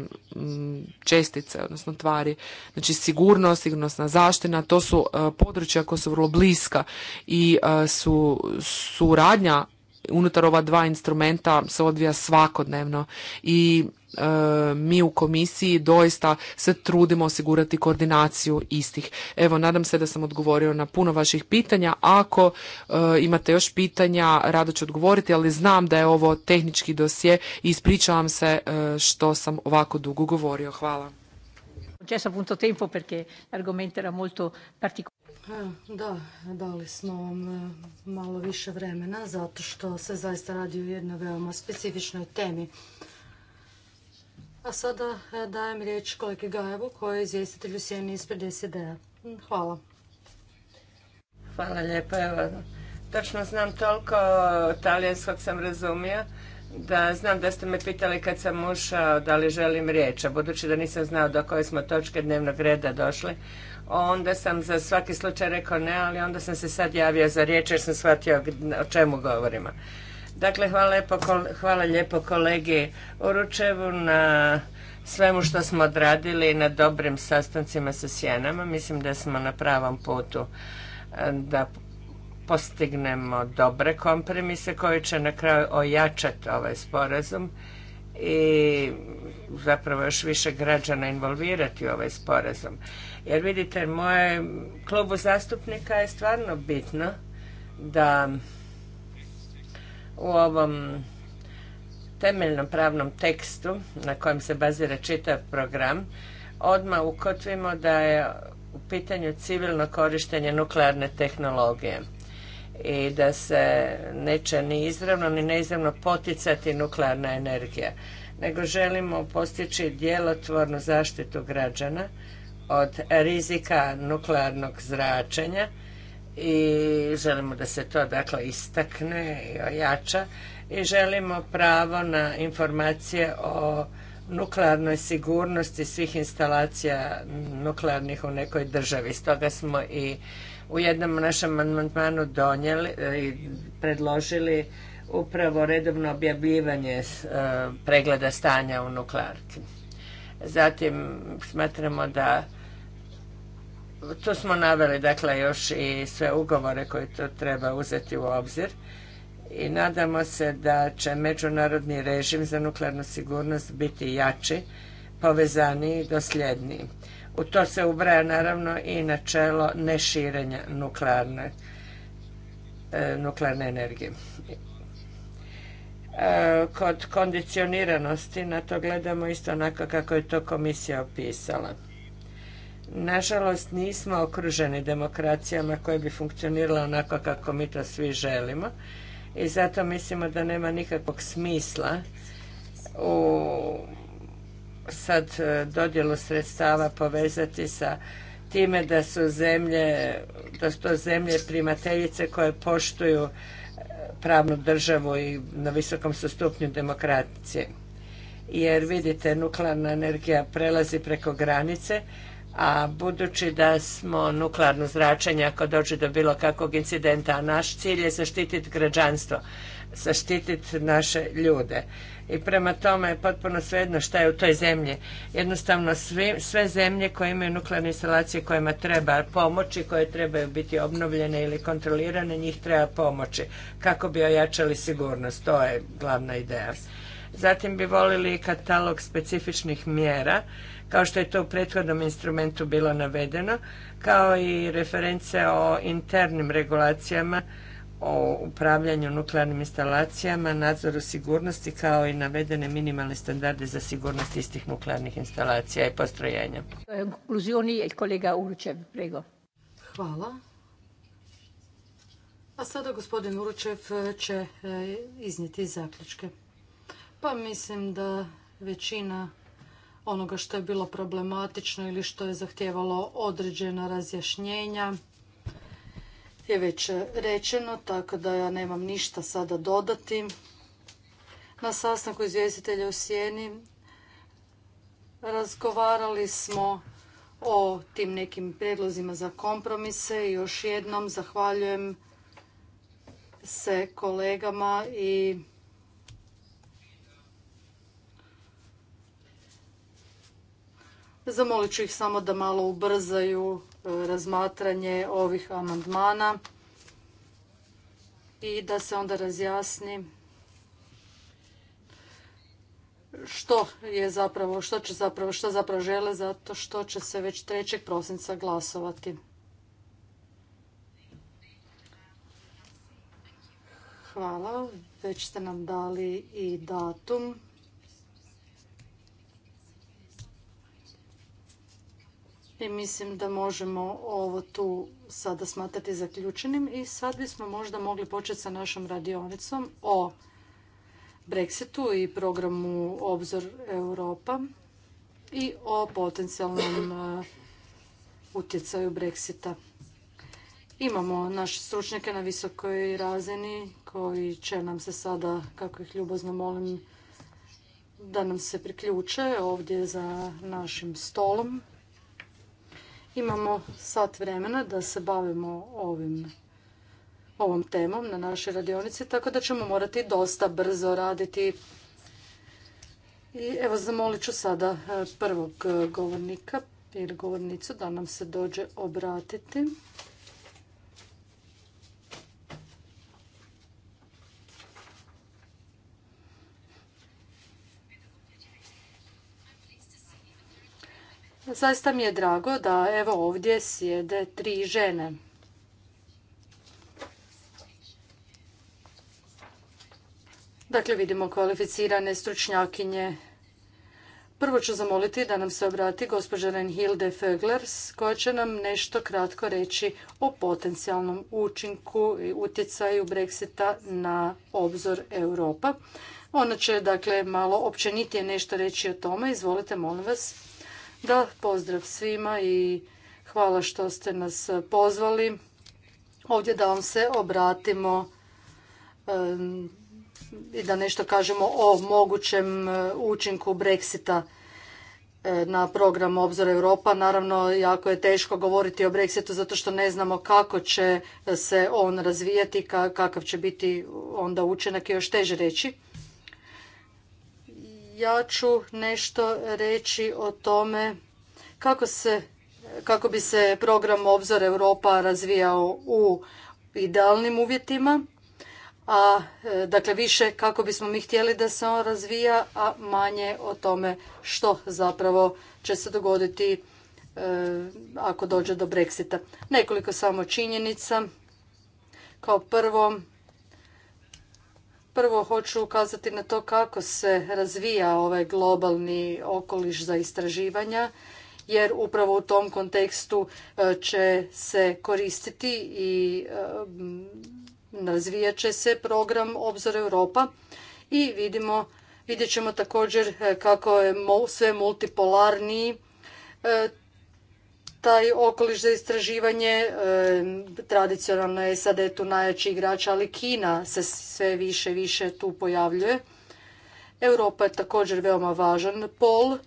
čestice, odnosno tvari. Znači sigurnost, sigurnosna zaština, to su e, područja koja su vrlo bliska i e, su suradnja unutar ova dva instrumenta se odvija svakodnevno i E, mi u komisiji doista se trudimo osigurati koordinaciju istih. Evo, nadam se da sam odgovorio na puno vaših pitanja. Ako e, imate još pitanja, rado ću odgovoriti, ali znam da je ovo tehnički dosje i ispričavam se e, što sam ovako dugo govorio. Hvala. Da, dali smo vam malo više vremena zato što se zaista radi o jednoj veoma specifičnoj temi. A sada e, dajem riječ kolegi Gajevu koji je izvjestitelj u sjeni ispred SED-a. Hvala. Hvala lijepo. točno znam toliko talijanskog sam razumio da znam da ste me pitali kad sam ušao da li želim riječ, a budući da nisam znao do koje smo točke dnevnog reda došli, onda sam za svaki slučaj rekao ne, ali onda sam se sad javio za riječ jer sam shvatio o čemu govorimo. Dakle, hvala lijepo, hvala lijepo kolegi Uručevu na svemu što smo odradili na dobrim sastancima sa sjenama. Mislim da smo na pravom putu e, da postignemo dobre kompromise koji će na kraju ojačati ovaj sporazum i zapravo još više građana involvirati u ovaj sporazum. Jer vidite, moje klubu zastupnika je stvarno bitno da u ovom temeljnom pravnom tekstu na kojem se bazira čitav program, odmah ukotvimo da je u pitanju civilno korištenje nuklearne tehnologije i da se neće ni izravno ni neizravno poticati nuklearna energija, nego želimo postići djelotvornu zaštitu građana od rizika nuklearnog zračenja i želimo da se to dakle istakne i ojača i želimo pravo na informacije o nuklearnoj sigurnosti svih instalacija nuklearnih u nekoj državi. Stoga smo i u jednom našem amandmanu donijeli e, i predložili upravo redovno objavljivanje e, pregleda stanja u nuklearki. Zatim smatramo da tu smo naveli dakle još i sve ugovore koje to treba uzeti u obzir i nadamo se da će međunarodni režim za nuklearnu sigurnost biti jači, povezaniji i dosljedniji. U to se ubraja naravno i načelo neširenja nuklearne, e, nuklearne energije. E, kod kondicioniranosti na to gledamo isto onako kako je to komisija opisala. Nažalost, nismo okruženi demokracijama koje bi funkcionirale onako kako mi to svi želimo i zato mislimo da nema nikakvog smisla u sad e, dodjelu sredstava povezati sa time da su zemlje, da su to zemlje primateljice koje poštuju e, pravnu državu i na visokom su stupnju demokracije. Jer vidite, nuklearna energija prelazi preko granice a budući da smo nuklearno zračenje ako dođe do bilo kakvog incidenta, a naš cilj je zaštititi građanstvo, zaštititi naše ljude. I prema tome je potpuno svejedno šta je u toj zemlji. Jednostavno sve zemlje koje imaju nuklearne instalacije kojima treba pomoći, koje trebaju biti obnovljene ili kontrolirane, njih treba pomoći kako bi ojačali sigurnost. To je glavna ideja. Zatim bi volili katalog specifičnih mjera kao što je to u prethodnom instrumentu bilo navedeno, kao i reference o internim regulacijama o upravljanju nuklearnim instalacijama, nadzoru sigurnosti kao i navedene minimalne standarde za sigurnost istih nuklearnih instalacija i postrojenja. kolega Uručev, prego. Hvala. A sada gospodin Uručev će e, iznijeti zaključke. Pa mislim da većina onoga što je bilo problematično ili što je zahtjevalo određena razjašnjenja je već rečeno, tako da ja nemam ništa sada dodati. Na sastanku izvjestitelja u Sjeni razgovarali smo o tim nekim prijedlozima za kompromise i još jednom zahvaljujem se kolegama i Zamolit ću ih samo da malo ubrzaju e, razmatranje ovih amandmana i da se onda razjasni što je zapravo, što će zapravo, što zapravo žele zato što će se već 3. prosinca glasovati. Hvala, već ste nam dali i datum. i mislim da možemo ovo tu sada smatrati zaključenim i sad bismo možda mogli početi sa našom radionicom o Brexitu i programu Obzor Europa i o potencijalnom e, utjecaju Brexita. Imamo naše stručnjake na visokoj razini koji će nam se sada, kako ih ljubozno molim, da nam se priključe ovdje za našim stolom. Imamo sat vremena da se bavimo ovim ovom temom na našoj radionici, tako da ćemo morati dosta brzo raditi. I evo zamolit ću sada e, prvog e, govornika ili govornicu da nam se dođe obratiti. Zaista mi je drago da evo ovdje sjede tri žene. Dakle, vidimo kvalificirane stručnjakinje. Prvo ću zamoliti da nam se obrati gospođa Renhilde Föglers koja će nam nešto kratko reći o potencijalnom učinku i utjecaju Brexita na obzor Europa. Ona će dakle malo općenitije nešto reći o tome. Izvolite, molim vas. Da, pozdrav svima i hvala što ste nas pozvali ovdje da vam se obratimo i da nešto kažemo o mogućem eh, učinku Brexita eh, na program Obzor Europa. Naravno, jako je teško govoriti o Brexitu zato što ne znamo kako će se on razvijati, kakav će biti onda učinak i još teže reći ja ću nešto reći o tome kako, bi se program Obzor Europa razvijao u idealnim uvjetima, a e, dakle više kako bismo mi htjeli da se on razvija, a manje o tome što zapravo će se dogoditi e, ako dođe do Brexita. Nekoliko samo činjenica. Kao prvo, Prvo hoću ukazati na to kako se razvija ovaj globalni okoliš za istraživanja jer upravo u tom kontekstu e, će se koristiti i e, razvijat će se program Obzor Europa i vidimo, vidjet ćemo također e, kako je sve multipolarniji taj okoliš za istraživanje. E, tradicionalno je SAD tu najjači igrač, ali Kina se sve više i više tu pojavljuje. Europa je također veoma važan pol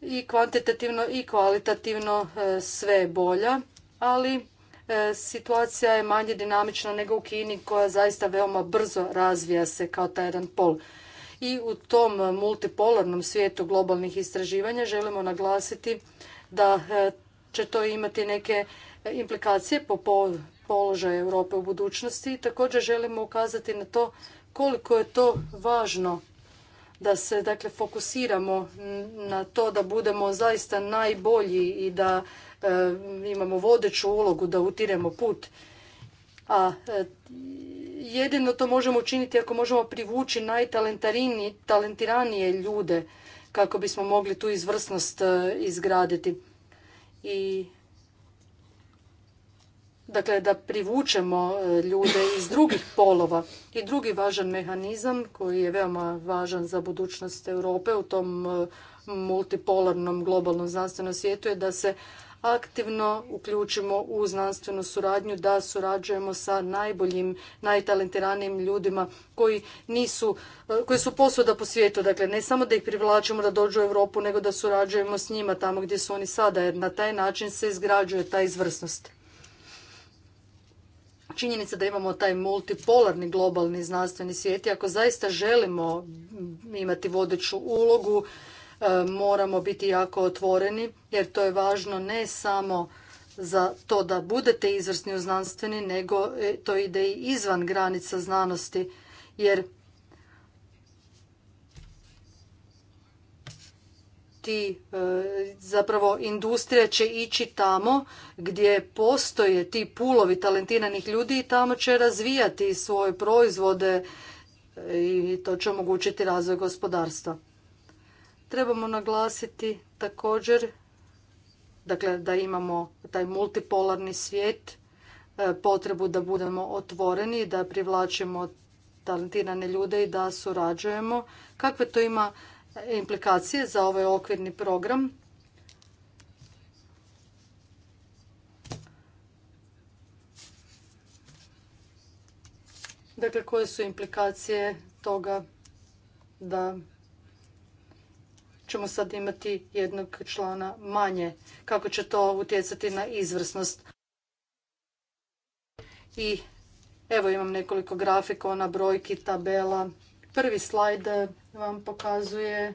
i kvantitativno i kvalitativno e, sve je bolja, ali e, situacija je manje dinamična nego u Kini koja zaista veoma brzo razvija se kao taj jedan pol i u tom multipolarnom svijetu globalnih istraživanja želimo naglasiti da e, će to imati neke e, implikacije po položaju Europe u budućnosti i također želimo ukazati na to koliko je to važno da se dakle fokusiramo na to da budemo zaista najbolji i da e, imamo vodeću ulogu da utiremo put a jedino to možemo učiniti ako možemo privući najtalentiranije ljude kako bismo mogli tu izvrsnost e, izgraditi. I dakle da privučemo e, ljude iz drugih polova. I drugi važan mehanizam koji je veoma važan za budućnost Europe u tom e, multipolarnom globalnom znanstvenom svijetu je da se aktivno uključimo u znanstvenu suradnju, da surađujemo sa najboljim, najtalentiranijim ljudima koji nisu, e, koji su posuda po svijetu. Dakle, ne samo da ih privlačimo da dođu u Europu, nego da surađujemo s njima tamo gdje su oni sada, jer na taj način se izgrađuje ta izvrsnost. Činjenica da imamo taj multipolarni globalni znanstveni svijet i ako zaista želimo imati vodeću ulogu, E, moramo biti jako otvoreni jer to je važno ne samo za to da budete izvrsni u znanstveni, nego e, to ide i izvan granica znanosti, jer ti e, zapravo industrija će ići tamo gdje postoje ti pulovi talentiranih ljudi i tamo će razvijati svoje proizvode i to će omogućiti razvoj gospodarstva. Trebamo naglasiti također dakle da imamo taj multipolarni svijet, e, potrebu da budemo otvoreni, da privlačimo talentirane ljude i da surađujemo. Kakve to ima e, implikacije za ovaj okvirni program? Dakle, koje su implikacije toga da ćemo sad imati jednog člana manje. Kako će to utjecati na izvrsnost? I evo imam nekoliko grafikona, brojki, tabela. Prvi slajd vam pokazuje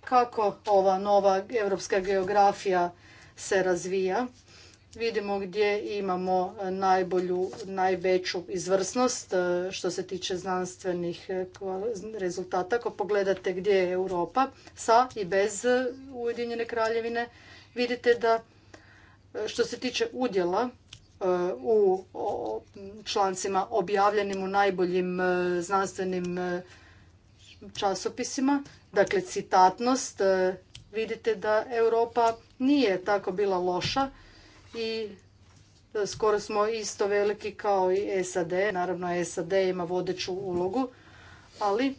kako ova nova europska geografija se razvija vidimo gdje imamo e, najbolju, najveću izvrsnost e, što se tiče znanstvenih e, rezultata. Ako pogledate gdje je Europa sa i bez Ujedinjene kraljevine, vidite da što se tiče udjela u člancima objavljenim u najboljim znanstvenim časopisima, dakle citatnost, vidite da Europa nije tako bila loša i e, skoro smo isto veliki kao i SAD. Naravno, SAD ima vodeću ulogu, ali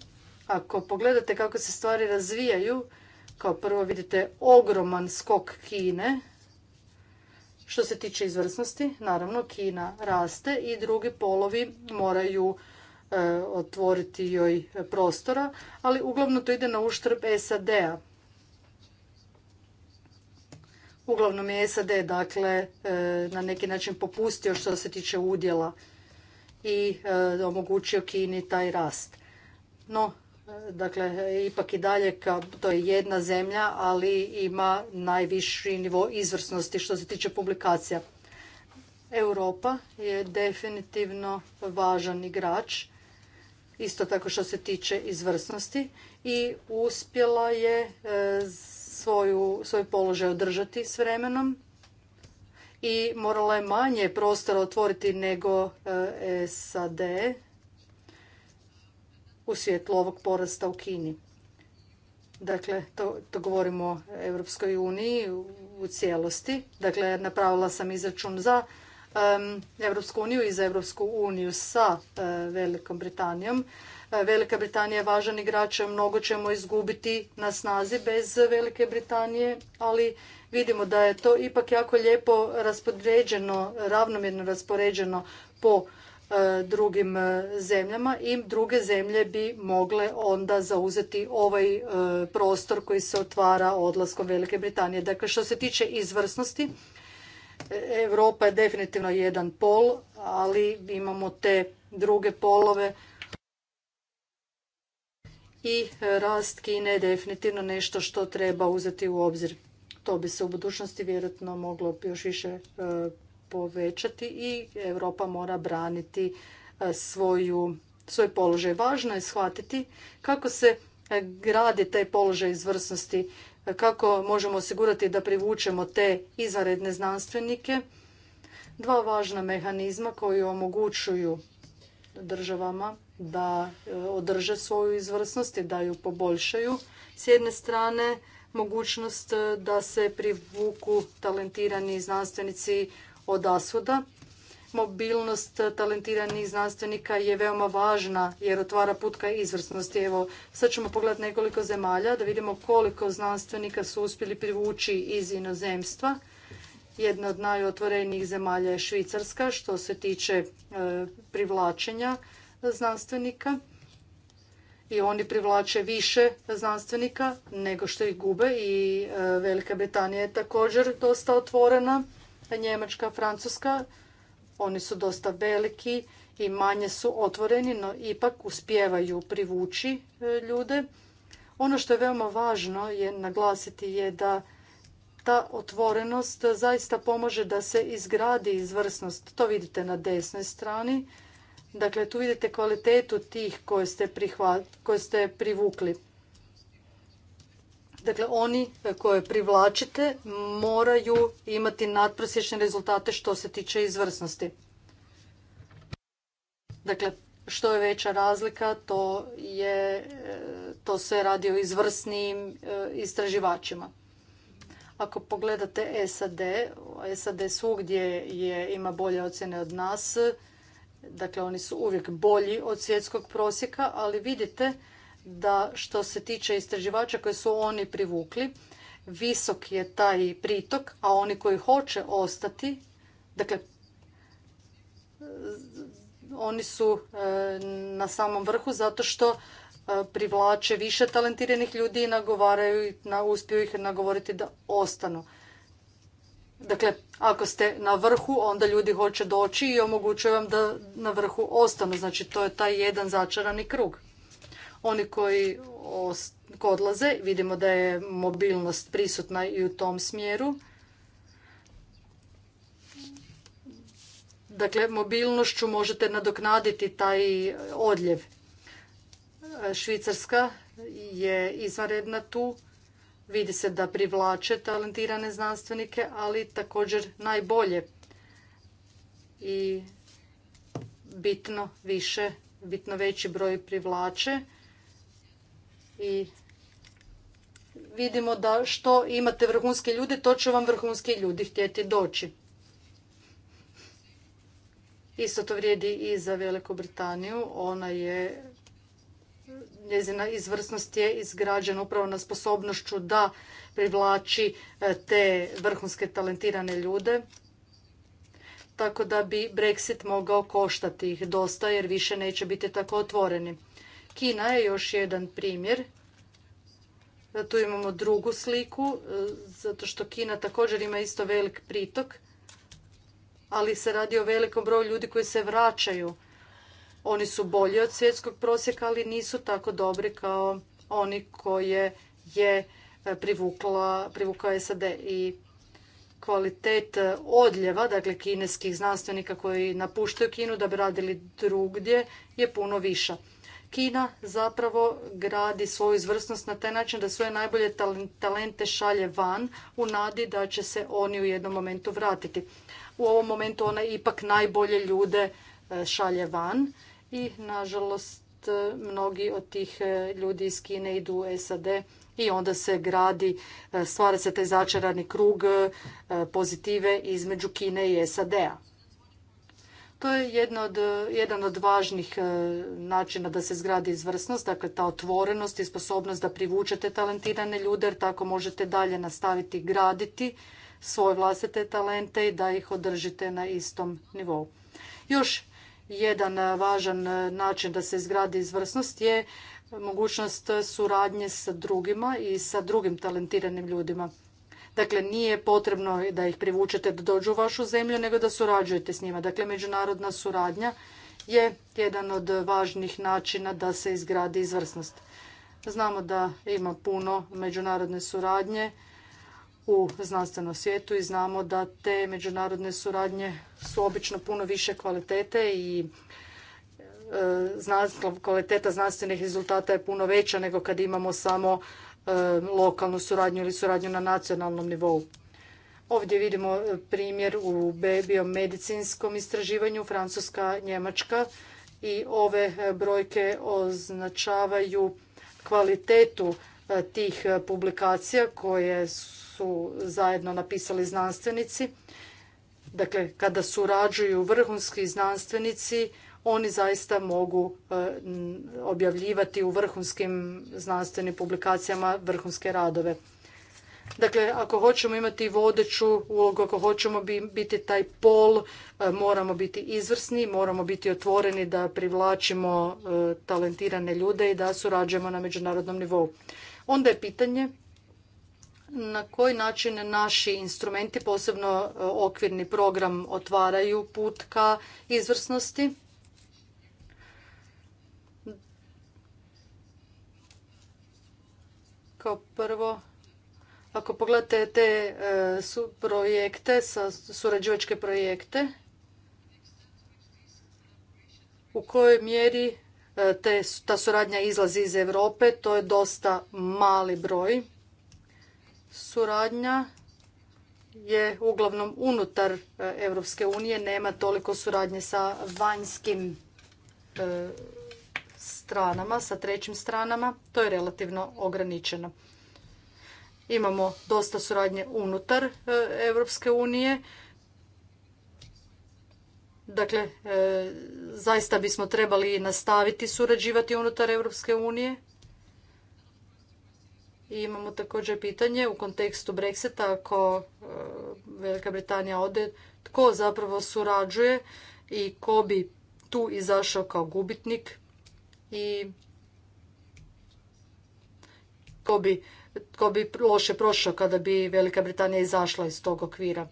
ako pogledate kako se stvari razvijaju, kao prvo vidite ogroman skok Kine, što se tiče izvrsnosti, naravno Kina raste i drugi polovi moraju e, otvoriti joj prostora, ali uglavnom to ide na uštrb SAD-a. Uglavnom je SAD dakle e, na neki način popustio što se tiče udjela i e, omogućio Kini taj rast. No, e, dakle, ipak i dalje, to je jedna zemlja, ali ima najviši nivo izvrsnosti što se tiče publikacija. Europa je definitivno važan igrač, isto tako što se tiče izvrsnosti i uspjela je svoju, svoj položaj održati s vremenom i morala je manje prostora otvoriti nego e, SAD u svjetlu ovog porasta u Kini. Dakle, to, to govorimo o Europskoj uniji u, cijelosti. Dakle, napravila sam izračun za um, Europsku uniju i za Europsku uniju sa e, Velikom Britanijom. Velika Britanija je važan igrač, mnogo ćemo izgubiti na snazi bez Velike Britanije, ali vidimo da je to ipak jako lijepo raspoređeno, ravnomjerno raspoređeno po e, drugim e, zemljama i druge zemlje bi mogle onda zauzeti ovaj e, prostor koji se otvara odlaskom Velike Britanije. Dakle, što se tiče izvrsnosti, Europa je definitivno jedan pol, ali imamo te druge polove i e, rast Kine je definitivno nešto što treba uzeti u obzir. To bi se u budućnosti vjerojatno moglo još više e, povećati i Europa mora braniti e, svoju, svoj položaj. Važno je shvatiti kako se gradi taj položaj izvrsnosti, kako možemo osigurati da privučemo te izvanredne znanstvenike. Dva važna mehanizma koji omogućuju državama da e, održe svoju izvrsnost i da ju poboljšaju. S jedne strane, mogućnost e, da se privuku talentirani znanstvenici od asuda. Mobilnost talentiranih znanstvenika je veoma važna jer otvara put ka izvrsnosti. Evo, sad ćemo pogledati nekoliko zemalja da vidimo koliko znanstvenika su uspjeli privući iz inozemstva. Jedna od najotvorenijih zemalja je Švicarska što se tiče e, privlačenja znanstvenika i oni privlače više znanstvenika nego što ih gube i e, Velika Britanija je također dosta otvorena, Njemačka, Francuska, oni su dosta veliki i manje su otvoreni, no ipak uspijevaju privući e, ljude. Ono što je veoma važno je naglasiti je da ta otvorenost zaista pomaže da se izgradi izvrsnost. To vidite na desnoj strani Dakle, tu vidite kvalitetu tih koje ste, koje ste privukli. Dakle, oni koje privlačite moraju imati nadprosječne rezultate što se tiče izvrsnosti. Dakle, što je veća razlika, to, je, to se radi o izvrsnijim e, istraživačima. Ako pogledate SAD, SAD svugdje je, ima bolje ocjene od nas, Dakle, oni su uvijek bolji od svjetskog prosjeka, ali vidite da što se tiče istraživača koje su oni privukli, visok je taj pritok, a oni koji hoće ostati, dakle, oni su e, na samom vrhu zato što e, privlače više talentiranih ljudi i nagovaraju, uspiju ih nagovoriti da ostanu. Dakle, ako ste na vrhu, onda ljudi hoće doći i omogućuje vam da na vrhu ostanu. Znači, to je taj jedan začarani krug. Oni koji odlaze, vidimo da je mobilnost prisutna i u tom smjeru. Dakle, mobilnošću možete nadoknaditi taj odljev. E, Švicarska je izvanredna tu Vidi se da privlače talentirane znanstvenike, ali također najbolje i bitno više, bitno veći broj privlače i vidimo da što imate vrhunske ljude, to će vam vrhunski ljudi htjeti doći. Isto to vrijedi i za Veliku Britaniju. Ona je njezina izvrsnost je izgrađena upravo na sposobnošću da privlači e, te vrhunske talentirane ljude. Tako da bi Brexit mogao koštati ih dosta jer više neće biti tako otvoreni. Kina je još jedan primjer. E, tu imamo drugu sliku, e, zato što Kina također ima isto velik pritok, ali se radi o velikom broju ljudi koji se vraćaju oni su bolji od svjetskog prosjeka, ali nisu tako dobri kao oni koje je e, privukla, privukao SAD i kvalitet e, odljeva, dakle kineskih znanstvenika koji napuštaju Kinu da bi radili drugdje, je puno viša. Kina zapravo gradi svoju izvrsnost na taj način da svoje najbolje talente šalje van u nadi da će se oni u jednom momentu vratiti. U ovom momentu ona ipak najbolje ljude e, šalje van i nažalost mnogi od tih e, ljudi iz Kine idu u SAD i onda se gradi, e, stvara se taj začarani krug e, pozitive između Kine i SAD-a. To je jedno od, jedan od važnih načina da se zgradi izvrsnost, dakle ta otvorenost i sposobnost da privučete talentirane ljude jer tako možete dalje nastaviti graditi svoje vlastite talente i da ih održite na istom nivou. Još jedan e, važan e, način da se izgradi izvrsnost je mogućnost suradnje sa drugima i sa drugim talentiranim ljudima. Dakle, nije potrebno da ih privučete da dođu u vašu zemlju, nego da surađujete s njima. Dakle, međunarodna suradnja je jedan od važnih načina da se izgradi izvrsnost. Znamo da ima puno međunarodne suradnje u znanstvenom svijetu i znamo da te međunarodne suradnje su obično puno više kvalitete i e, kvaliteta znanstvenih rezultata je puno veća nego kad imamo samo e, lokalnu suradnju ili suradnju na nacionalnom nivou. Ovdje vidimo e, primjer u biomedicinskom istraživanju Francuska, Njemačka i ove brojke označavaju kvalitetu tih publikacija koje su su zajedno napisali znanstvenici. Dakle, kada surađuju vrhunski znanstvenici, oni zaista mogu e, objavljivati u vrhunskim znanstvenim publikacijama vrhunske radove. Dakle, ako hoćemo imati vodeću ulogu, ako hoćemo biti taj pol, e, moramo biti izvrsni, moramo biti otvoreni da privlačimo e, talentirane ljude i da surađujemo na međunarodnom nivou. Onda je pitanje na koji način naši instrumenti, posebno e, okvirni program, otvaraju put ka izvrsnosti. Kao prvo, ako pogledate te e, projekte, surađivačke projekte, u kojoj mjeri e, ta suradnja izlazi iz Europe, to je dosta mali broj suradnja je uglavnom unutar Europske eh, unije, nema toliko suradnje sa vanjskim eh, stranama, sa trećim stranama, to je relativno ograničeno. Imamo dosta suradnje unutar Europske eh, unije. Dakle, zaista bismo trebali nastaviti surađivati unutar Europske unije i imamo također pitanje u kontekstu Brexita ako e, Velika Britanija ode, tko zapravo surađuje i ko bi tu izašao kao gubitnik i ko bi, tko bi loše prošao kada bi Velika Britanija izašla iz tog okvira.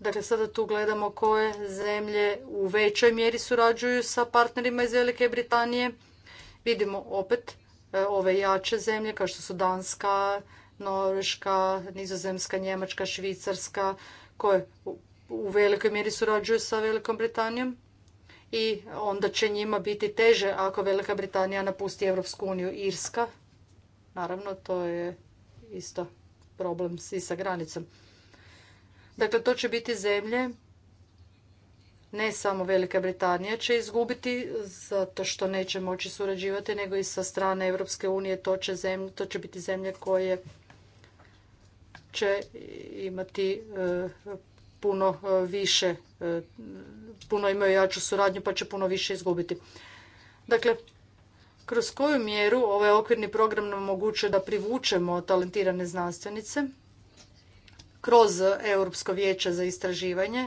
Dakle, sada tu gledamo koje zemlje u većoj mjeri surađuju sa partnerima iz Velike Britanije. Vidimo opet E, ove jače zemlje kao što su Danska, Norveška, Nizozemska, Njemačka, Švicarska koje u velikoj mjeri surađuju sa Velikom Britanijom i onda će njima biti teže ako Velika Britanija napusti Europsku uniju. Irska, naravno, to je isto problem i sa granicom. Dakle, to će biti zemlje ne samo Velika Britanija će izgubiti zato što neće moći surađivati, nego i sa strane Europske unije to će, zemlje, to će biti zemlje koje će imati e, puno e, više, e, puno imaju jaču suradnju pa će puno više izgubiti. Dakle, kroz koju mjeru ovaj okvirni program nam omogućuje da privučemo talentirane znanstvenice kroz Europsko vijeće za istraživanje,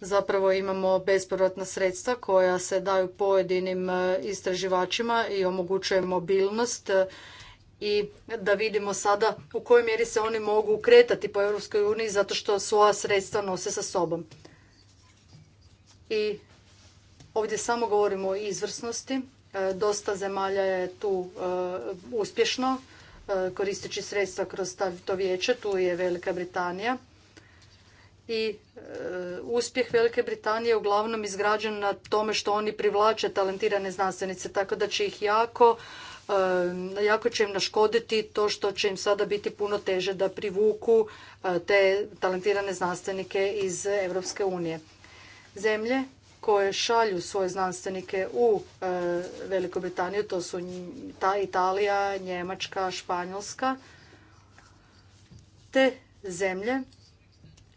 zapravo imamo bespovratna sredstva koja se daju pojedinim e, istraživačima i omogućuje mobilnost e, i da vidimo sada u kojoj mjeri se oni mogu kretati po EU zato što svoja sredstva nose sa sobom. I ovdje samo govorimo o izvrsnosti. E, dosta zemalja je tu uspješno koristeći sredstva kroz to vijeće. Tu je Velika Britanija i e, uspjeh Velike Britanije uglavnom izgrađen na tome što oni privlače talentirane znanstvenice, tako da će ih jako, e, jako će im naškoditi to što će im sada biti puno teže da privuku e, te talentirane znanstvenike iz Europske unije. Zemlje koje šalju svoje znanstvenike u Veliku Britaniju, to su ta Italija, Njemačka, Španjolska, te zemlje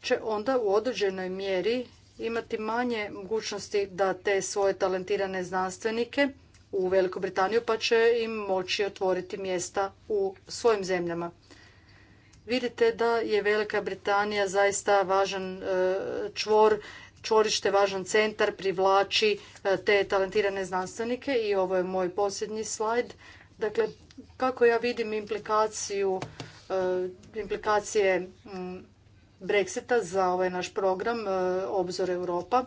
će onda u određenoj mjeri imati manje mogućnosti da te svoje talentirane znanstvenike u Veliku Britaniju pa će im moći otvoriti mjesta u svojim zemljama. Vidite da je Velika Britanija zaista važan e, čvor, čvorište, važan centar, privlači e, te talentirane znanstvenike i ovo je moj posljednji slajd. Dakle, kako ja vidim implikaciju, e, implikacije Brexita za ovaj naš program e, Obzor Europa.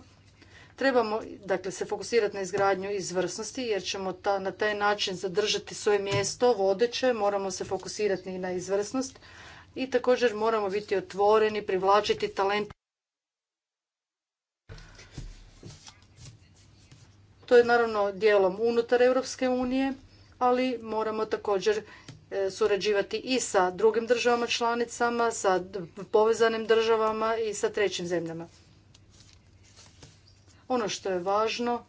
Trebamo dakle, se fokusirati na izgradnju izvrsnosti jer ćemo ta, na taj način zadržati svoje mjesto vodeće, moramo se fokusirati i na izvrsnost i također moramo biti otvoreni, privlačiti talent. To je naravno dijelom unutar Europske unije, ali moramo također E, surađivati i sa drugim državama članicama, sa povezanim državama i sa trećim zemljama. Ono što je važno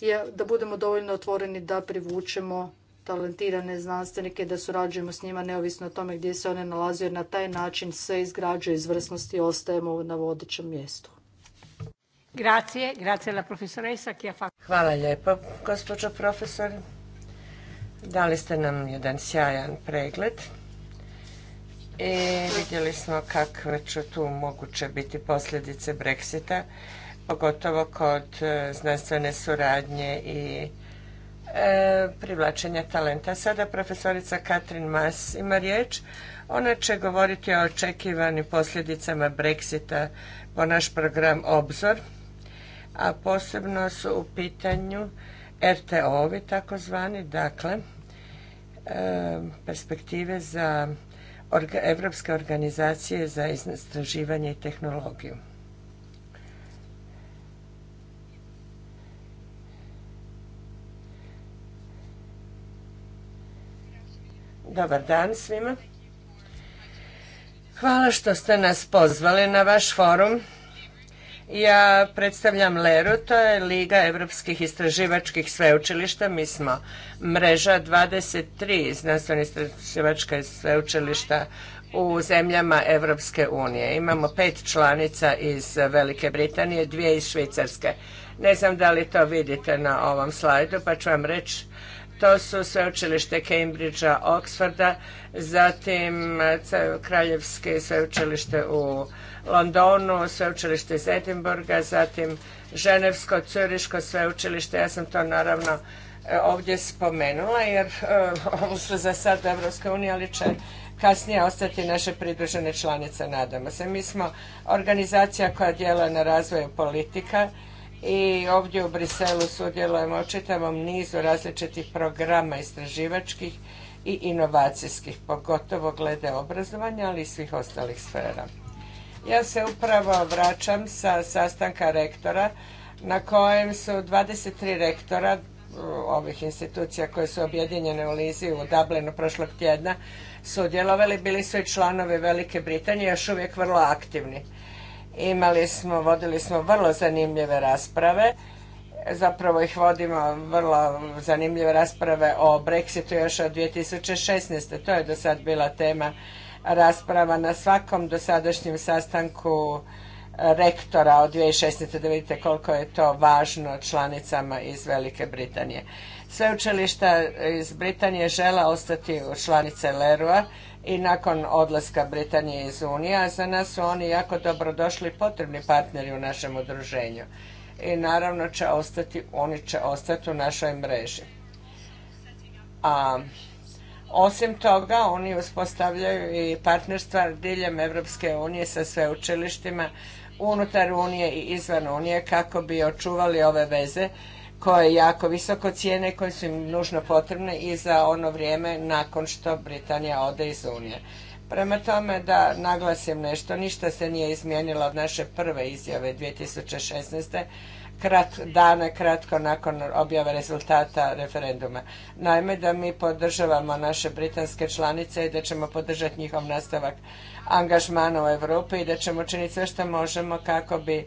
je da budemo dovoljno otvoreni da privučemo talentirane znanstvenike da surađujemo s njima neovisno o tome gdje se one nalaze jer na taj način se izgrađuje izvrsnost i ostajemo na vodećem mjestu. Hvala lijepo, gospođo profesor. Dali ste nam jedan sjajan pregled i vidjeli smo kakve će tu moguće biti posljedice Brexita, pogotovo kod e, znanstvene suradnje i e, privlačenja talenta. Sada profesorica Katrin Mas ima riječ. Ona će govoriti o očekivanim posljedicama Brexita po naš program Obzor, a posebno su u pitanju RTO-ovi takozvani, dakle, perspektive za Evropske organizacije za istraživanje i tehnologiju. Dobar dan svima. Hvala što ste nas pozvali na vaš forum. Ja predstavljam LERU, to je Liga evropskih istraživačkih sveučilišta. Mi smo mreža 23 znanstvene istraživačka sveučilišta u zemljama Evropske unije. Imamo pet članica iz Velike Britanije, dvije iz Švicarske. Ne znam da li to vidite na ovom slajdu, pa ću vam reći to su sveučilište Cambridgea, Oxforda, zatim e, Kraljevske sveučilište u Londonu, sveučilište iz zatim Ženevsko, Curiško sveučilište, ja sam to naravno e, ovdje spomenula jer e, ovo su za sad Evropska unija, ali će kasnije ostati naše pridružene članice, nadamo se. Mi smo organizacija koja djela na razvoju politika i ovdje u Briselu sudjelujemo u čitavom nizu različitih programa istraživačkih i inovacijskih, pogotovo glede obrazovanja, ali i svih ostalih sfera. Ja se upravo vraćam sa sastanka rektora na kojem su 23 rektora ovih institucija koje su objedinjene u Lizi u Dublinu prošlog tjedna sudjelovali, bili su i članovi Velike Britanije, još uvijek vrlo aktivni. Imali smo, vodili smo vrlo zanimljive rasprave, zapravo ih vodimo vrlo zanimljive rasprave o Brexitu još od 2016. To je do sad bila tema rasprava na svakom dosadašnjem sastanku eh, rektora od 2016. da vidite koliko je to važno članicama iz Velike Britanije. Sveučilišta iz Britanije žela ostati u članice Lerua i nakon odlaska Britanije iz Unije, a za nas su oni jako dobro došli potrebni partneri u našem udruženju. I naravno će ostati, oni će ostati u našoj mreži. A osim toga, oni uspostavljaju i partnerstva diljem Evropske unije sa sveučilištima unutar Unije i izvan Unije kako bi očuvali ove veze koje jako visoko cijene koje su im nužno potrebne i za ono vrijeme nakon što Britanija ode iz Unije. Prema tome da naglasim nešto, ništa se nije izmijenilo od naše prve izjave 2016 krat, dana kratko nakon objave rezultata referenduma. Naime, da mi podržavamo naše britanske članice i da ćemo podržati njihov nastavak angažmana u Europi i da ćemo činiti sve što možemo kako bi e,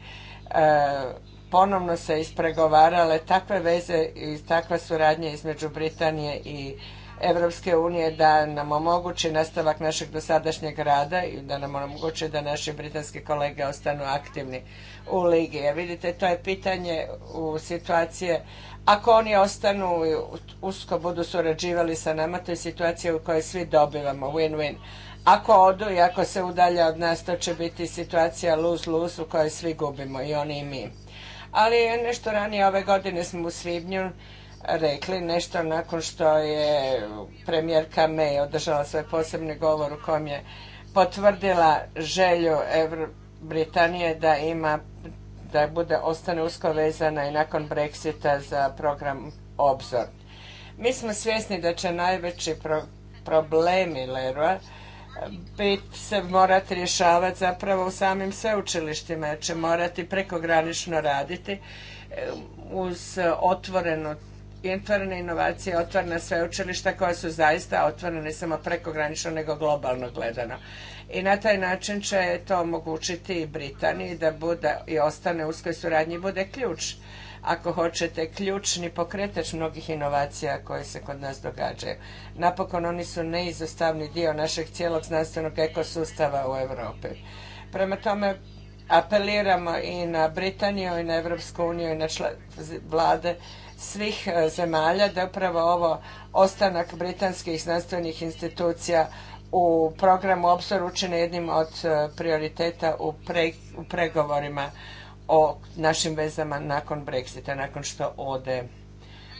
ponovno se ispregovarale takve veze i takva suradnja između Britanije i Evropske unije da nam omogući nastavak našeg dosadašnjeg rada i da nam omogući da naši britanski kolege ostanu aktivni u ligi. vidite, to je pitanje u situacije ako oni ostanu usko budu surađivali sa nama, to je situacija u kojoj svi dobivamo, win-win. Ako odu i ako se udalje od nas, to će biti situacija lose-lose u kojoj svi gubimo, i oni i mi. Ali nešto ranije ove godine smo u Svibnju rekli nešto nakon što je premijerka May održala svoj posebni govor u kojem je potvrdila želju Evro Britanije da ima da bude ostane usko vezana i nakon Brexita za program Obzor. Mi smo svjesni da će najveći problemi Leroy eh, bit se morati rješavati zapravo u samim sveučilištima jer će morati prekogranično raditi eh, uz otvorenu otvorene inovacije, otvorena sveučilišta koja su zaista otvorena ne samo prekogranično nego globalno gledano. I na taj način će to omogućiti i Britaniji da bude i ostane u uskoj suradnji bude ključ. Ako hoćete, ključni pokretač mnogih inovacija koje se kod nas događaju. Napokon oni su neizostavni dio našeg cijelog znanstvenog ekosustava u Europi. Prema tome, apeliramo i na Britaniju i na Europsku uniju i na vlade svih e, zemalja da upravo ovo ostanak britanskih znanstvenih institucija u programu Obzor učine jednim od e, prioriteta u, u pregovorima o našim vezama nakon Brexita, nakon što ode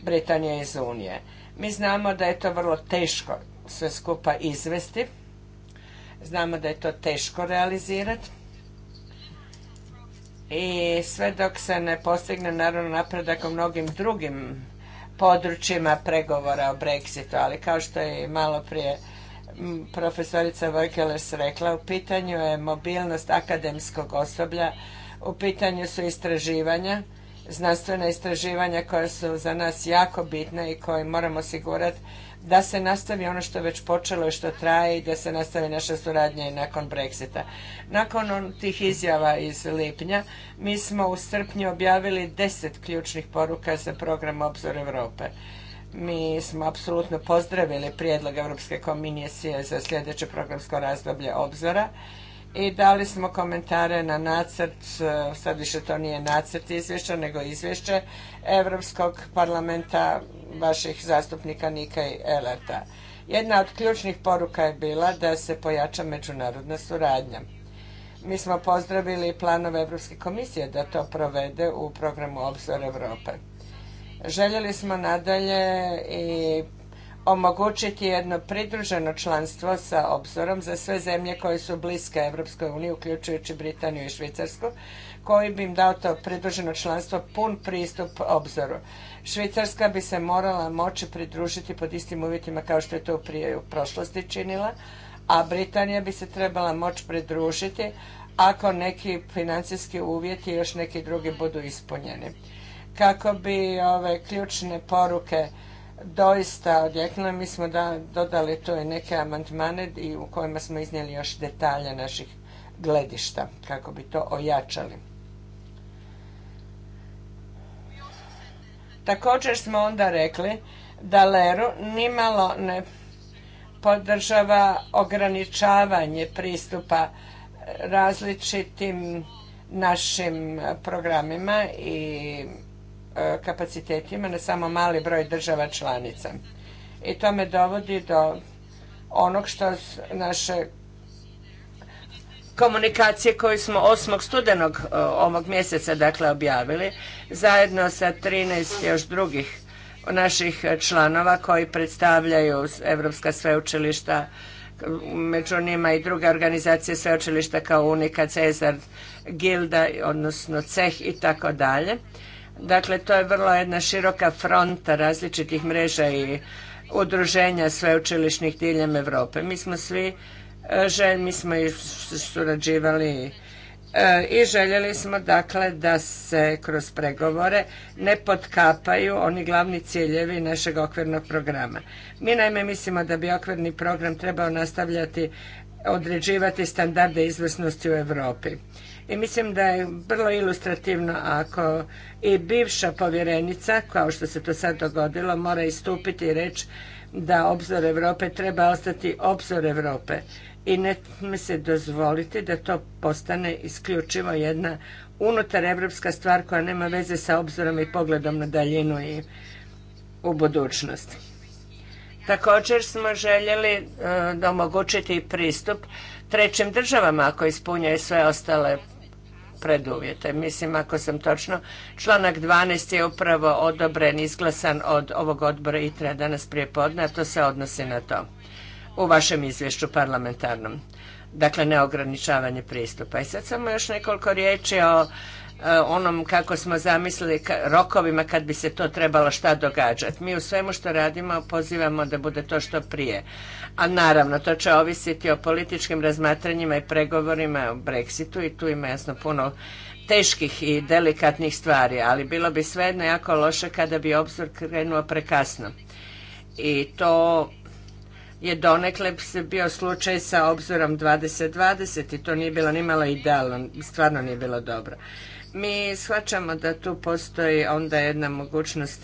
Britanija iz Unije. Mi znamo da je to vrlo teško sve skupa izvesti, znamo da je to teško realizirati, i sve dok se ne postigne naravno napredak u mnogim drugim područjima pregovora o Brexitu, ali kao što je malo prije profesorica Vojkeles rekla, u pitanju je mobilnost akademskog osoblja, u pitanju su istraživanja, znanstvena istraživanja koja su za nas jako bitna i koje moramo osigurati da se nastavi ono što je već počelo i što traje i da se nastavi naša suradnja i nakon Brexita. Nakon tih izjava iz lipnja, mi smo u srpnju objavili deset ključnih poruka za program Obzor Europe. Mi smo apsolutno pozdravili prijedlog Europske komisije za sljedeće programsko razdoblje obzora i dali smo komentare na nacrt, e, sad više to nije nacrt izvješća, nego izvješće Europskog parlamenta vaših zastupnika Nika i Elerta. Jedna od ključnih poruka je bila da se pojača međunarodna suradnja. Mi smo pozdravili planove Evropske komisije da to provede u programu Obzor Europe. Željeli smo nadalje i omogućiti jedno pridruženo članstvo sa obzorom za sve zemlje koje su bliske Europskoj uniji, uključujući Britaniju i Švicarsku, koji bi im dao to pridruženo članstvo pun pristup obzoru. Švicarska bi se morala moći pridružiti pod istim uvjetima kao što je to prije u prošlosti činila, a Britanija bi se trebala moći pridružiti ako neki financijski uvjeti i još neki drugi budu ispunjeni. Kako bi ove ključne poruke doista odjeknula. Mi smo dodali to i neke amandmane i u kojima smo iznijeli još detalje naših gledišta kako bi to ojačali. Također smo onda rekli da Leru nimalo ne podržava ograničavanje pristupa različitim našim programima i E, kapacitetima na samo mali broj država članica. I to me dovodi do onog što naše komunikacije koju smo 8. studenog e, ovog mjeseca dakle objavili zajedno sa 13 još drugih naših članova koji predstavljaju Evropska sveučilišta među njima i druge organizacije sveučilišta kao Unika, Cezar, Gilda, odnosno Ceh i tako dalje. Dakle, to je vrlo jedna široka fronta različitih mreža i udruženja sveučilišnih diljem Europe. Mi smo svi e, želj, mi smo i surađivali e, i željeli smo dakle da se kroz pregovore ne potkapaju oni glavni ciljevi našeg okvirnog programa. Mi naime mislimo da bi okvirni program trebao nastavljati određivati standarde izvrsnosti u Europi. I mislim da je vrlo ilustrativno ako i bivša povjerenica, kao što se to sad dogodilo, mora istupiti i reći da obzor Europe treba ostati obzor Europe i ne mi se dozvoliti da to postane isključivo jedna unutar evropska stvar koja nema veze sa obzorom i pogledom na daljinu i u budućnost. Također smo željeli e, da omogućiti pristup trećim državama ako ispunjaju sve ostale preduvjete. Mislim, ako sam točno, članak 12 je upravo odobren, izglasan od ovog odbora ITRA danas prije podne, a to se odnosi na to u vašem izvješću parlamentarnom. Dakle, neograničavanje pristupa. I sad samo još nekoliko riječi o Eh, onom kako smo zamislili rokovima kad bi se to trebalo šta događati. Mi u svemu što radimo pozivamo da bude to što prije. A naravno, to će ovisiti o političkim razmatranjima i pregovorima o Brexitu i tu ima jasno puno teških i delikatnih stvari, ali bilo bi jedno jako loše kada bi obzor krenuo prekasno. I to je donekle bio slučaj sa obzorom 2020 i to nije bilo nimalo idealno, stvarno nije bilo dobro. Mi shvaćamo da tu postoji onda jedna mogućnost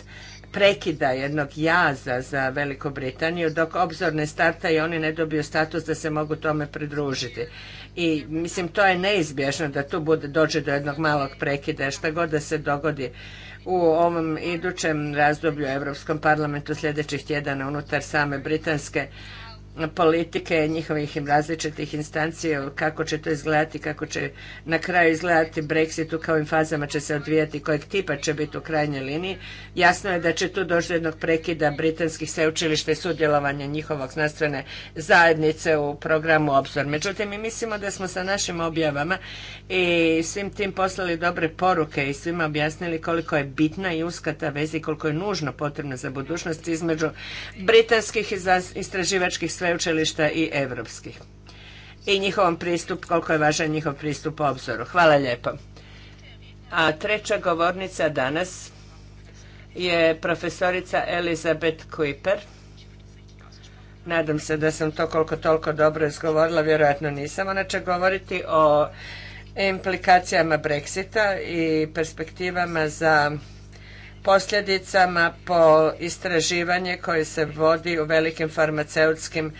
prekida jednog jaza za Veliku Britaniju dok obzor ne starta i oni ne dobiju status da se mogu tome pridružiti. I mislim to je neizbježno da tu bude, dođe do jednog malog prekida što god da se dogodi u ovom idućem razdoblju Europskom parlamentu sljedećih tjedana unutar same britanske politike njihovih različitih instanci kako će to izgledati, kako će na kraju izgledati Brexit, u kojim fazama će se odvijati, kojeg tipa će biti u krajnjoj liniji. Jasno je da će tu doći do jednog prekida britanskih sveučilišta i sudjelovanja njihovog znanstvene zajednice u programu Obzor. Međutim, mi mislimo da smo sa našim objavama i svim tim poslali dobre poruke i svima objasnili koliko je bitna i uskata vezi i koliko je nužno potrebna za budućnost između britanskih istraživačkih sveučilišta učilišta i evropskih. I njihovom pristup, koliko je važan njihov pristup obzoru. Hvala lijepo. A treća govornica danas je profesorica Elizabeth Kuiper. Nadam se da sam to koliko toliko dobro izgovorila, vjerojatno nisam. Ona će govoriti o implikacijama Brexita i perspektivama za posljedicama po istraživanje koje se vodi u velikim farmaceutskim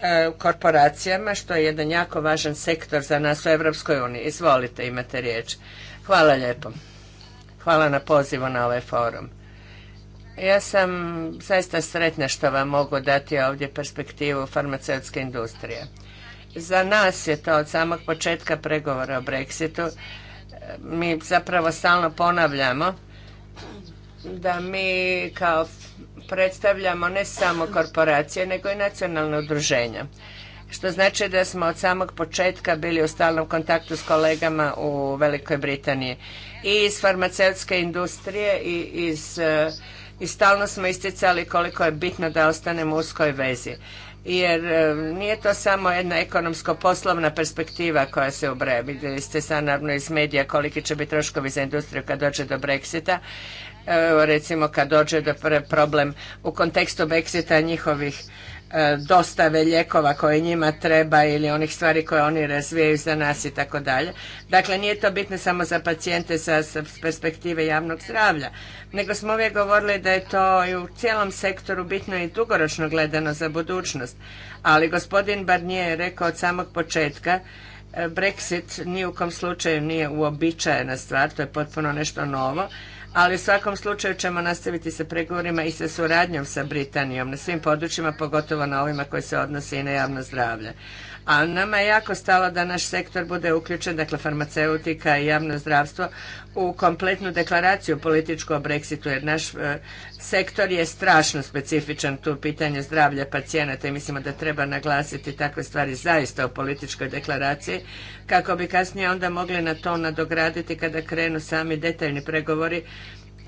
e, korporacijama, što je jedan jako važan sektor za nas u Europskoj uniji. Izvolite, imate riječ. Hvala lijepo. Hvala na pozivu na ovaj forum. Ja sam zaista sretna što vam mogu dati ovdje perspektivu farmaceutske industrije. Za nas je to od samog početka pregovora o Brexitu. E, mi zapravo stalno ponavljamo da mi kao predstavljamo ne samo korporacije, nego i nacionalne udruženja. Što znači da smo od samog početka bili u stalnom kontaktu s kolegama u Velikoj Britaniji. I iz farmaceutske industrije i iz eh, i stalno smo isticali koliko je bitno da ostanemo u uskoj vezi. Jer eh, nije to samo jedna ekonomsko-poslovna perspektiva koja se ubraja. Vidjeli ste sad iz medija koliki će biti troškovi za industriju kad dođe do Brexita Evo, recimo kad dođe do problem u kontekstu Brexita njihovih e, dostave lijekova koje njima treba ili onih stvari koje oni razvijaju za nas i tako dalje. Dakle, nije to bitno samo za pacijente sa, perspektive javnog zdravlja, nego smo uvijek govorili da je to i u cijelom sektoru bitno i dugoročno gledano za budućnost. Ali gospodin Barnier je rekao od samog početka e, Brexit ni u kom slučaju nije uobičajena stvar, to je potpuno nešto novo ali u svakom slučaju ćemo nastaviti sa pregovorima i sa suradnjom sa Britanijom na svim područjima, pogotovo na ovima koji se odnose i na javno zdravlje. A nama je jako stalo da naš sektor bude uključen, dakle farmaceutika i javno zdravstvo, u kompletnu deklaraciju političku o Brexitu, jer naš e, sektor je strašno specifičan tu pitanje zdravlja pacijenata i mislimo da treba naglasiti takve stvari zaista u političkoj deklaraciji, kako bi kasnije onda mogli na to nadograditi kada krenu sami detaljni pregovori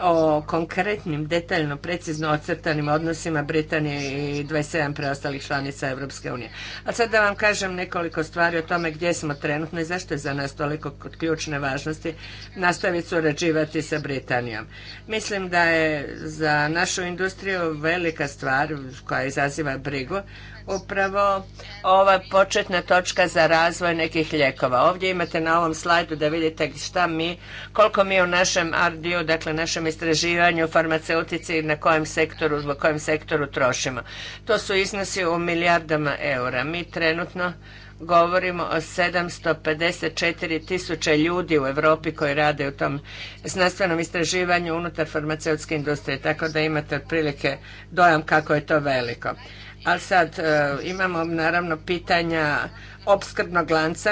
o konkretnim, detaljno, precizno ocrtanim odnosima Britanije i 27 preostalih članica Europske unije. A sad da vam kažem nekoliko stvari o tome gdje smo trenutno i zašto je za nas toliko kod ključne važnosti nastaviti surađivati sa Britanijom. Mislim da je za našu industriju velika stvar koja izaziva brigu upravo ova početna točka za razvoj nekih lijekova. Ovdje imate na ovom slajdu da vidite šta mi, koliko mi u našem rd dakle našem istraživanju farmaceutici na kojem sektoru, u kojem sektoru trošimo. To su iznosi u milijardama eura. Mi trenutno govorimo o 754 tisuće ljudi u Europi koji rade u tom znanstvenom istraživanju unutar farmaceutske industrije, tako da imate otprilike dojam kako je to veliko. A sad e, imamo naravno pitanja opskrbnog lanca,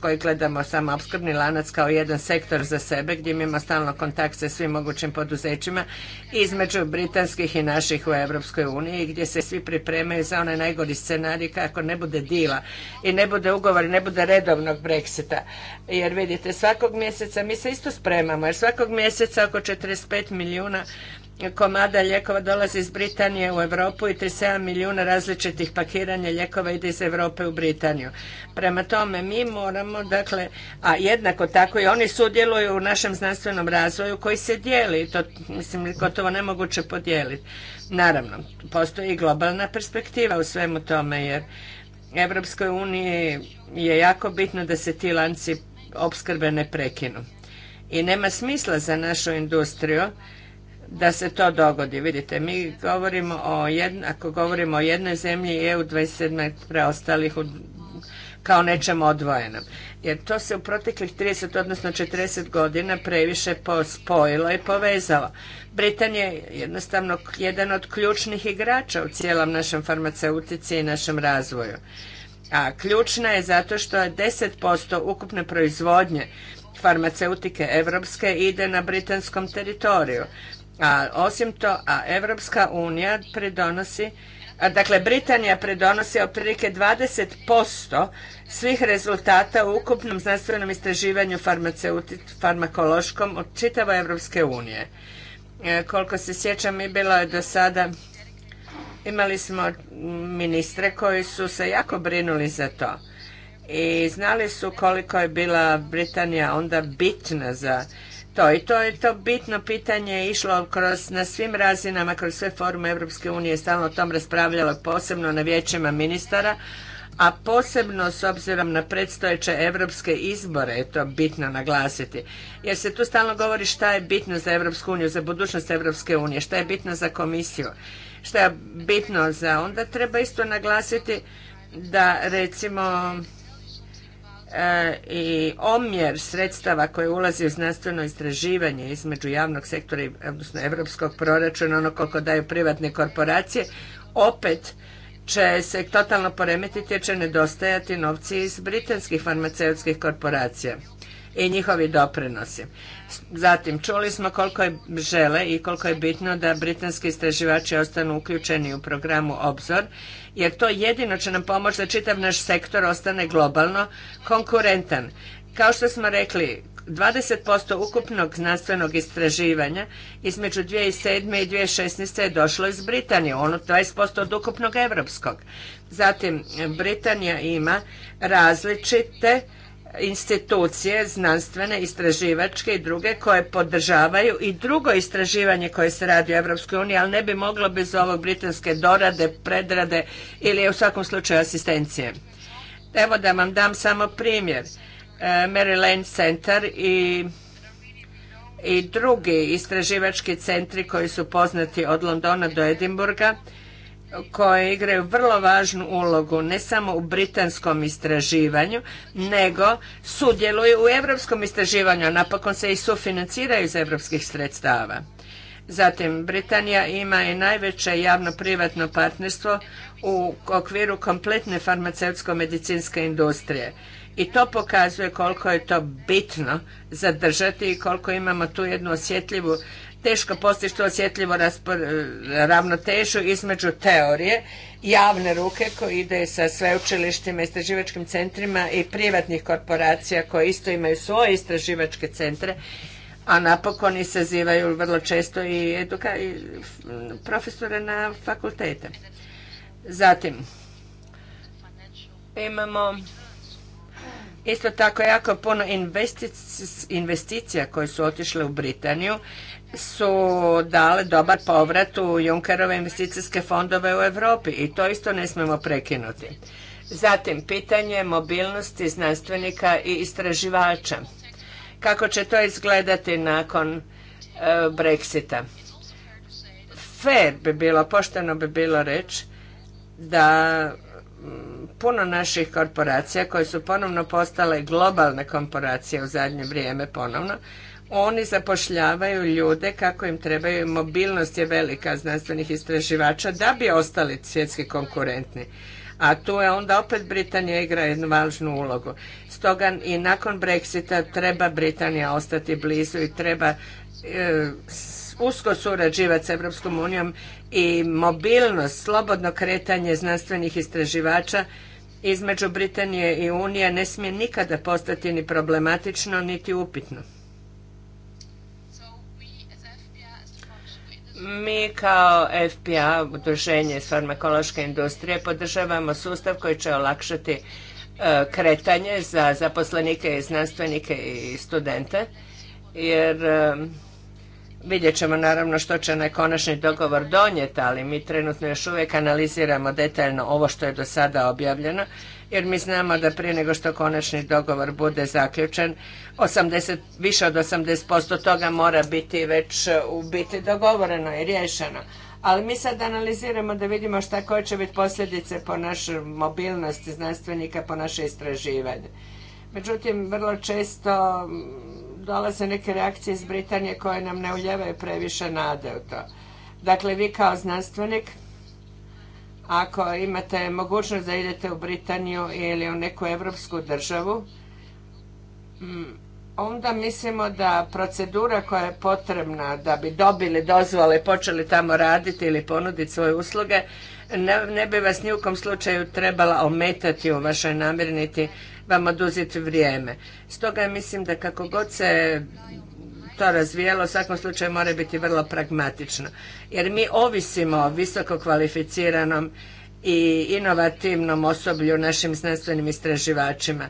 koji gledamo samo opskrbni lanac kao jedan sektor za sebe, gdje imamo stalno kontakt sa svim mogućim poduzećima između britanskih i naših u Europskoj uniji, gdje se svi pripremaju za onaj najgori scenarij kako ne bude dila i ne bude ugovor, ne bude redovnog Brexita. Jer vidite, svakog mjeseca mi se isto spremamo, jer svakog mjeseca oko 45 milijuna komada lijekova dolazi iz Britanije u Europu i 37 milijuna različitih pakiranja lijekova ide iz Europe u Britaniju. Prema tome, mi moramo, dakle, a jednako tako i oni sudjeluju u našem znanstvenom razvoju koji se dijeli to, mislim, gotovo nemoguće podijeliti. Naravno, postoji i globalna perspektiva u svemu tome, jer Evropskoj uniji je jako bitno da se ti lanci opskrbe ne prekinu. I nema smisla za našu industriju da se to dogodi. Vidite, mi govorimo o ako govorimo o jednoj zemlji i EU 27 preostalih kao nečem odvojenom. Jer to se u proteklih 30, odnosno 40 godina previše spojilo i povezalo. Britan je jednostavno jedan od ključnih igrača u cijelom našem farmaceutici i našem razvoju. A ključna je zato što je 10% ukupne proizvodnje farmaceutike evropske ide na britanskom teritoriju. A, osim to, a Evropska unija pridonosi Dakle, Britanija predonosi otprilike 20% svih rezultata u ukupnom znanstvenom istraživanju farmakološkom od čitava Evropske unije. E, koliko se sjećam, mi bilo je do sada, imali smo ministre koji su se jako brinuli za to. I znali su koliko je bila Britanija onda bitna za to. I to je to bitno pitanje išlo kroz, na svim razinama, kroz sve forume Europske unije, stalno o tom raspravljalo, posebno na vijećima ministara, a posebno s obzirom na predstojeće europske izbore je to bitno naglasiti. Jer se tu stalno govori šta je bitno za Europsku uniju, za budućnost Europske unije, šta je bitno za komisiju, šta je bitno za onda treba isto naglasiti da recimo i omjer sredstava koje ulazi u znanstveno istraživanje između javnog sektora i odnosno europskog proračuna, ono koliko daju privatne korporacije, opet će se totalno poremetiti jer će nedostajati novci iz britanskih farmaceutskih korporacija i njihovi doprinosi. Zatim, čuli smo koliko je žele i koliko je bitno da britanski istraživači ostanu uključeni u programu Obzor, jer to jedino će nam pomoći da čitav naš sektor ostane globalno konkurentan. Kao što smo rekli, 20% ukupnog znanstvenog istraživanja između 2007. i 2016. je došlo iz Britanije, ono 20% od ukupnog evropskog. Zatim, Britanija ima različite institucije, znanstvene, istraživačke i druge koje podržavaju i drugo istraživanje koje se radi u Europskoj uniji, ali ne bi moglo bez ovog britanske dorade, predrade ili u svakom slučaju asistencije. Evo da vam dam samo primjer. E, Maryland Center i i drugi istraživački centri koji su poznati od Londona do Edimburga koje igraju vrlo važnu ulogu ne samo u britanskom istraživanju, nego sudjeluju u europskom istraživanju, a napokon se i sufinanciraju iz europskih sredstava. Zatim, Britanija ima i najveće javno-privatno partnerstvo u okviru kompletne farmaceutsko-medicinske industrije. I to pokazuje koliko je to bitno zadržati i koliko imamo tu jednu osjetljivu teško postići tu osjetljivo e, ravnotežu između teorije javne ruke koji ide sa sveučilištima, istraživačkim centrima i privatnih korporacija koje isto imaju svoje istraživačke centre, a napokon izazivaju vrlo često i, eduka, i profesore na fakultete. Zatim, imamo isto tako jako puno investicija koje su otišle u Britaniju su dale dobar povrat u Junkerove investicijske fondove u Europi i to isto ne smemo prekinuti. Zatim, pitanje mobilnosti znanstvenika i istraživača. Kako će to izgledati nakon e, Brexita? Fair bi bilo, pošteno bi bilo reći da puno naših korporacija koje su ponovno postale globalne korporacije u zadnje vrijeme ponovno, oni zapošljavaju ljude kako im trebaju. Mobilnost je velika znanstvenih istraživača da bi ostali svjetski konkurentni. A tu je onda opet Britanija igra jednu važnu ulogu. Stoga i nakon Brexita treba Britanija ostati blizu i treba e, usko surađivati s Europskom unijom i mobilnost, slobodno kretanje znanstvenih istraživača između Britanije i Unije ne smije nikada postati ni problematično niti upitno. Mi kao FPA, udruženje iz farmakološke industrije, podržavamo sustav koji će olakšati e, kretanje za zaposlenike i znanstvenike i studente, jer e, vidjet ćemo naravno što će na konačni dogovor donijeti, ali mi trenutno još uvijek analiziramo detaljno ovo što je do sada objavljeno jer mi znamo da prije nego što konačni dogovor bude zaključen, 80, više od 80% toga mora biti već e, u biti dogovoreno i riješeno. Ali mi sad analiziramo da vidimo šta koje će biti posljedice po našoj mobilnosti znanstvenika, po naše istraživanje. Međutim, vrlo često dolaze neke reakcije iz Britanije koje nam ne uljevaju previše nade u to. Dakle, vi kao znanstvenik ako imate mogućnost da idete u Britaniju ili u neku europsku državu, mm, onda mislimo da procedura koja je potrebna da bi dobili dozvole i počeli tamo raditi ili ponuditi svoje usluge, ne, bi vas ni u kom slučaju trebala ometati u vašoj namirniti vam oduzeti vrijeme. Stoga mislim da kako god se to razvijelo, u svakom slučaju mora biti vrlo pragmatično. Jer mi ovisimo o visoko kvalificiranom i inovativnom osoblju našim znanstvenim istraživačima.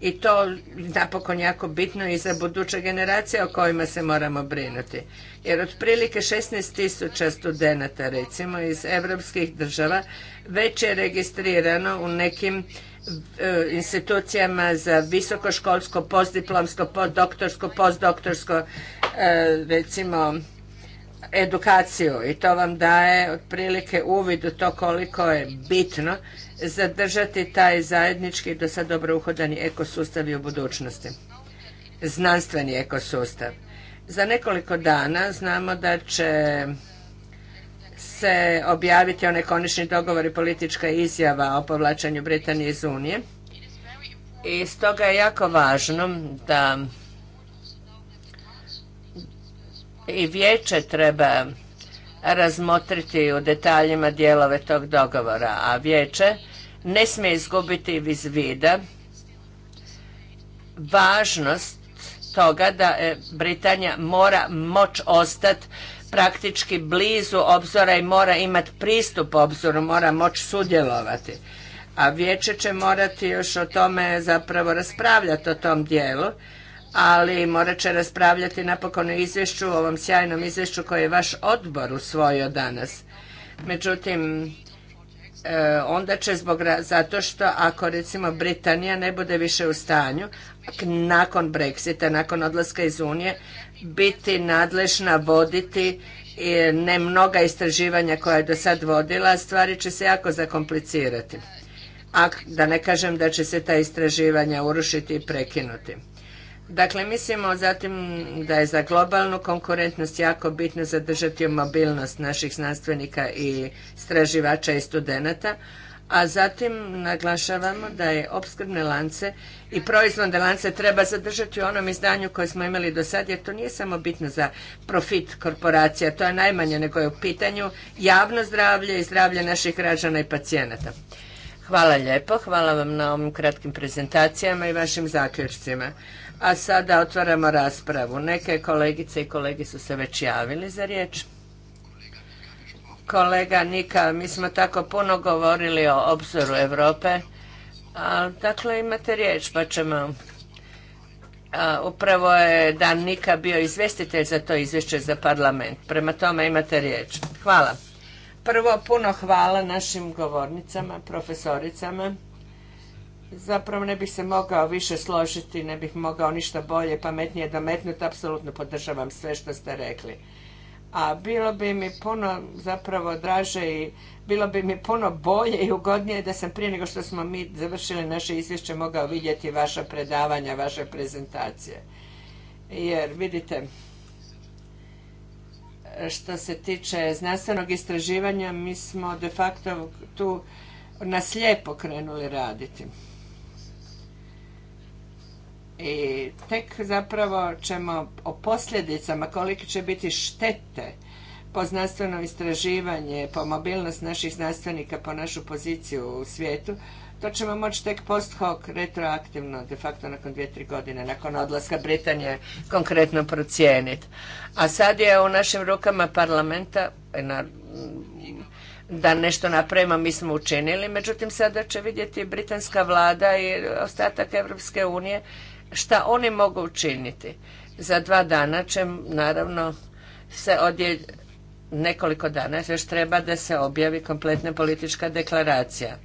I to napokon jako bitno i za buduće generacije o kojima se moramo brinuti. Jer otprilike 16 tisuća studenata recimo iz evropskih država već je registrirano u nekim E, institucijama za visokoškolsko, postdiplomsko, postdoktorsko, postdoktorsko e, recimo edukaciju i to vam daje otprilike uvid u to koliko je bitno zadržati taj zajednički do sad dobro uhodani ekosustav i u budućnosti. Znanstveni ekosustav. Za nekoliko dana znamo da će se objaviti onaj konačni dogovor i politička izjava o povlačenju Britanije iz Unije. I stoga je jako važno da i vijeće treba razmotriti u detaljima dijelove tog dogovora, a vijeće ne smije izgubiti iz vida važnost toga da e, Britanija mora moć ostati praktički blizu obzora i mora imati pristup obzoru, mora moći sudjelovati. A vijeće će morati još o tome zapravo raspravljati o tom dijelu, ali morat će raspravljati napokon o izvješću, o ovom sjajnom izvješću koje je vaš odbor usvojio danas. Međutim, e, onda će zbog zato što ako recimo Britanija ne bude više u stanju nakon Brexita, nakon odlaska iz Unije biti nadležna voditi e, ne mnoga istraživanja koja je do sad vodila, stvari će se jako zakomplicirati. A da ne kažem da će se ta istraživanja urušiti i prekinuti. Dakle, mislimo zatim da je za globalnu konkurentnost jako bitno zadržati mobilnost naših znanstvenika i istraživača i studenata, a zatim naglašavamo da je opskrbne lance i proizvodne lance treba zadržati u onom izdanju koje smo imali do sad, jer to nije samo bitno za profit korporacija, to je najmanje nego je u pitanju javno zdravlje i zdravlje naših građana i pacijenata. Hvala lijepo, hvala vam na ovim kratkim prezentacijama i vašim zaključcima. A sada otvaramo raspravu. Neke kolegice i kolegi su se već javili za riječ kolega Nika, mi smo tako puno govorili o obzoru Europe, a dakle imate riječ pa ćemo. A, upravo je Dan Nika bio izvjestitelj za to izvješće za parlament. Prema tome imate riječ. Hvala. Prvo puno hvala našim govornicama, profesoricama. Zapravo ne bih se mogao više složiti, ne bih mogao ništa bolje, pametnije dometnuti. Apsolutno podržavam sve što ste rekli a bilo bi mi puno zapravo draže i bilo bi mi puno bolje i ugodnije da sam prije nego što smo mi završili naše izvješće mogao vidjeti vaša predavanja, vaše prezentacije. Jer vidite, što se tiče znanstvenog istraživanja, mi smo de facto tu na slijepo krenuli raditi i tek zapravo ćemo o posljedicama kolike će biti štete po znanstveno istraživanje, po mobilnost naših znanstvenika, po našu poziciju u svijetu, to ćemo moći tek post hoc, retroaktivno, de facto nakon dvije, tri godine, nakon odlaska Britanije, konkretno procijeniti. A sad je u našim rukama parlamenta da nešto napravimo, mi smo učinili, međutim sada će vidjeti britanska vlada i ostatak Evropske unije šta oni mogu učiniti. Za dva dana će naravno se odje nekoliko dana još treba da se objavi kompletna politička deklaracija.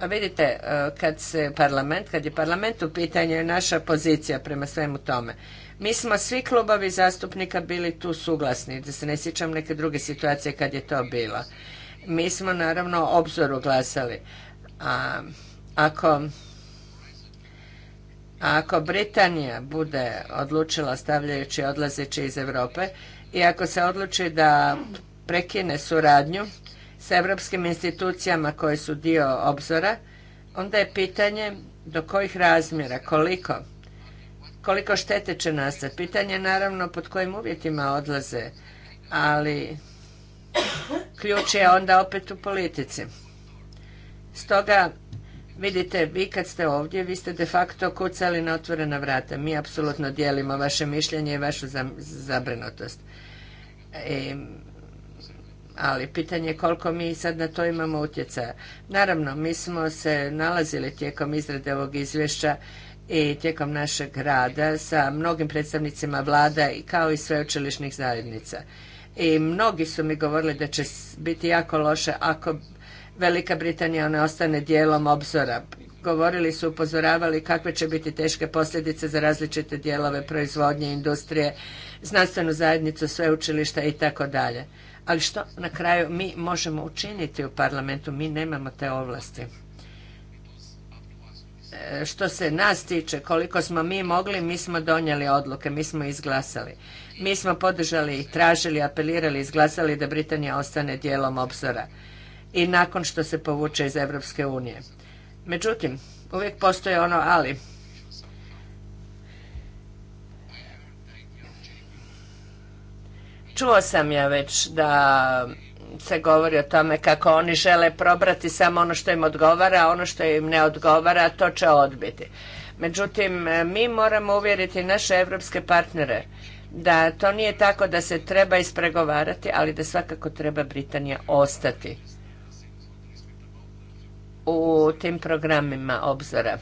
A vidite, e, kad se parlament, kad je parlament u pitanju je naša pozicija prema svemu tome. Mi smo svi klubovi zastupnika bili tu suglasni, da se ne sjećam neke druge situacije kad je to bilo. Mi smo naravno obzoru glasali. A ako a ako Britanija bude odlučila stavljajući odlazeći iz Europe i ako se odluči da prekine suradnju sa europskim institucijama koje su dio obzora, onda je pitanje do kojih razmjera, koliko, koliko štete će nastati. Pitanje je naravno pod kojim uvjetima odlaze, ali ključ je onda opet u politici. Stoga Vidite, vi kad ste ovdje, vi ste de facto kucali na otvorena vrata. Mi apsolutno dijelimo vaše mišljenje i vašu zabrinutost. E, ali pitanje je koliko mi sad na to imamo utjecaja. Naravno, mi smo se nalazili tijekom izrade ovog izvješća i tijekom našeg rada sa mnogim predstavnicima vlada i kao i sveučilišnih zajednica. I mnogi su mi govorili da će biti jako loše ako Velika Britanija ne ostane dijelom obzora. Govorili su, upozoravali kakve će biti teške posljedice za različite dijelove proizvodnje, industrije, znanstvenu zajednicu, sveučilišta i tako dalje. Ali što na kraju mi možemo učiniti u parlamentu? Mi nemamo te ovlasti e, što se nas tiče, koliko smo mi mogli, mi smo donijeli odluke, mi smo izglasali. Mi smo podržali i tražili, apelirali, izglasali da Britanija ostane dijelom obzora i nakon što se povuče iz Europske unije. Međutim, uvijek postoje ono ali. Čuo sam ja već da se govori o tome kako oni žele probrati samo ono što im odgovara, a ono što im ne odgovara to će odbiti. Međutim, mi moramo uvjeriti naše evropske partnere da to nije tako da se treba ispregovarati, ali da svakako treba Britanija ostati u tim programima obzora.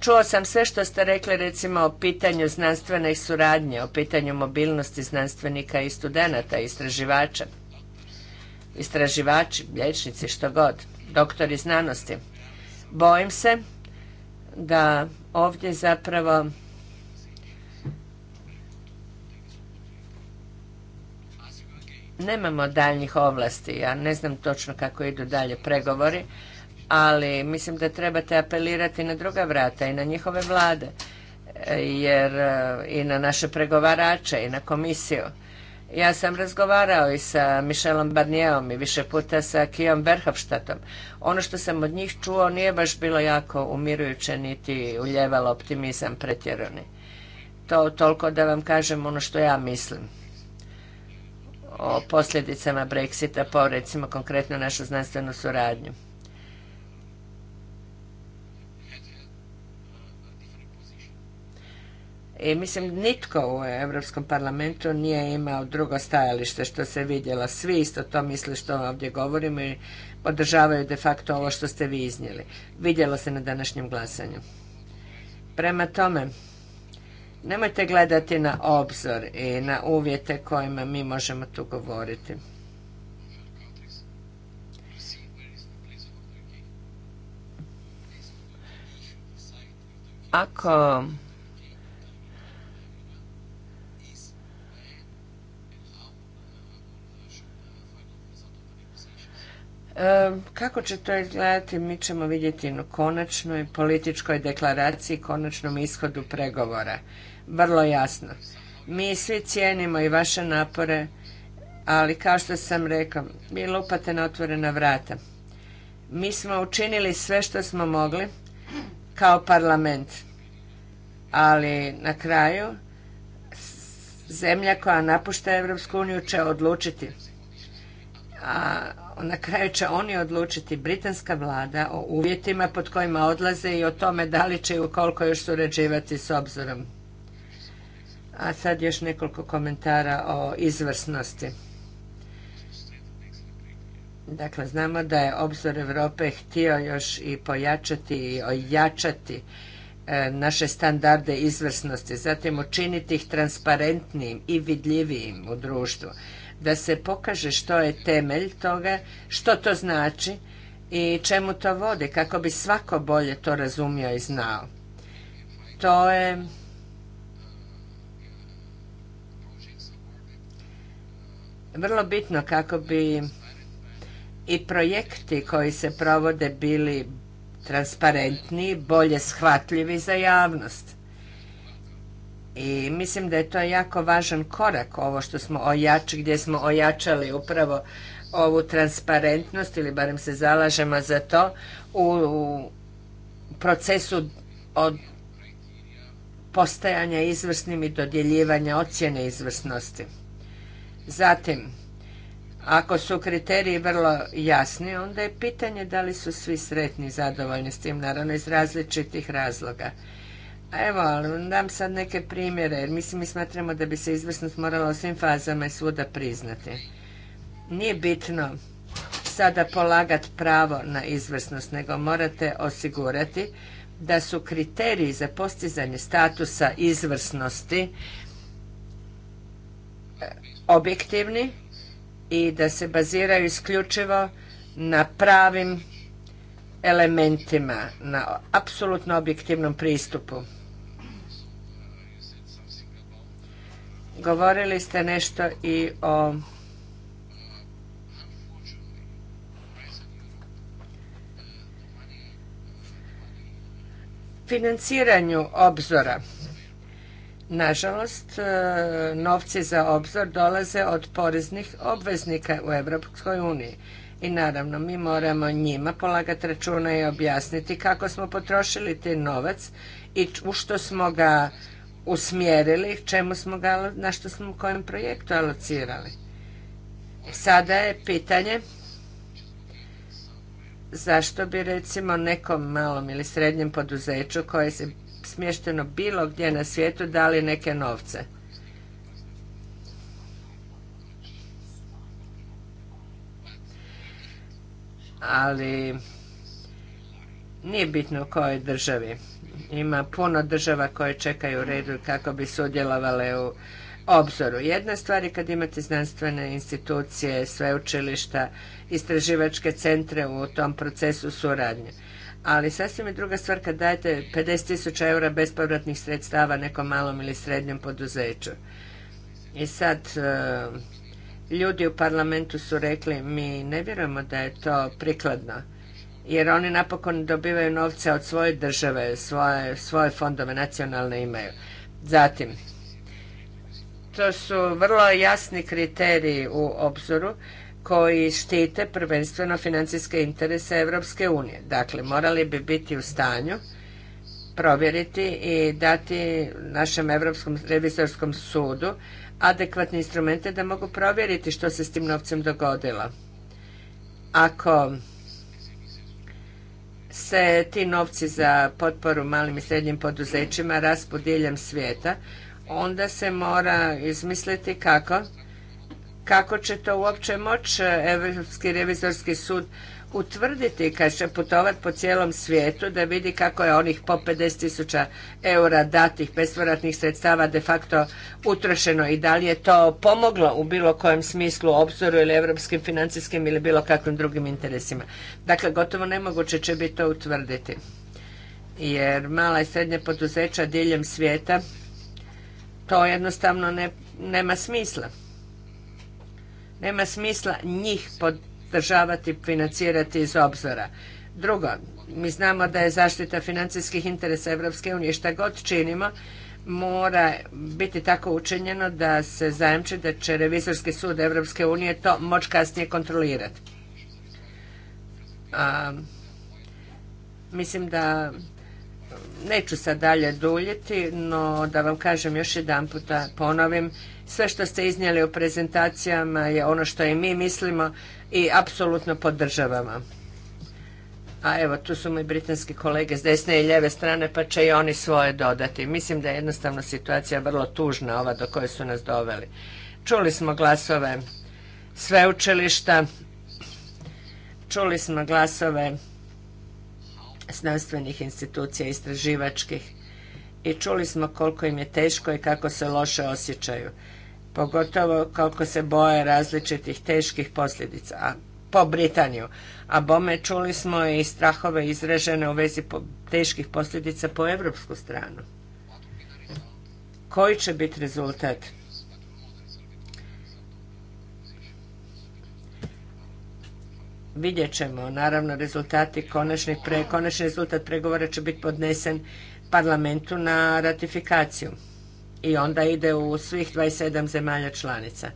Čuo sam sve što ste rekli recimo o pitanju znanstvene suradnje, o pitanju mobilnosti znanstvenika i studenata, istraživača, istraživači, liječnici, što god, doktori znanosti. Bojim se da ovdje zapravo nemamo daljnjih ovlasti. Ja ne znam točno kako idu dalje pregovori, ali mislim da trebate apelirati na druga vrata i na njihove vlade e, jer e, i na naše pregovarače i na komisiju. Ja sam razgovarao i sa Mišelom Barnijevom i više puta sa Kijom Verhofštatom. Ono što sam od njih čuo nije baš bilo jako umirujuće niti uljevalo optimizam pretjerani. To toliko da vam kažem ono što ja mislim o posljedicama Brexita po recimo konkretno našu znanstvenu suradnju. I mislim nitko u Europskom parlamentu nije imao drugo stajalište što se vidjelo. Svi isto to misle što ovdje govorimo i podržavaju de facto ovo što ste vi iznijeli. Vidjelo se na današnjem glasanju. Prema tome, nemojte gledati na obzor i na uvjete kojima mi možemo tu govoriti. Ako Kako će to izgledati, mi ćemo vidjeti u konačnoj političkoj deklaraciji, konačnom ishodu pregovora. Vrlo jasno. Mi svi cijenimo i vaše napore, ali kao što sam rekao, mi lupate na otvorena vrata. Mi smo učinili sve što smo mogli kao parlament, ali na kraju zemlja koja napušta Europsku uniju će odlučiti. A na kraju će oni odlučiti, britanska vlada, o uvjetima pod kojima odlaze i o tome da li će i ukoliko još surađivati s obzorom. A sad još nekoliko komentara o izvrsnosti. Dakle, znamo da je obzor Europe htio još i pojačati i ojačati e, naše standarde izvrsnosti, zatim učiniti ih transparentnijim i vidljivijim u društvu da se pokaže što je temelj toga, što to znači i čemu to vode, kako bi svako bolje to razumio i znao. To je vrlo bitno kako bi i projekti koji se provode bili transparentniji, bolje shvatljivi za javnost. I mislim da je to jako važan korak ovo što smo ojačali, gdje smo ojačali upravo ovu transparentnost ili barem se zalažemo za to u, procesu od postajanja izvrsnim i dodjeljivanja ocjene izvrsnosti. Zatim, ako su kriteriji vrlo jasni, onda je pitanje da li su svi sretni i zadovoljni s tim, naravno iz različitih razloga. Evo, dam sad neke primjere, jer mislim mi smatramo da bi se izvrsnost morala u svim fazama i svuda priznati. Nije bitno sada polagati pravo na izvrsnost, nego morate osigurati da su kriteriji za postizanje statusa izvrsnosti e, objektivni i da se baziraju isključivo na pravim elementima, na apsolutno objektivnom pristupu. Govorili ste nešto i o financiranju obzora. Nažalost, e, novci za obzor dolaze od poreznih obveznika u Europskoj uniji. I naravno, mi moramo njima polagati računa i objasniti kako smo potrošili taj novac i u što smo ga usmjerili, čemu smo ga, na što smo u kojem projektu alocirali. Sada je pitanje zašto bi recimo nekom malom ili srednjem poduzeću koje se smješteno bilo gdje na svijetu dali neke novce. Ali nije bitno u kojoj državi ima puno država koje čekaju u redu kako bi sudjelovale u obzoru. Jedna stvar je kad imate znanstvene institucije, sveučilišta, istraživačke centre u tom procesu suradnje. Ali sasvim je druga stvar kad dajete 50.000 eura bespovratnih sredstava nekom malom ili srednjem poduzeću. I sad, e, ljudi u parlamentu su rekli mi ne vjerujemo da je to prikladno jer oni napokon dobivaju novce od svoje države, svoje, fondove nacionalne imaju. Zatim, to su vrlo jasni kriteriji u obzoru koji štite prvenstveno financijske interese Europske unije. Dakle, morali bi biti u stanju provjeriti i dati našem Europskom revizorskom sudu adekvatne instrumente da mogu provjeriti što se s tim novcem dogodilo. Ako se ti novci za potporu malim i srednjim poduzećima raspu diljem svijeta, onda se mora izmisliti kako, kako će to uopće moći Europski revizorski sud utvrditi kad će putovat po cijelom svijetu da vidi kako je onih po 50 tisuća eura datih bespovratnih sredstava de facto utrošeno i da li je to pomoglo u bilo kojem smislu obzoru ili europskim financijskim ili bilo kakvim drugim interesima. Dakle, gotovo nemoguće će biti to utvrditi. Jer mala i srednja poduzeća diljem svijeta to jednostavno nema smisla. Nema smisla njih pod podržavati, financirati iz obzora. Drugo, mi znamo da je zaštita financijskih interesa Europske unije šta god činimo, mora biti tako učinjeno da se zajamči da će revizorski sud Europske unije to moći kasnije kontrolirati. mislim da neću sad dalje duljiti, no da vam kažem još jedan puta, ponovim, sve što ste iznijeli u prezentacijama je ono što i mi mislimo, i apsolutno podržavamo. A evo, tu su moji britanski kolege s desne i lijeve strane, pa će i oni svoje dodati. Mislim da je jednostavno situacija vrlo tužna ova do koje su nas doveli. Čuli smo glasove sveučilišta, čuli smo glasove znanstvenih institucija, istraživačkih i čuli smo koliko im je teško i kako se loše osjećaju pogotovo koliko se boje različitih teških posljedica po Britaniju. A bome čuli smo i strahove izražene u vezi teških posljedica po evropsku stranu. Koji će biti rezultat? Vidjet ćemo. Naravno, rezultati konačni, konačni rezultat pregovora će biti podnesen parlamentu na ratifikaciju i onda ide u svih 27 zemalja članica.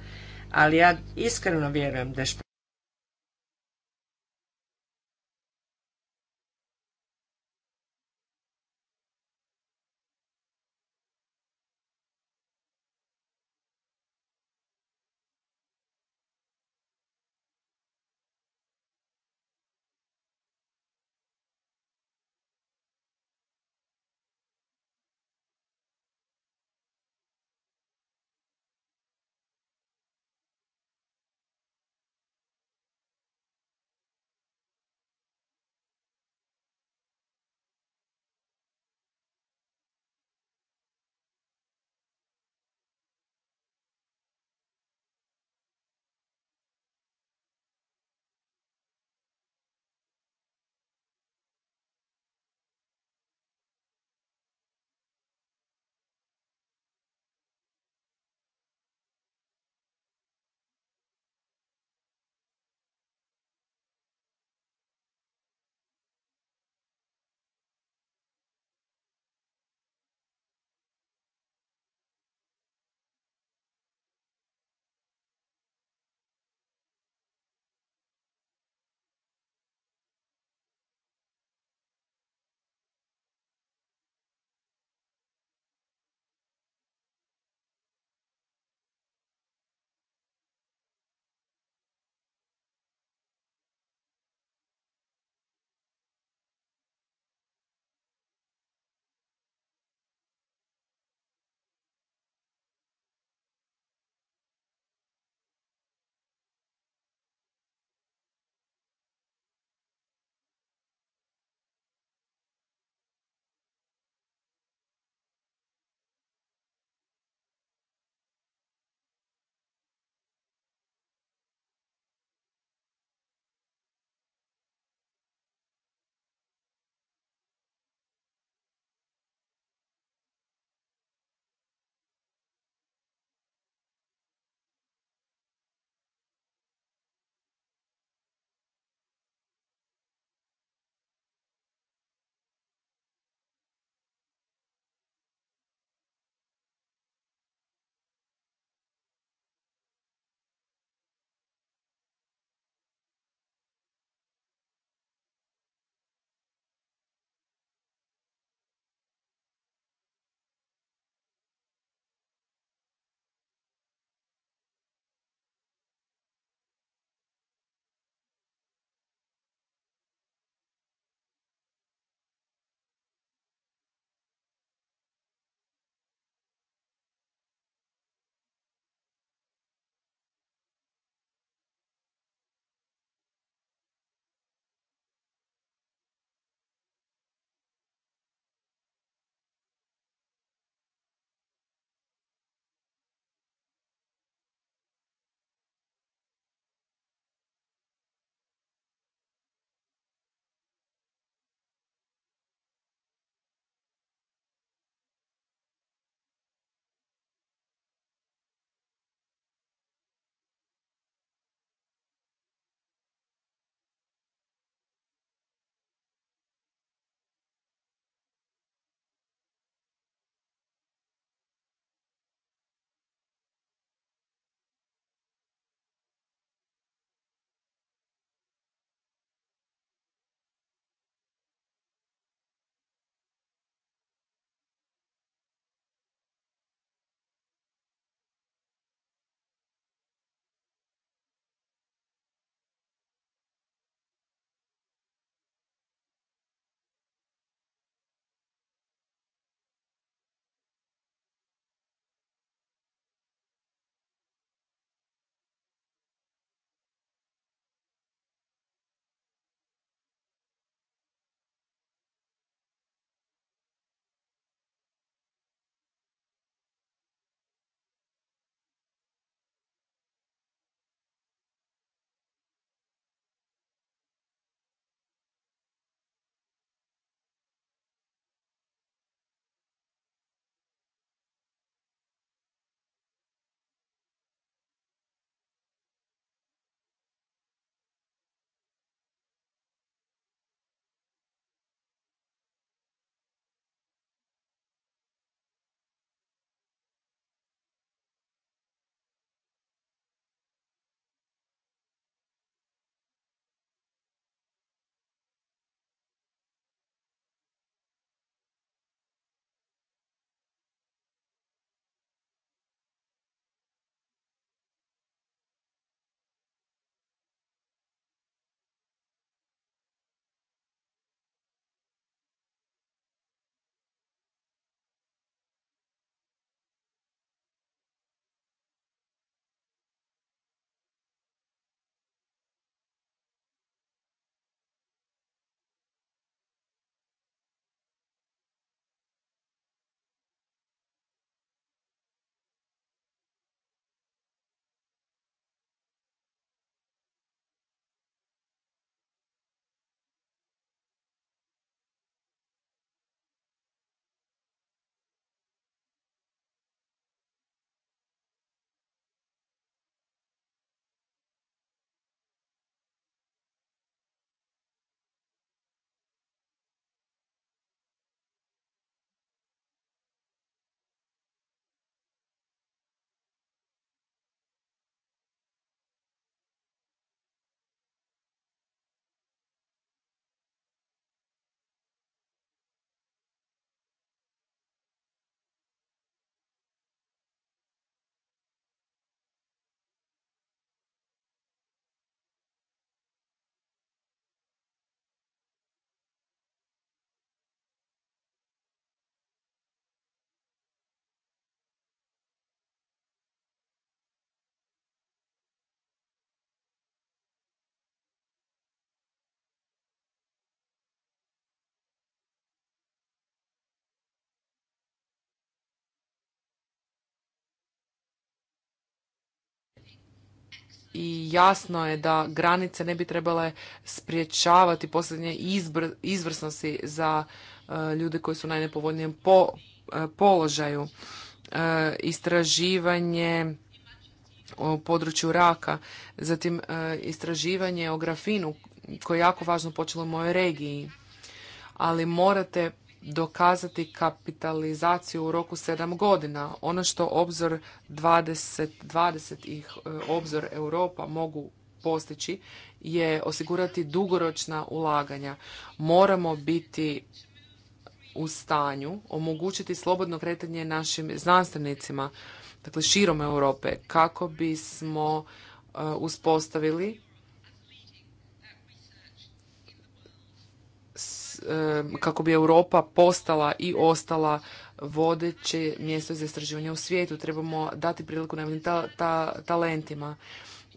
Ali ja iskreno vjerujem da i jasno je da granice ne bi trebale spriječavati posljednje izvrsnosti za e, ljude koji su u najnepovoljnijem e, položaju. E, istraživanje o području raka, zatim istraživanje o grafinu koje je jako važno počelo u mojoj regiji, ali morate dokazati kapitalizaciju u roku sedam godina. Ono što obzor 2020 20 i obzor Europa mogu postići je osigurati dugoročna ulaganja. Moramo biti u stanju omogućiti slobodno kretanje našim znanstvenicima, dakle širom Europe, kako bismo e, uspostavili Eh, kako bi Europa postala i ostala vodeće mjesto za istraživanje u svijetu. Trebamo dati priliku najboljim ta, ta, talentima.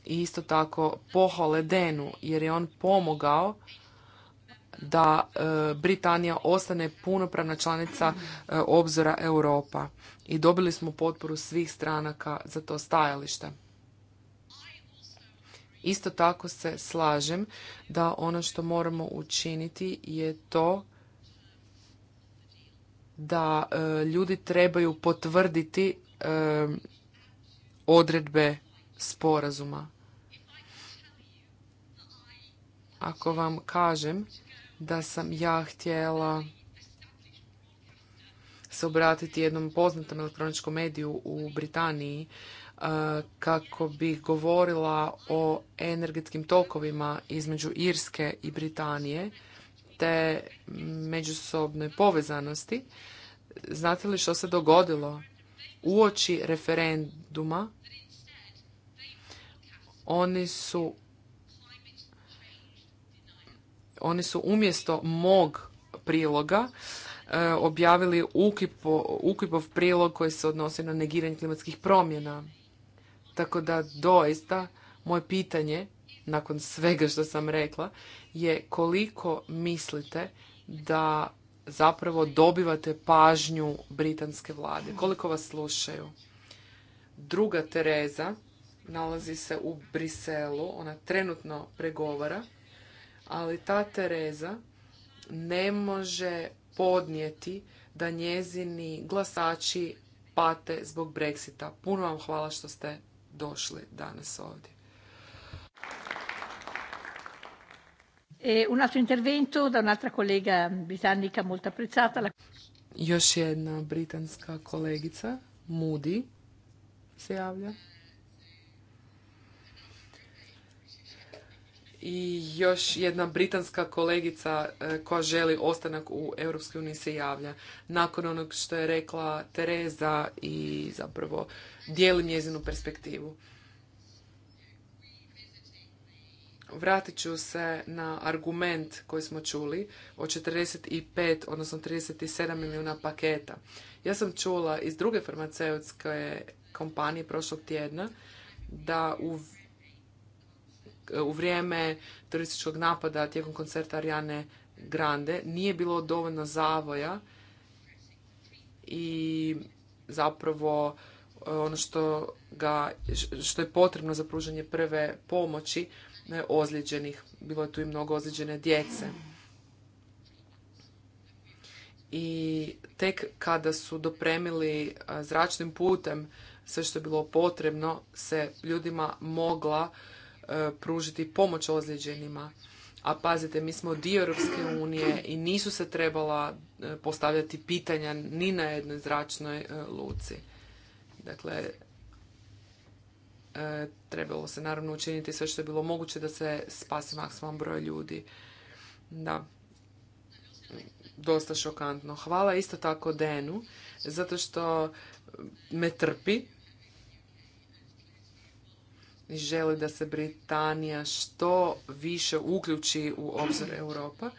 I isto tako pohvale Denu, jer je on pomogao da eh, Britanija ostane punopravna članica eh, obzora Europa. I dobili smo potporu svih stranaka za to stajalište. Isto tako se slažem da ono što moramo učiniti je to da e, ljudi trebaju potvrditi e, odredbe sporazuma. Ako vam kažem da sam ja htjela se obratiti jednom poznatom elektroničkom mediju u Britaniji kako bi govorila o energetskim tokovima između Irske i Britanije te međusobnoj povezanosti. Znate li što se dogodilo? Uoči referenduma oni su oni su umjesto mog priloga e, objavili Ukipov prilog koji se odnosi na negiranje klimatskih promjena. Tako da doista moje pitanje nakon svega što sam rekla je koliko mislite da zapravo dobivate pažnju britanske vlade? Koliko vas slušaju? Druga Tereza nalazi se u Briselu, ona trenutno pregovara, ali ta Tereza ne može podnijeti da njezini glasači pate zbog Brexita. Puno vam hvala što ste došli danas ovdje. E, un altro intervento da un'altra collega britannica molto apprezzata. La... Još jedna britanska kolegica, Moody, se javlja. i još jedna britanska kolegica e, koja želi ostanak u EU uniji se javlja. Nakon onog što je rekla Tereza i zapravo dijeli njezinu perspektivu. Vratit ću se na argument koji smo čuli o 45, odnosno 37 milijuna paketa. Ja sam čula iz druge farmaceutske kompanije prošlog tjedna da u E, u vrijeme turističkog napada tijekom koncerta Ariane Grande nije bilo dovoljno zavoja i zapravo e, ono što, ga, što je potrebno za pružanje prve pomoći e, ozlijeđenih. Bilo je tu i mnogo ozlijeđene djece. I tek kada su dopremili zračnim putem sve što je bilo potrebno, se ljudima mogla E, pružiti pomoć ozlijeđenima. A pazite, mi smo dio Europske unije i nisu se trebala e, postavljati pitanja ni na jednoj zračnoj e, luci. Dakle, trebalo se naravno učiniti sve što je bilo moguće da se spasi maksimalan broj ljudi. Da, dosta šokantno. Hvala isto tako Denu, zato što me trpi želi da se Britanija što više uključi u obzor Europa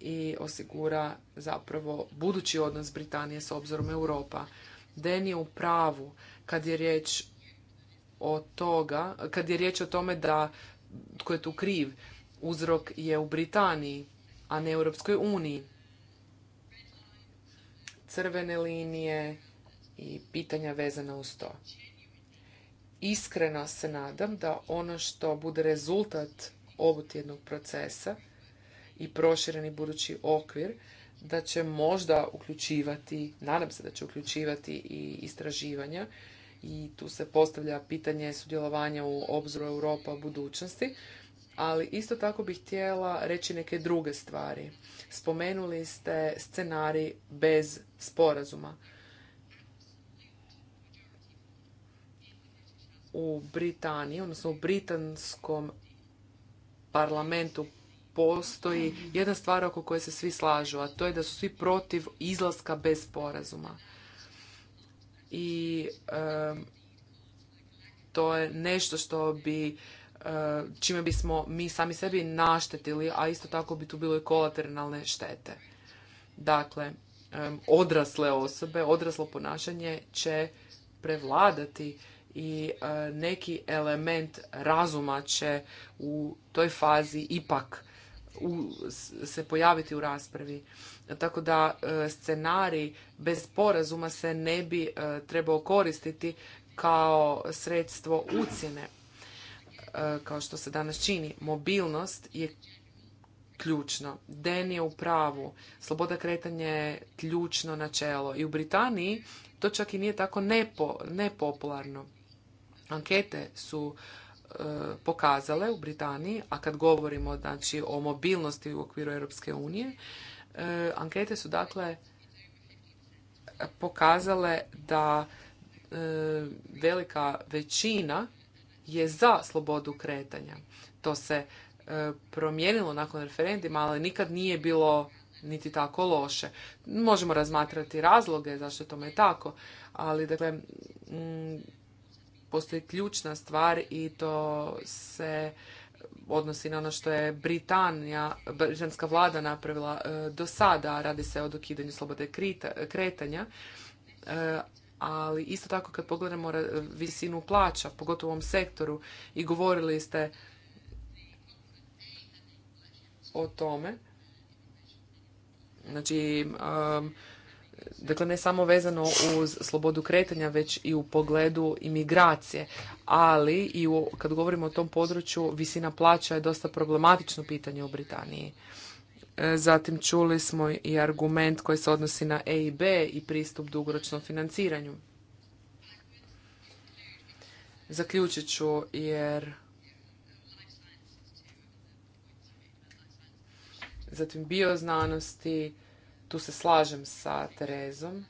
i osigura zapravo budući odnos Britanije s obzorom Europa. Den je u pravu kad je riječ o toga, kad je riječ o tome da tko je tu kriv, uzrok je u Britaniji, a ne Europskoj uniji. Crvene linije i pitanja vezana uz to iskreno se nadam da ono što bude rezultat tjednog procesa i prošireni budući okvir, da će možda uključivati, nadam se da će uključivati i istraživanja i tu se postavlja pitanje sudjelovanja u obzoru Europa u budućnosti, ali isto tako bih htjela reći neke druge stvari. Spomenuli ste scenarij bez sporazuma. u Britaniji, odnosno u britanskom parlamentu postoji jedna stvar oko koje se svi slažu, a to je da su svi protiv izlaska bez sporazuma. I to je nešto što bi čime bismo mi sami sebi naštetili, a isto tako bi tu bilo i kolateralne štete. Dakle, odrasle osobe, odraslo ponašanje će prevladati i e, neki element razuma će u toj fazi ipak se pojaviti u raspravi. Tako da e, scenarij bez porazuma se ne bi e, trebao koristiti kao sredstvo ucjene, kao što se danas čini. Mobilnost je ključno. Den je u pravu. Sloboda kretanja je ključno načelo. I u Britaniji to čak i nije tako nepo, nepopularno. Ankete su e, pokazale u Britaniji, a kad govorimo znači, o mobilnosti u okviru Europske unije, e, ankete su dakle pokazale da e, velika većina je za slobodu kretanja. To se promijenilo nakon referendima, ali nikad nije bilo niti tako loše. Možemo razmatrati razloge zašto tome je tako, ali dakle postoji ključna stvar i to se odnosi na ono što je Britanija, britanska vlada napravila e, do sada, radi se o dokidanju slobode kretanja, e, ali isto tako kad pogledamo visinu plaća, pogotovo u ovom sektoru, i govorili ste o tome, znači e, dakle ne samo vezano uz slobodu kretanja već i u pogledu imigracije, ali i u, kad govorimo o tom području visina plaća je dosta problematično pitanje u Britaniji. E, zatim čuli smo i argument koji se odnosi na EIB i pristup dugoročnom financiranju. Zaključit ću jer zatim bioznanosti, tu se slažem sa Terezom.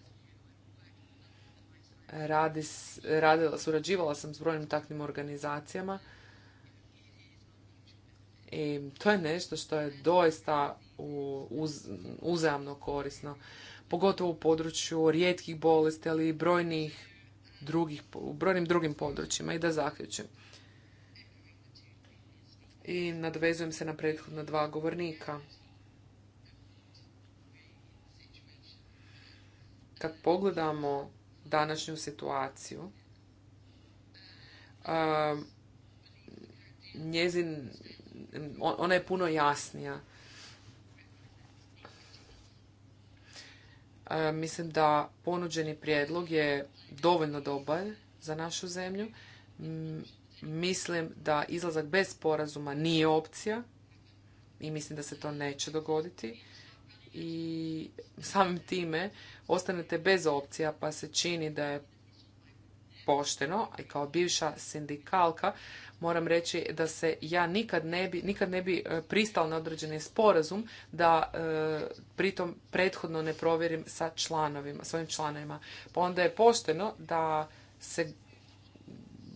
Radi, radila, surađivala sam s brojnim takvim organizacijama i to je nešto što je doista uzajamno korisno, pogotovo u području rijetkih bolesti, ali i brojnih drugih, u brojnim drugim područjima. I da zaključim. I nadvezujem se na prethodna dva govornika. kad pogledamo današnju situaciju, um, njezin, ona je puno jasnija. Um, mislim da ponuđeni prijedlog je dovoljno dobar za našu zemlju. Mislim da izlazak bez sporazuma nije opcija i mislim da se to neće dogoditi i samim time ostanete bez opcija pa se čini da je pošteno, i kao bivša sindikalka moram reći da se ja nikad ne bi, nikad ne bi e, pristao na određeni sporazum da e, pritom prethodno ne provjerim sa članovima, svojim članovima. Pa onda je pošteno da se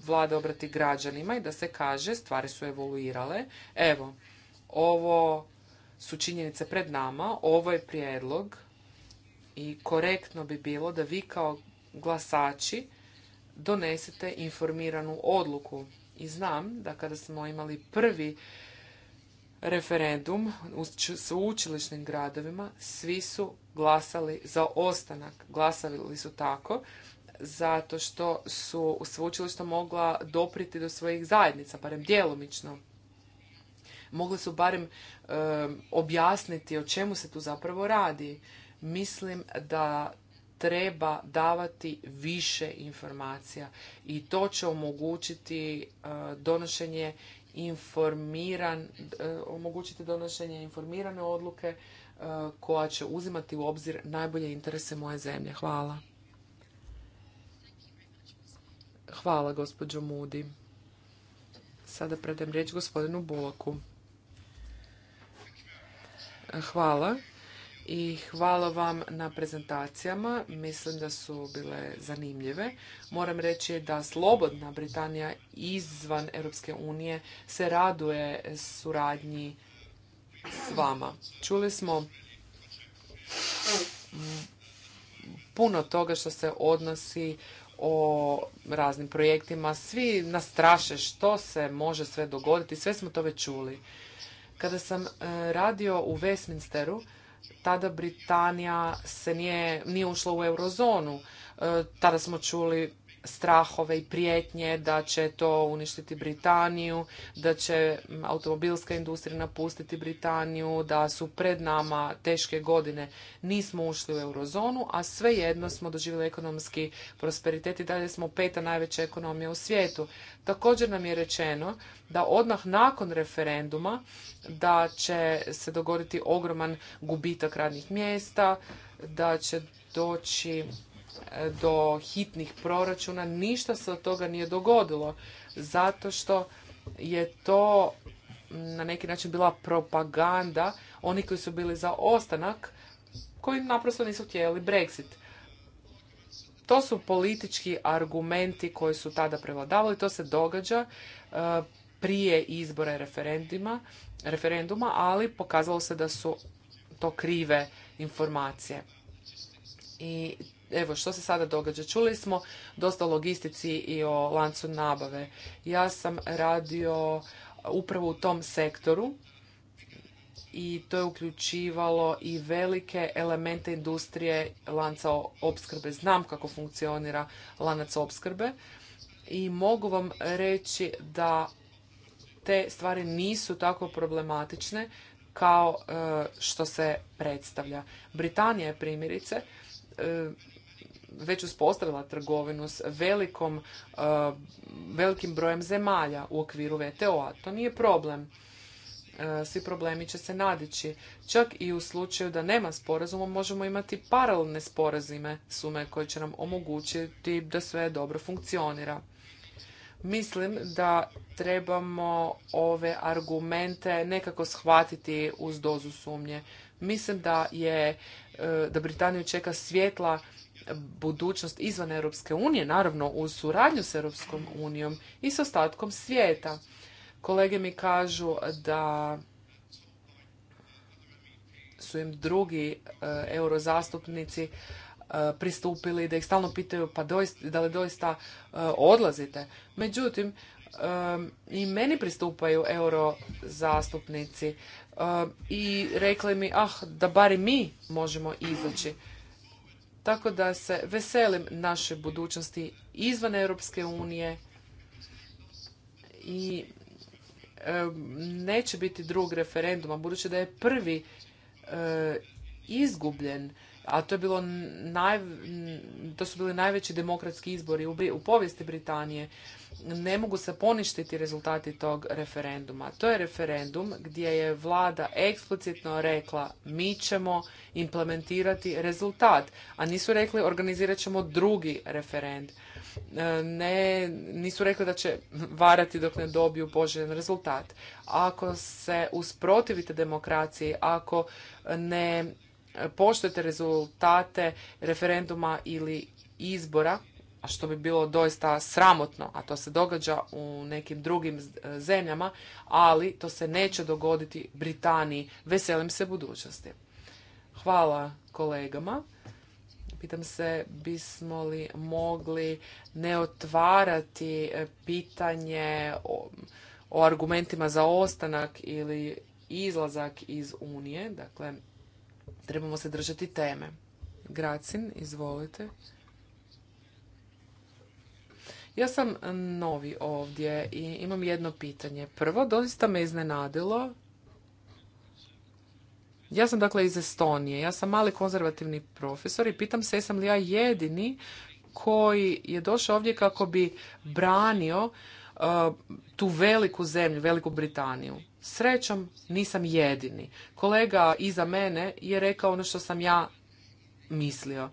vlada obrati građanima i da se kaže stvari su evoluirale. Evo, ovo su činjenice pred nama, ovo je prijedlog i korektno bi bilo da vi kao glasači donesete informiranu odluku. I znam da kada smo imali prvi referendum u sveučilišnim gradovima, svi su glasali za ostanak. Glasali su tako zato što su sveučilišta mogla dopriti do svojih zajednica, barem djelomično mogli su barem objasniti o čemu se tu zapravo radi. Mislim da treba davati više informacija i to će omogućiti e, donošenje informiran, e, omogućiti donošenje informirane odluke e, koja će uzimati u obzir najbolje interese moje zemlje. Hvala. Hvala, gospođo Mudi. Sada predam riječ gospodinu Bulaku. Hvala i hvala vam na prezentacijama. Mislim da su bile zanimljive. Moram reći da slobodna Britanija izvan Europske unije se raduje suradnji s vama. Čuli smo puno toga što se odnosi o raznim projektima. Svi nas što se može sve dogoditi. Sve smo to već čuli. Kada sam e, radio u Westminsteru, tada Britanija se nije, nije ušla u eurozonu. E, tada smo čuli strahove i prijetnje da će to uništiti Britaniju, da će automobilska industrija napustiti Britaniju, da su pred nama teške godine. Nismo ušli u eurozonu, a svejedno smo doživjeli ekonomski prosperitet i dalje smo peta najveća ekonomija u svijetu. Također nam je rečeno da odmah nakon referenduma da će se dogoditi ogroman gubitak radnih mjesta, da će doći E, do hitnih proračuna, ništa se od toga nije dogodilo, zato što je to na neki način bila propaganda oni koji su bili za ostanak, koji naprosto nisu htjeli Brexit. To su politički argumenti koji su tada prevladavali, to se događa e, prije izbora referenduma, ali pokazalo se da su to krive informacije. I Evo, što se sada događa? Čuli smo dosta o logistici i o lancu nabave. Ja sam radio upravo u tom sektoru i to je uključivalo i velike elemente industrije lanca opskrbe. Znam kako funkcionira lanac opskrbe i mogu vam reći da te stvari nisu tako problematične kao e, što se predstavlja. Britanija je primjerice e, već uspostavila trgovinu s velikom, e, velikim brojem zemalja u okviru VTO-a. To nije problem. E, svi problemi će se nadići. Čak i u slučaju da nema sporazuma možemo imati paralelne sporazime sume koje će nam omogućiti da sve dobro funkcionira. Mislim da trebamo ove argumente nekako shvatiti uz dozu sumnje. Mislim da je e, da Britaniju čeka svjetla budućnost izvan Europske unije, naravno u suradnju s Europskom unijom i s ostatkom svijeta. Kolege mi kažu da su im drugi e, eurozastupnici e, pristupili, da ih stalno pitaju pa doista, da li doista e, odlazite. Međutim, i meni pristupaju euro zastupnici i rekli mi ah da barem mi možemo izaći tako da se veselim naše budućnosti izvan Europske unije i neće biti drug referenduma, budući da je prvi e, izgubljen a to je bilo naj, to su bili najveći demokratski izbori u, povijesti Britanije, ne mogu se poništiti rezultati tog referenduma. To je referendum gdje je vlada eksplicitno rekla mi ćemo implementirati rezultat, a nisu rekli organizirat ćemo drugi referend. E, ne, nisu rekli da će varati dok ne dobiju poželjen rezultat. Ako se usprotivite demokraciji, ako ne poštujete rezultate referenduma ili izbora, a što bi bilo doista sramotno, a to se događa u nekim drugim zemljama, ali to se neće dogoditi Britaniji. Veselim se budućnosti. Hvala kolegama. Pitam se bismo li mogli ne otvarati e, pitanje o, o argumentima za ostanak ili izlazak iz Unije. Dakle, Trebamo se držati teme. Gracin, izvolite. Ja sam novi ovdje i imam jedno pitanje. Prvo, doista me iznenadilo. Ja sam dakle iz Estonije. Ja sam mali konzervativni profesor i pitam se jesam li ja jedini koji je došao ovdje kako bi branio uh, tu veliku zemlju, Veliku Britaniju. Srećom nisam jedini. Kolega iza mene je rekao ono što sam ja mislio.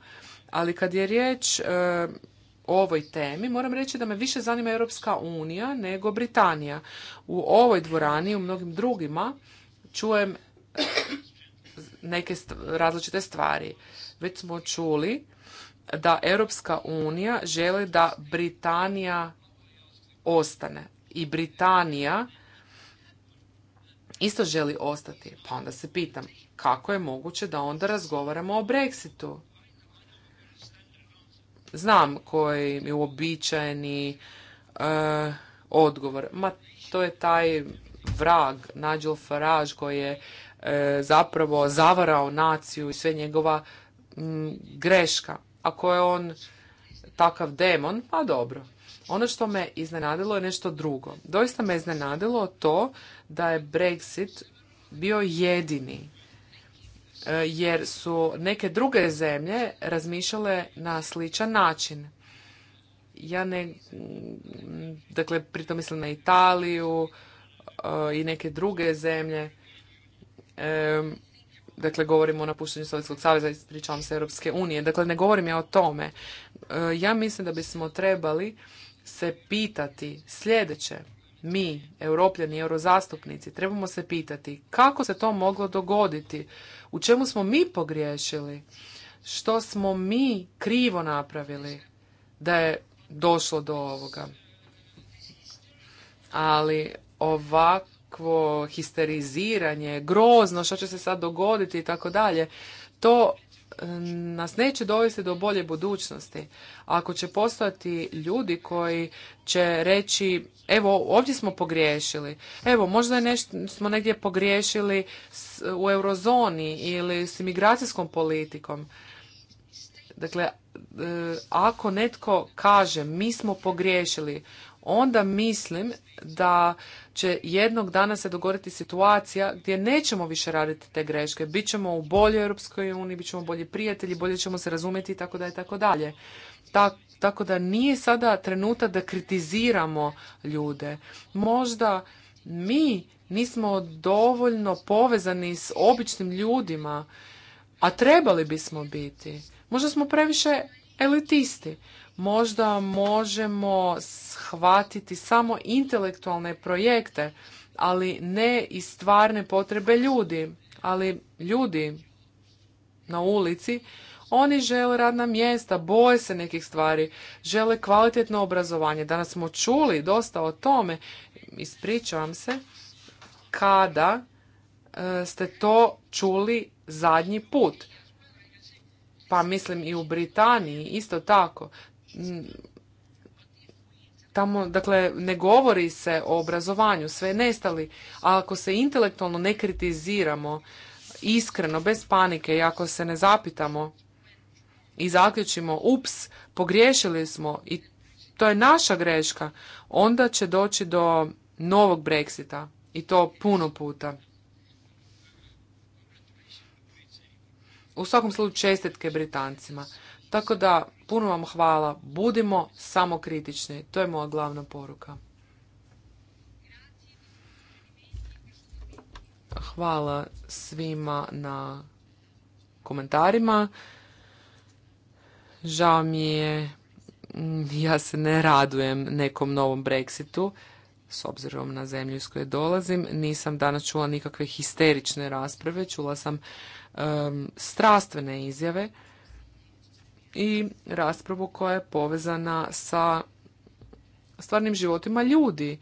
Ali kad je riječ e, o ovoj temi, moram reći da me više zanima Europska unija nego Britanija. U ovoj dvorani, u mnogim drugima, čujem neke različite stvari. Već smo čuli da Europska unija želi da Britanija ostane. I Britanija isto želi ostati. Pa onda se pitam, kako je moguće da onda razgovaramo o Brexitu? Znam koji je uobičajeni eh, odgovor. Ma to je taj vrag, Nigel Farage koji je eh, zapravo zavarao naciju i sve njegova mm, greška. Ako je on takav demon, pa dobro. Ono što me iznenadilo je nešto drugo. Doista me iznenadilo to da je Brexit bio jedini e, jer su neke druge zemlje razmišljale na sličan način. Ja ne, dakle, pritom mislim na Italiju e, i neke druge zemlje. E, dakle, govorimo o napuštenju Sovjetskog saveza, ispričavam se Europske unije. Dakle, ne govorim ja o tome. Ja mislim da bismo trebali se pitati sljedeće. Mi, europljani, eurozastupnici, trebamo se pitati kako se to moglo dogoditi, u čemu smo mi pogriješili, što smo mi krivo napravili da je došlo do ovoga. Ali ovakvo histeriziranje, grozno što će se sad dogoditi i tako dalje, to nas neće dovesti do bolje budućnosti. Ako će postojati ljudi koji će reći evo ovdje smo pogriješili, evo možda je smo negdje pogriješili u eurozoni ili s imigracijskom politikom. Dakle, e, ako netko kaže mi smo pogriješili, onda mislim da će jednog dana se dogoditi situacija gdje nećemo više raditi te greške. Bićemo u boljoj Europskoj uniji, bit ćemo bolji prijatelji, bolje ćemo se razumjeti i tako i tako dalje. Tako da nije sada trenutak da kritiziramo ljude. Možda mi nismo dovoljno povezani s običnim ljudima, a trebali bismo biti. Možda smo previše elitisti možda možemo shvatiti samo intelektualne projekte, ali ne i stvarne potrebe ljudi. Ali ljudi na ulici, oni žele radna mjesta, boje se nekih stvari, žele kvalitetno obrazovanje. Danas smo čuli dosta o tome, ispričavam se, kada e, ste to čuli zadnji put. Pa mislim i u Britaniji isto tako tamo, dakle, ne govori se o obrazovanju, sve je nestali. A ako se intelektualno ne kritiziramo, iskreno, bez panike i ako se ne zapitamo i zaključimo, ups, pogriješili smo i to je naša greška, onda će doći do novog Brexita i to puno puta. U svakom slučaju čestitke Britancima. Tako da, puno vam hvala. Budimo samokritični. To je moja glavna poruka. Hvala svima na komentarima. Žao mi je, ja se ne radujem nekom novom Brexitu, s obzirom na zemlju iz koje dolazim. Nisam danas čula nikakve histerične rasprave, čula sam strastvene izjave i raspravu koja je povezana sa stvarnim životima ljudi.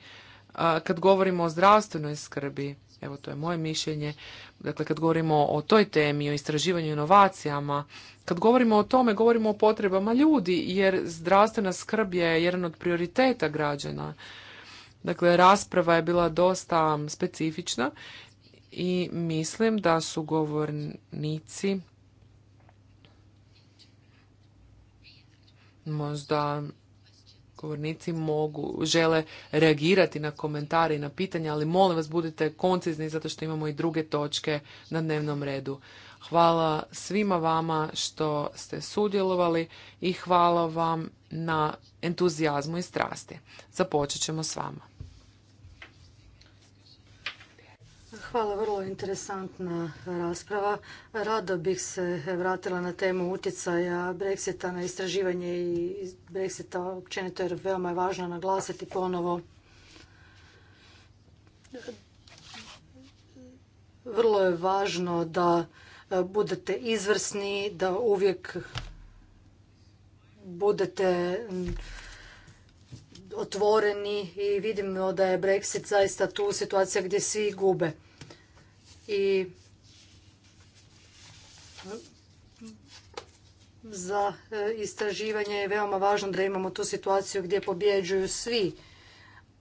Kad govorimo o zdravstvenoj skrbi, evo to je moje mišljenje, dakle kad govorimo o toj temi, o istraživanju inovacijama, kad govorimo o tome, govorimo o potrebama ljudi, jer zdravstvena skrb je jedan od prioriteta građana. Dakle, rasprava je bila dosta specifična i mislim da su govornici Možda govornici mogu, žele reagirati na komentare i na pitanja, ali molim vas budite koncizni zato što imamo i druge točke na dnevnom redu. Hvala svima vama što ste sudjelovali i hvala vam na entuzijazmu i strasti. Započet ćemo s vama. Hvala, vrlo interesantna rasprava. Rado bih se vratila na temu utjecaja Brexita na istraživanje i Brexita općenito jer veoma je važno naglasiti ponovo vrlo je važno da budete izvrsni, da uvijek budete otvoreni i vidimo da je Brexit zaista tu situacija gdje svi gube i za e, istraživanje je veoma važno da imamo tu situaciju gdje pobjeđuju svi.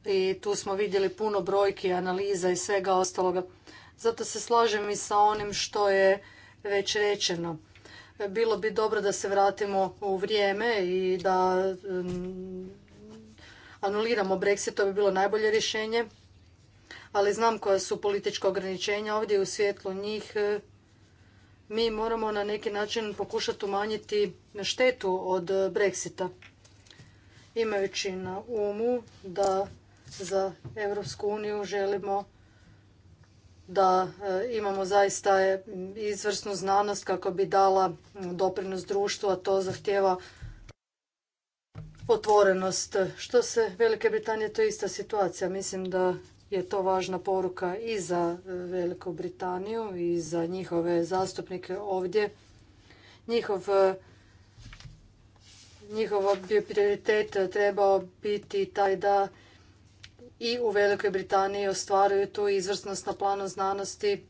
I tu smo vidjeli puno brojki, analiza i svega ostaloga. Zato se slažem i sa onim što je već rečeno. Bilo bi dobro da se vratimo u vrijeme i da mm, anuliramo Brexit, to bi bilo najbolje rješenje ali znam koja su politička ograničenja ovdje u svijetlu njih. E, mi moramo na neki način pokušati umanjiti štetu od Brexita. Imajući na umu da za Evropsku uniju želimo da e, imamo zaista e, izvrsnu znanost kako bi dala doprinos društvu, a to zahtjeva otvorenost. Što se Velike Britanije, to je ista situacija. Mislim da je to važna poruka i za e, Veliku Britaniju i za njihove zastupnike ovdje. E, njihov bi prioritet trebao biti taj da i u Velikoj Britaniji ostvaruju tu izvrsnost na planu znanosti.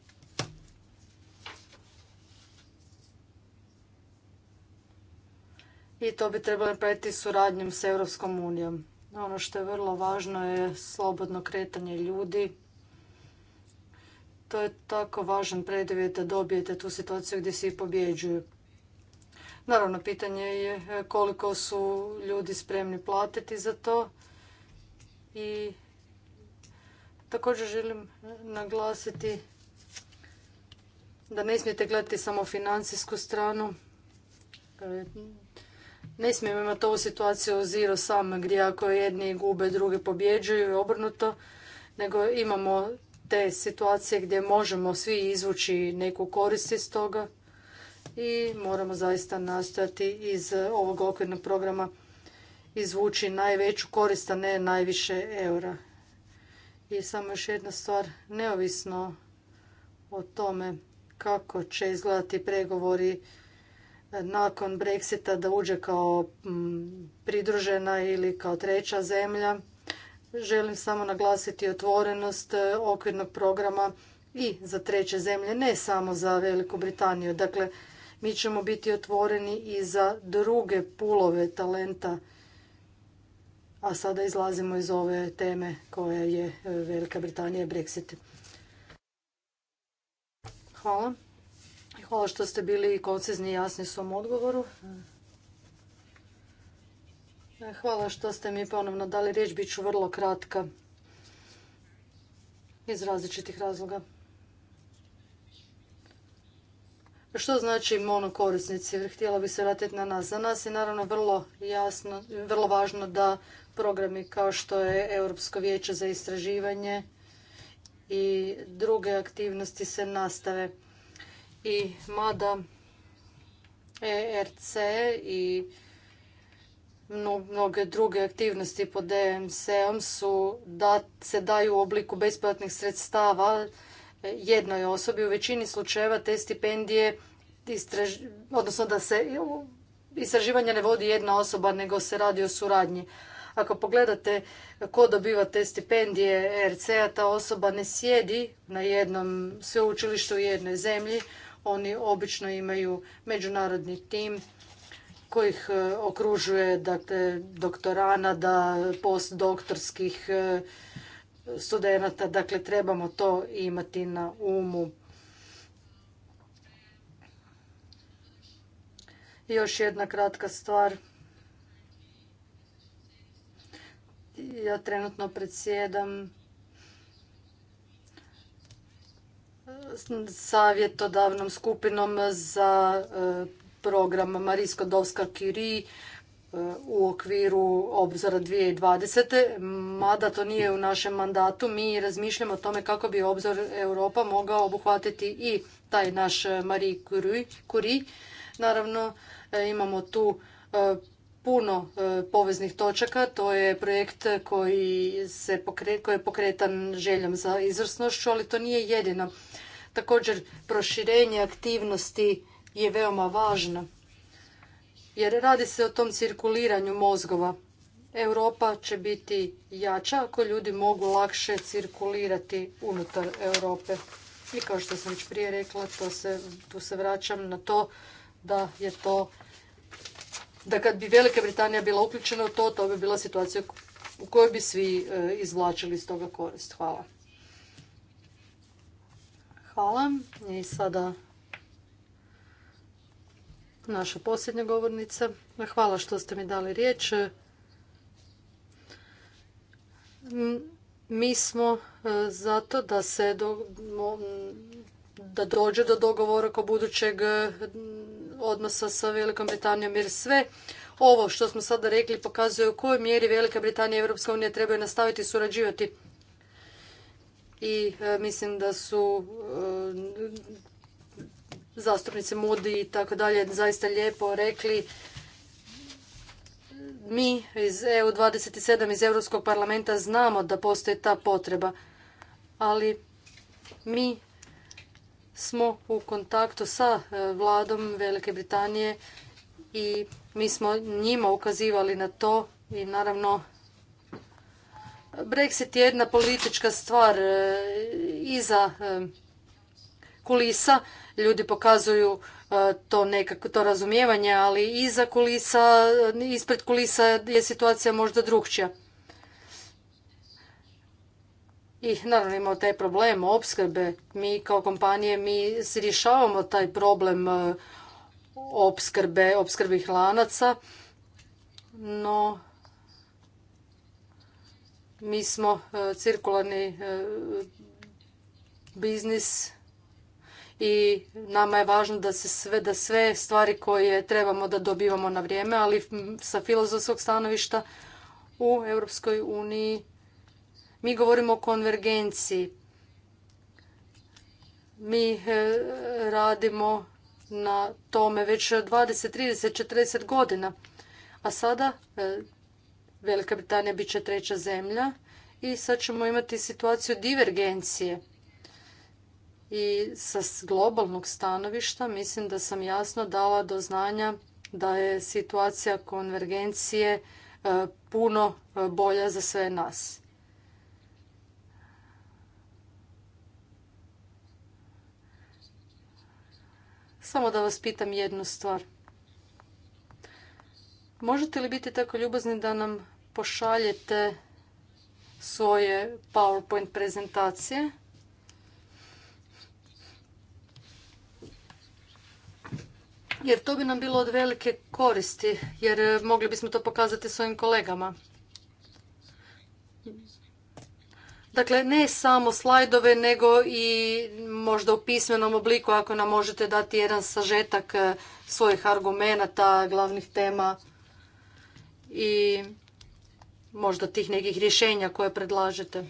I to bi trebalo napraviti suradnjom s Europskom unijom. Ono što je vrlo važno je slobodno kretanje ljudi. To je tako važan preduvjet da dobijete tu situaciju gdje svi pobjeđuju. Naravno, pitanje je koliko su ljudi spremni platiti za to. I također želim naglasiti da ne smijete gledati samo financijsku stranu ne smijemo imati ovu situaciju zero sam gdje ako jedni gube, drugi pobjeđuju i obrnuto, nego imamo te situacije gdje možemo svi izvući neku korist iz toga i moramo zaista nastojati iz ovog okvirnog programa izvući najveću korist, a ne najviše eura. I samo još jedna stvar, neovisno o tome kako će izgledati pregovori nakon Brexita da uđe kao mm, pridružena ili kao treća zemlja. Želim samo naglasiti otvorenost e, okvirnog programa i za treće zemlje, ne samo za Veliku Britaniju. Dakle, mi ćemo biti otvoreni i za druge pulove talenta. A sada izlazimo iz ove teme koja je e, Velika Britanija i Brexit. Hvala. Hvala što ste bili koncizni i jasni u svom odgovoru. E, hvala što ste mi ponovno dali riječ, bit ću vrlo kratka iz različitih razloga. Što znači monokorisnici? Htjela bi se vratiti na nas. Za nas je naravno vrlo jasno, vrlo važno da programi kao što je Europsko vijeće za istraživanje i druge aktivnosti se nastave. I mada ERC i mnoge druge aktivnosti pod emc om su da se daju u obliku besplatnih sredstava jednoj osobi. U većini slučajeva te stipendije, odnosno da se istraživanje ne vodi jedna osoba, nego se radi o suradnji. Ako pogledate ko dobiva te stipendije ERC-a, ta osoba ne sjedi na jednom sveučilištu u jednoj zemlji, oni obično imaju međunarodni tim kojih e, okružuje dakle, da postdoktorskih e, studenata. Dakle, trebamo to imati na umu. još jedna kratka stvar. Ja trenutno predsjedam savjetodavnom skupinom za e, program Marijsko-Dovska kiri e, u okviru obzora 2020. Mada to nije u našem mandatu, mi razmišljamo o tome kako bi obzor Europa mogao obuhvatiti i taj naš Marie Curie. Naravno, e, imamo tu puno e, poveznih točaka. To je projekt koji, se je pokretan željom za izvrsnošću, ali to nije jedino. Također, proširenje aktivnosti je veoma važno, jer radi se o tom cirkuliranju mozgova. Europa će biti jača ako ljudi mogu lakše cirkulirati unutar Europe. I kao što sam već prije rekla, tu se vraćam na to da je to da kad bi Velika Britanija bila uključena u to, to bi bila situacija u kojoj bi svi e, izvlačili iz toga korist. Hvala. Hvala. I sada naša posljednja govornica. Hvala što ste mi dali riječ. Mi smo e, zato da se do, da dođe do dogovora oko budućeg e, odnosa sa Velikom Britanijom jer sve ovo što smo sada rekli pokazuje u kojoj mjeri Velika Britanija i EU unija trebaju nastaviti surađivati. I e, mislim da su e, zastupnice Moody i tako dalje zaista lijepo rekli mi iz EU27 iz Europskog parlamenta znamo da postoji ta potreba, ali mi smo u kontaktu sa e, vladom Velike Britanije i mi smo njima ukazivali na to i naravno Brexit je jedna politička stvar e, iza e, kulisa. Ljudi pokazuju to nekako to razumijevanje, ali iza kulisa, ispred kulisa je situacija možda drukčija i naravno imamo taj problem opskrbe. Mi kao kompanije mi rješavamo taj problem e, opskrbe, opskrbih lanaca, no mi smo e, cirkularni e, biznis i nama je važno da se sve, da sve stvari koje trebamo da dobivamo na vrijeme, ali sa filozofskog stanovišta u Europskoj uniji mi govorimo o konvergenciji. Mi eh, radimo na tome već 20, 30, 40 godina. A sada eh, Velika Britanija bit će treća zemlja i sad ćemo imati situaciju divergencije. I sa globalnog stanovišta mislim da sam jasno dala do znanja da je situacija konvergencije eh, puno bolja za sve nas. Samo da vas pitam jednu stvar. Možete li biti tako ljubazni da nam pošaljete svoje PowerPoint prezentacije? Jer to bi nam bilo od velike koristi, jer eh, mogli bismo to pokazati svojim kolegama. Dakle, ne samo slajdove, nego i možda u pismenom obliku ako nam možete dati jedan sažetak eh, svojih argumenata, glavnih tema i možda tih nekih rješenja koje predlažete.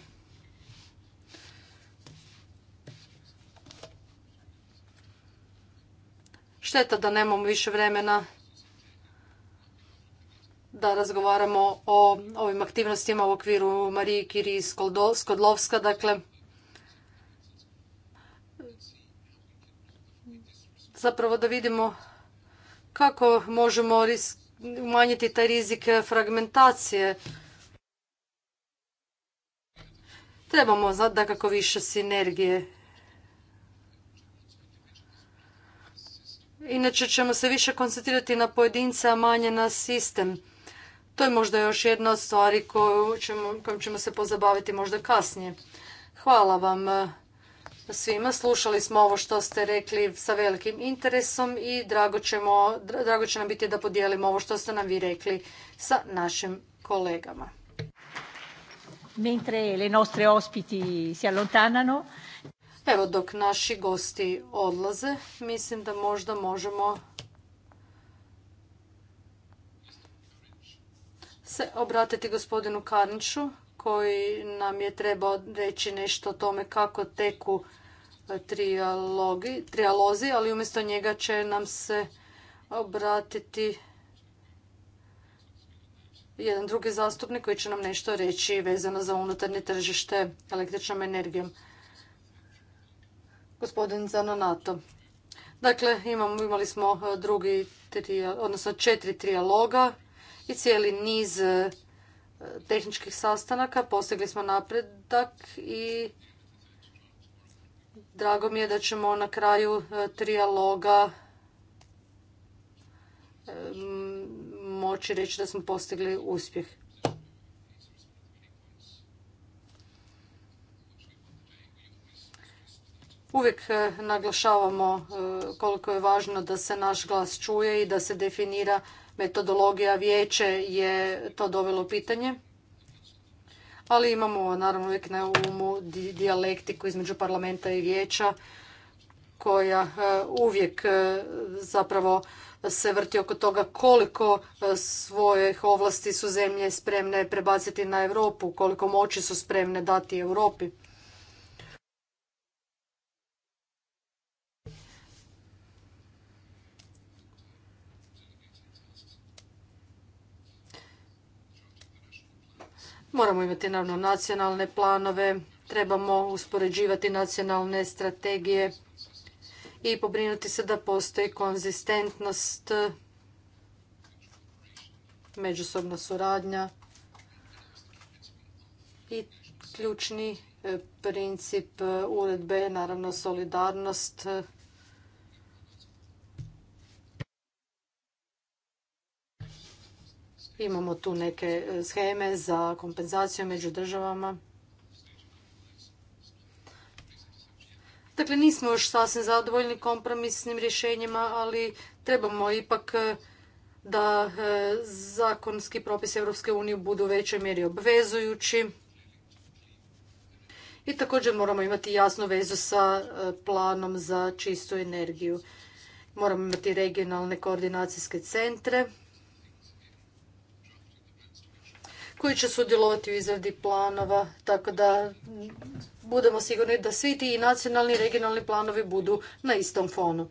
Šteta da nemamo više vremena da razgovaramo o ovim aktivnostima u okviru Marije Kiri Skodlovska. Dakle, zapravo da vidimo kako možemo umanjiti taj rizik fragmentacije. Trebamo da kako više sinergije. Inače ćemo se više koncentrirati na pojedinca, a manje na sistem. To je možda još jedna od stvari kojom ćemo, ćemo se pozabaviti možda kasnije. Hvala vam svima. Slušali smo ovo što ste rekli sa velikim interesom i drago, ćemo, drago će nam biti da podijelimo ovo što ste nam vi rekli sa našim kolegama. Mentre le nostre ospiti si allontanano. Evo dok naši gosti odlaze, mislim da možda možemo se obratiti gospodinu Karniću koji nam je trebao reći nešto o tome kako teku e, trijalozi, ali umjesto njega će nam se obratiti jedan drugi zastupnik koji će nam nešto reći vezano za unutarnje tržište električnom energijom. Gospodin Zanonato. Dakle, imamo, imali smo e, drugi, odnosno četiri trijaloga i cijeli niz e, tehničkih sastanaka, postigli smo napredak i drago mi je da ćemo na kraju e, trijaloga moći reći da smo postigli uspjeh. Uvijek e, naglašavamo e, koliko je važno da se naš glas čuje i da se definira metodologija vijeće je to dovelo u pitanje. Ali imamo naravno uvijek na umu dijalektiku između parlamenta i vijeća koja e, uvijek e, zapravo se vrti oko toga koliko e, svojih ovlasti su zemlje spremne prebaciti na Europu, koliko moći su spremne dati Europi. Moramo imati naravno nacionalne planove, trebamo uspoređivati nacionalne strategije i pobrinuti se da postoji konzistentnost, međusobna suradnja i ključni e, princip e, uredbe je naravno solidarnost Imamo tu neke e, scheme za kompenzaciju među državama. Dakle, nismo još sasvim zadovoljni kompromisnim rješenjima, ali trebamo ipak e, da e, zakonski propis Europske unije budu u većoj mjeri obvezujući. I također moramo imati jasnu vezu sa planom za čistu energiju. Moramo imati regionalne koordinacijske centre koji će sudjelovati u izradi planova, tako da budemo sigurni da svi ti nacionalni i regionalni planovi budu na istom fonu.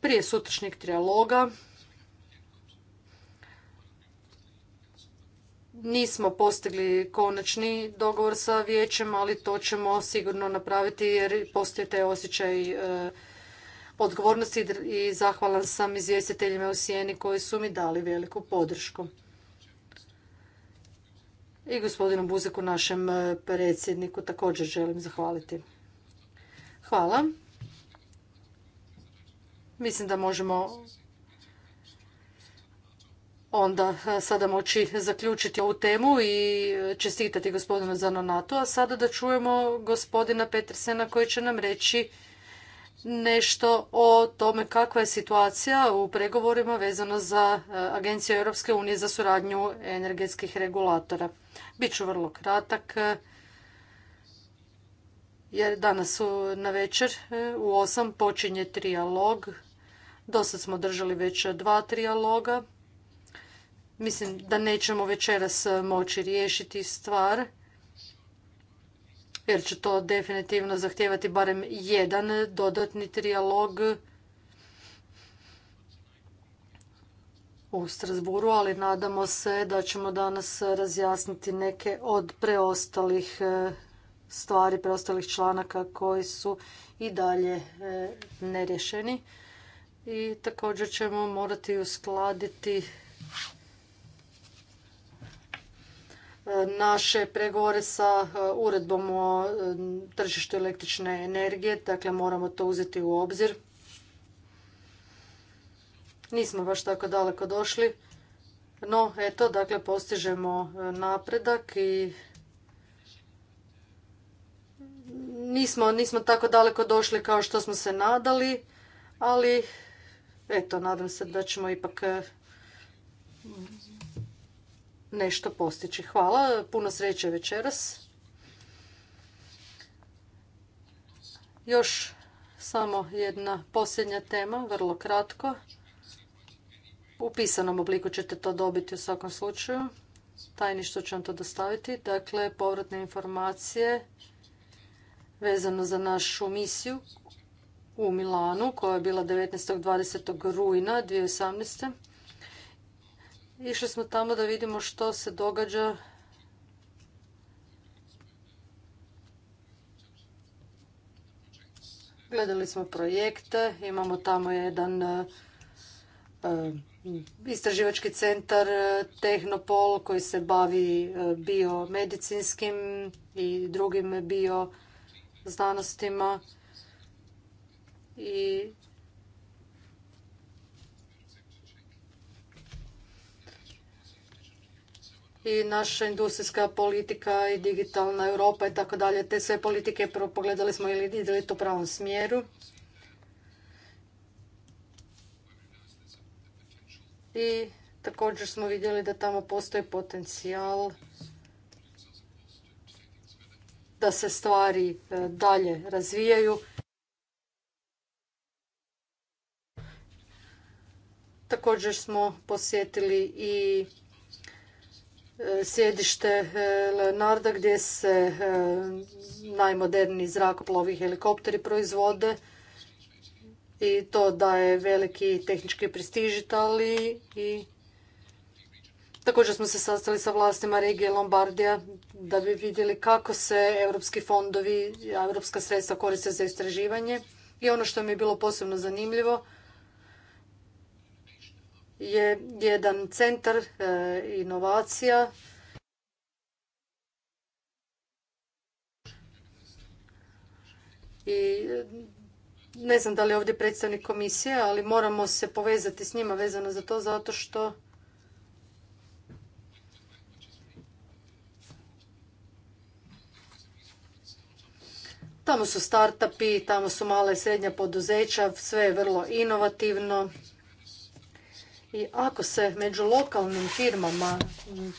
Prije sutrašnjeg trialoga nismo postigli konačni dogovor sa vijećem, ali to ćemo sigurno napraviti jer postoji taj osjećaj e, odgovornosti i zahvalan sam izvjestiteljima u Sijeni koji su mi dali veliku podršku. I gospodinu Buzeku, našem e, predsjedniku, također želim zahvaliti. Hvala. Mislim da možemo onda e, sada moći zaključiti ovu temu i čestitati gospodinu Zanonatu, a sada da čujemo gospodina Petersena koji će nam reći nešto o tome kakva je situacija u pregovorima vezano za e, Agenciju Europske unije za suradnju energetskih regulatora. Biću vrlo kratak e, jer danas na večer e, u osam počinje trijalog. Dosad smo držali već dva trijaloga. Mislim da nećemo večeras moći riješiti stvar jer će to definitivno zahtijevati barem jedan dodatni trijalog u Strasburu, ali nadamo se da ćemo danas razjasniti neke od preostalih e, stvari, preostalih članaka koji su i dalje e, nerješeni. I također ćemo morati uskladiti naše pregovore sa e, uredbom o e, tržištu električne energije, dakle moramo to uzeti u obzir. Nismo baš tako daleko došli, no eto, dakle postižemo e, napredak i nismo, nismo tako daleko došli kao što smo se nadali, ali eto, nadam se da ćemo ipak nešto postići. Hvala, puno sreće večeras. Još samo jedna posljednja tema, vrlo kratko. U pisanom obliku ćete to dobiti u svakom slučaju. Tajništvo ću vam to dostaviti. Dakle, povratne informacije vezano za našu misiju u Milanu, koja je bila 19. 20. rujna 2018. Išli smo tamo da vidimo što se događa Gledali smo projekte, imamo tamo jedan e, e, istraživački centar e, Tehnopol koji se bavi biomedicinskim i drugim bioznanostima i i naša industrijska politika i digitalna Europa i tako dalje. Te sve politike pogledali smo ili ide to u pravom smjeru. I također smo vidjeli da tamo postoji potencijal da se stvari e, dalje razvijaju. Također smo posjetili i sjedište e, Leonarda gdje se e, najmoderniji zrakoplovi helikopteri proizvode i to daje veliki tehnički prestiž Italiji i Također smo se sastali sa vlastima regije Lombardija da bi vidjeli kako se europski fondovi, europska sredstva koriste za istraživanje. I ono što mi je bilo posebno zanimljivo je jedan centar e, inovacija i e, ne znam da li je ovdje predstavnik komisije, ali moramo se povezati s njima vezano za to zato što Tamo su start-upi, tamo su mala i srednja poduzeća, sve je vrlo inovativno. I ako se među lokalnim firmama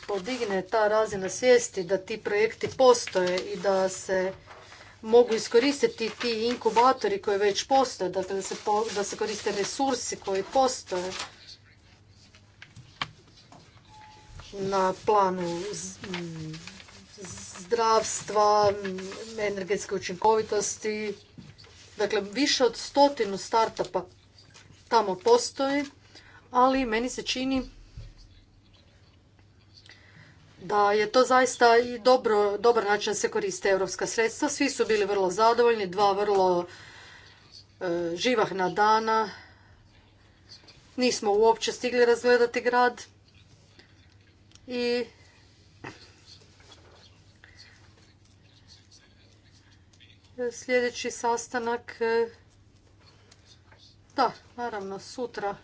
podigne ta razina svijesti da ti projekti postoje i da se mogu iskoristiti ti inkubatori koji već postoje, dakle da se, da se koriste resursi koji postoje na planu zdravstva, energetske učinkovitosti. Dakle, više od stotinu startupa tamo postoji ali meni se čini da je to zaista i dobro, dobar način da se koriste europska sredstva. Svi su bili vrlo zadovoljni, dva vrlo e, živahna dana. Nismo uopće stigli razgledati grad i sljedeći sastanak e, da, naravno, sutra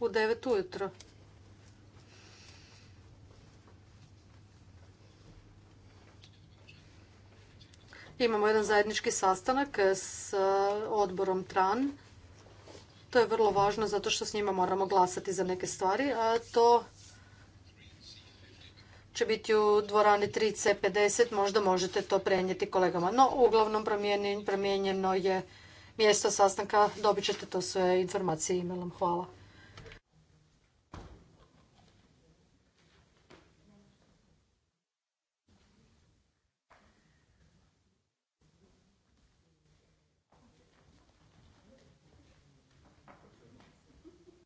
u 9 ujutro. Imamo jedan zajednički sastanak eh, s eh, odborom TRAN. To je vrlo važno zato što s njima moramo glasati za neke stvari, a to će biti u dvorani 3C50, možda možete to prenijeti kolegama. No, uglavnom promijenjeno je mjesto sastanka, dobit ćete to sve informacije e Hvala.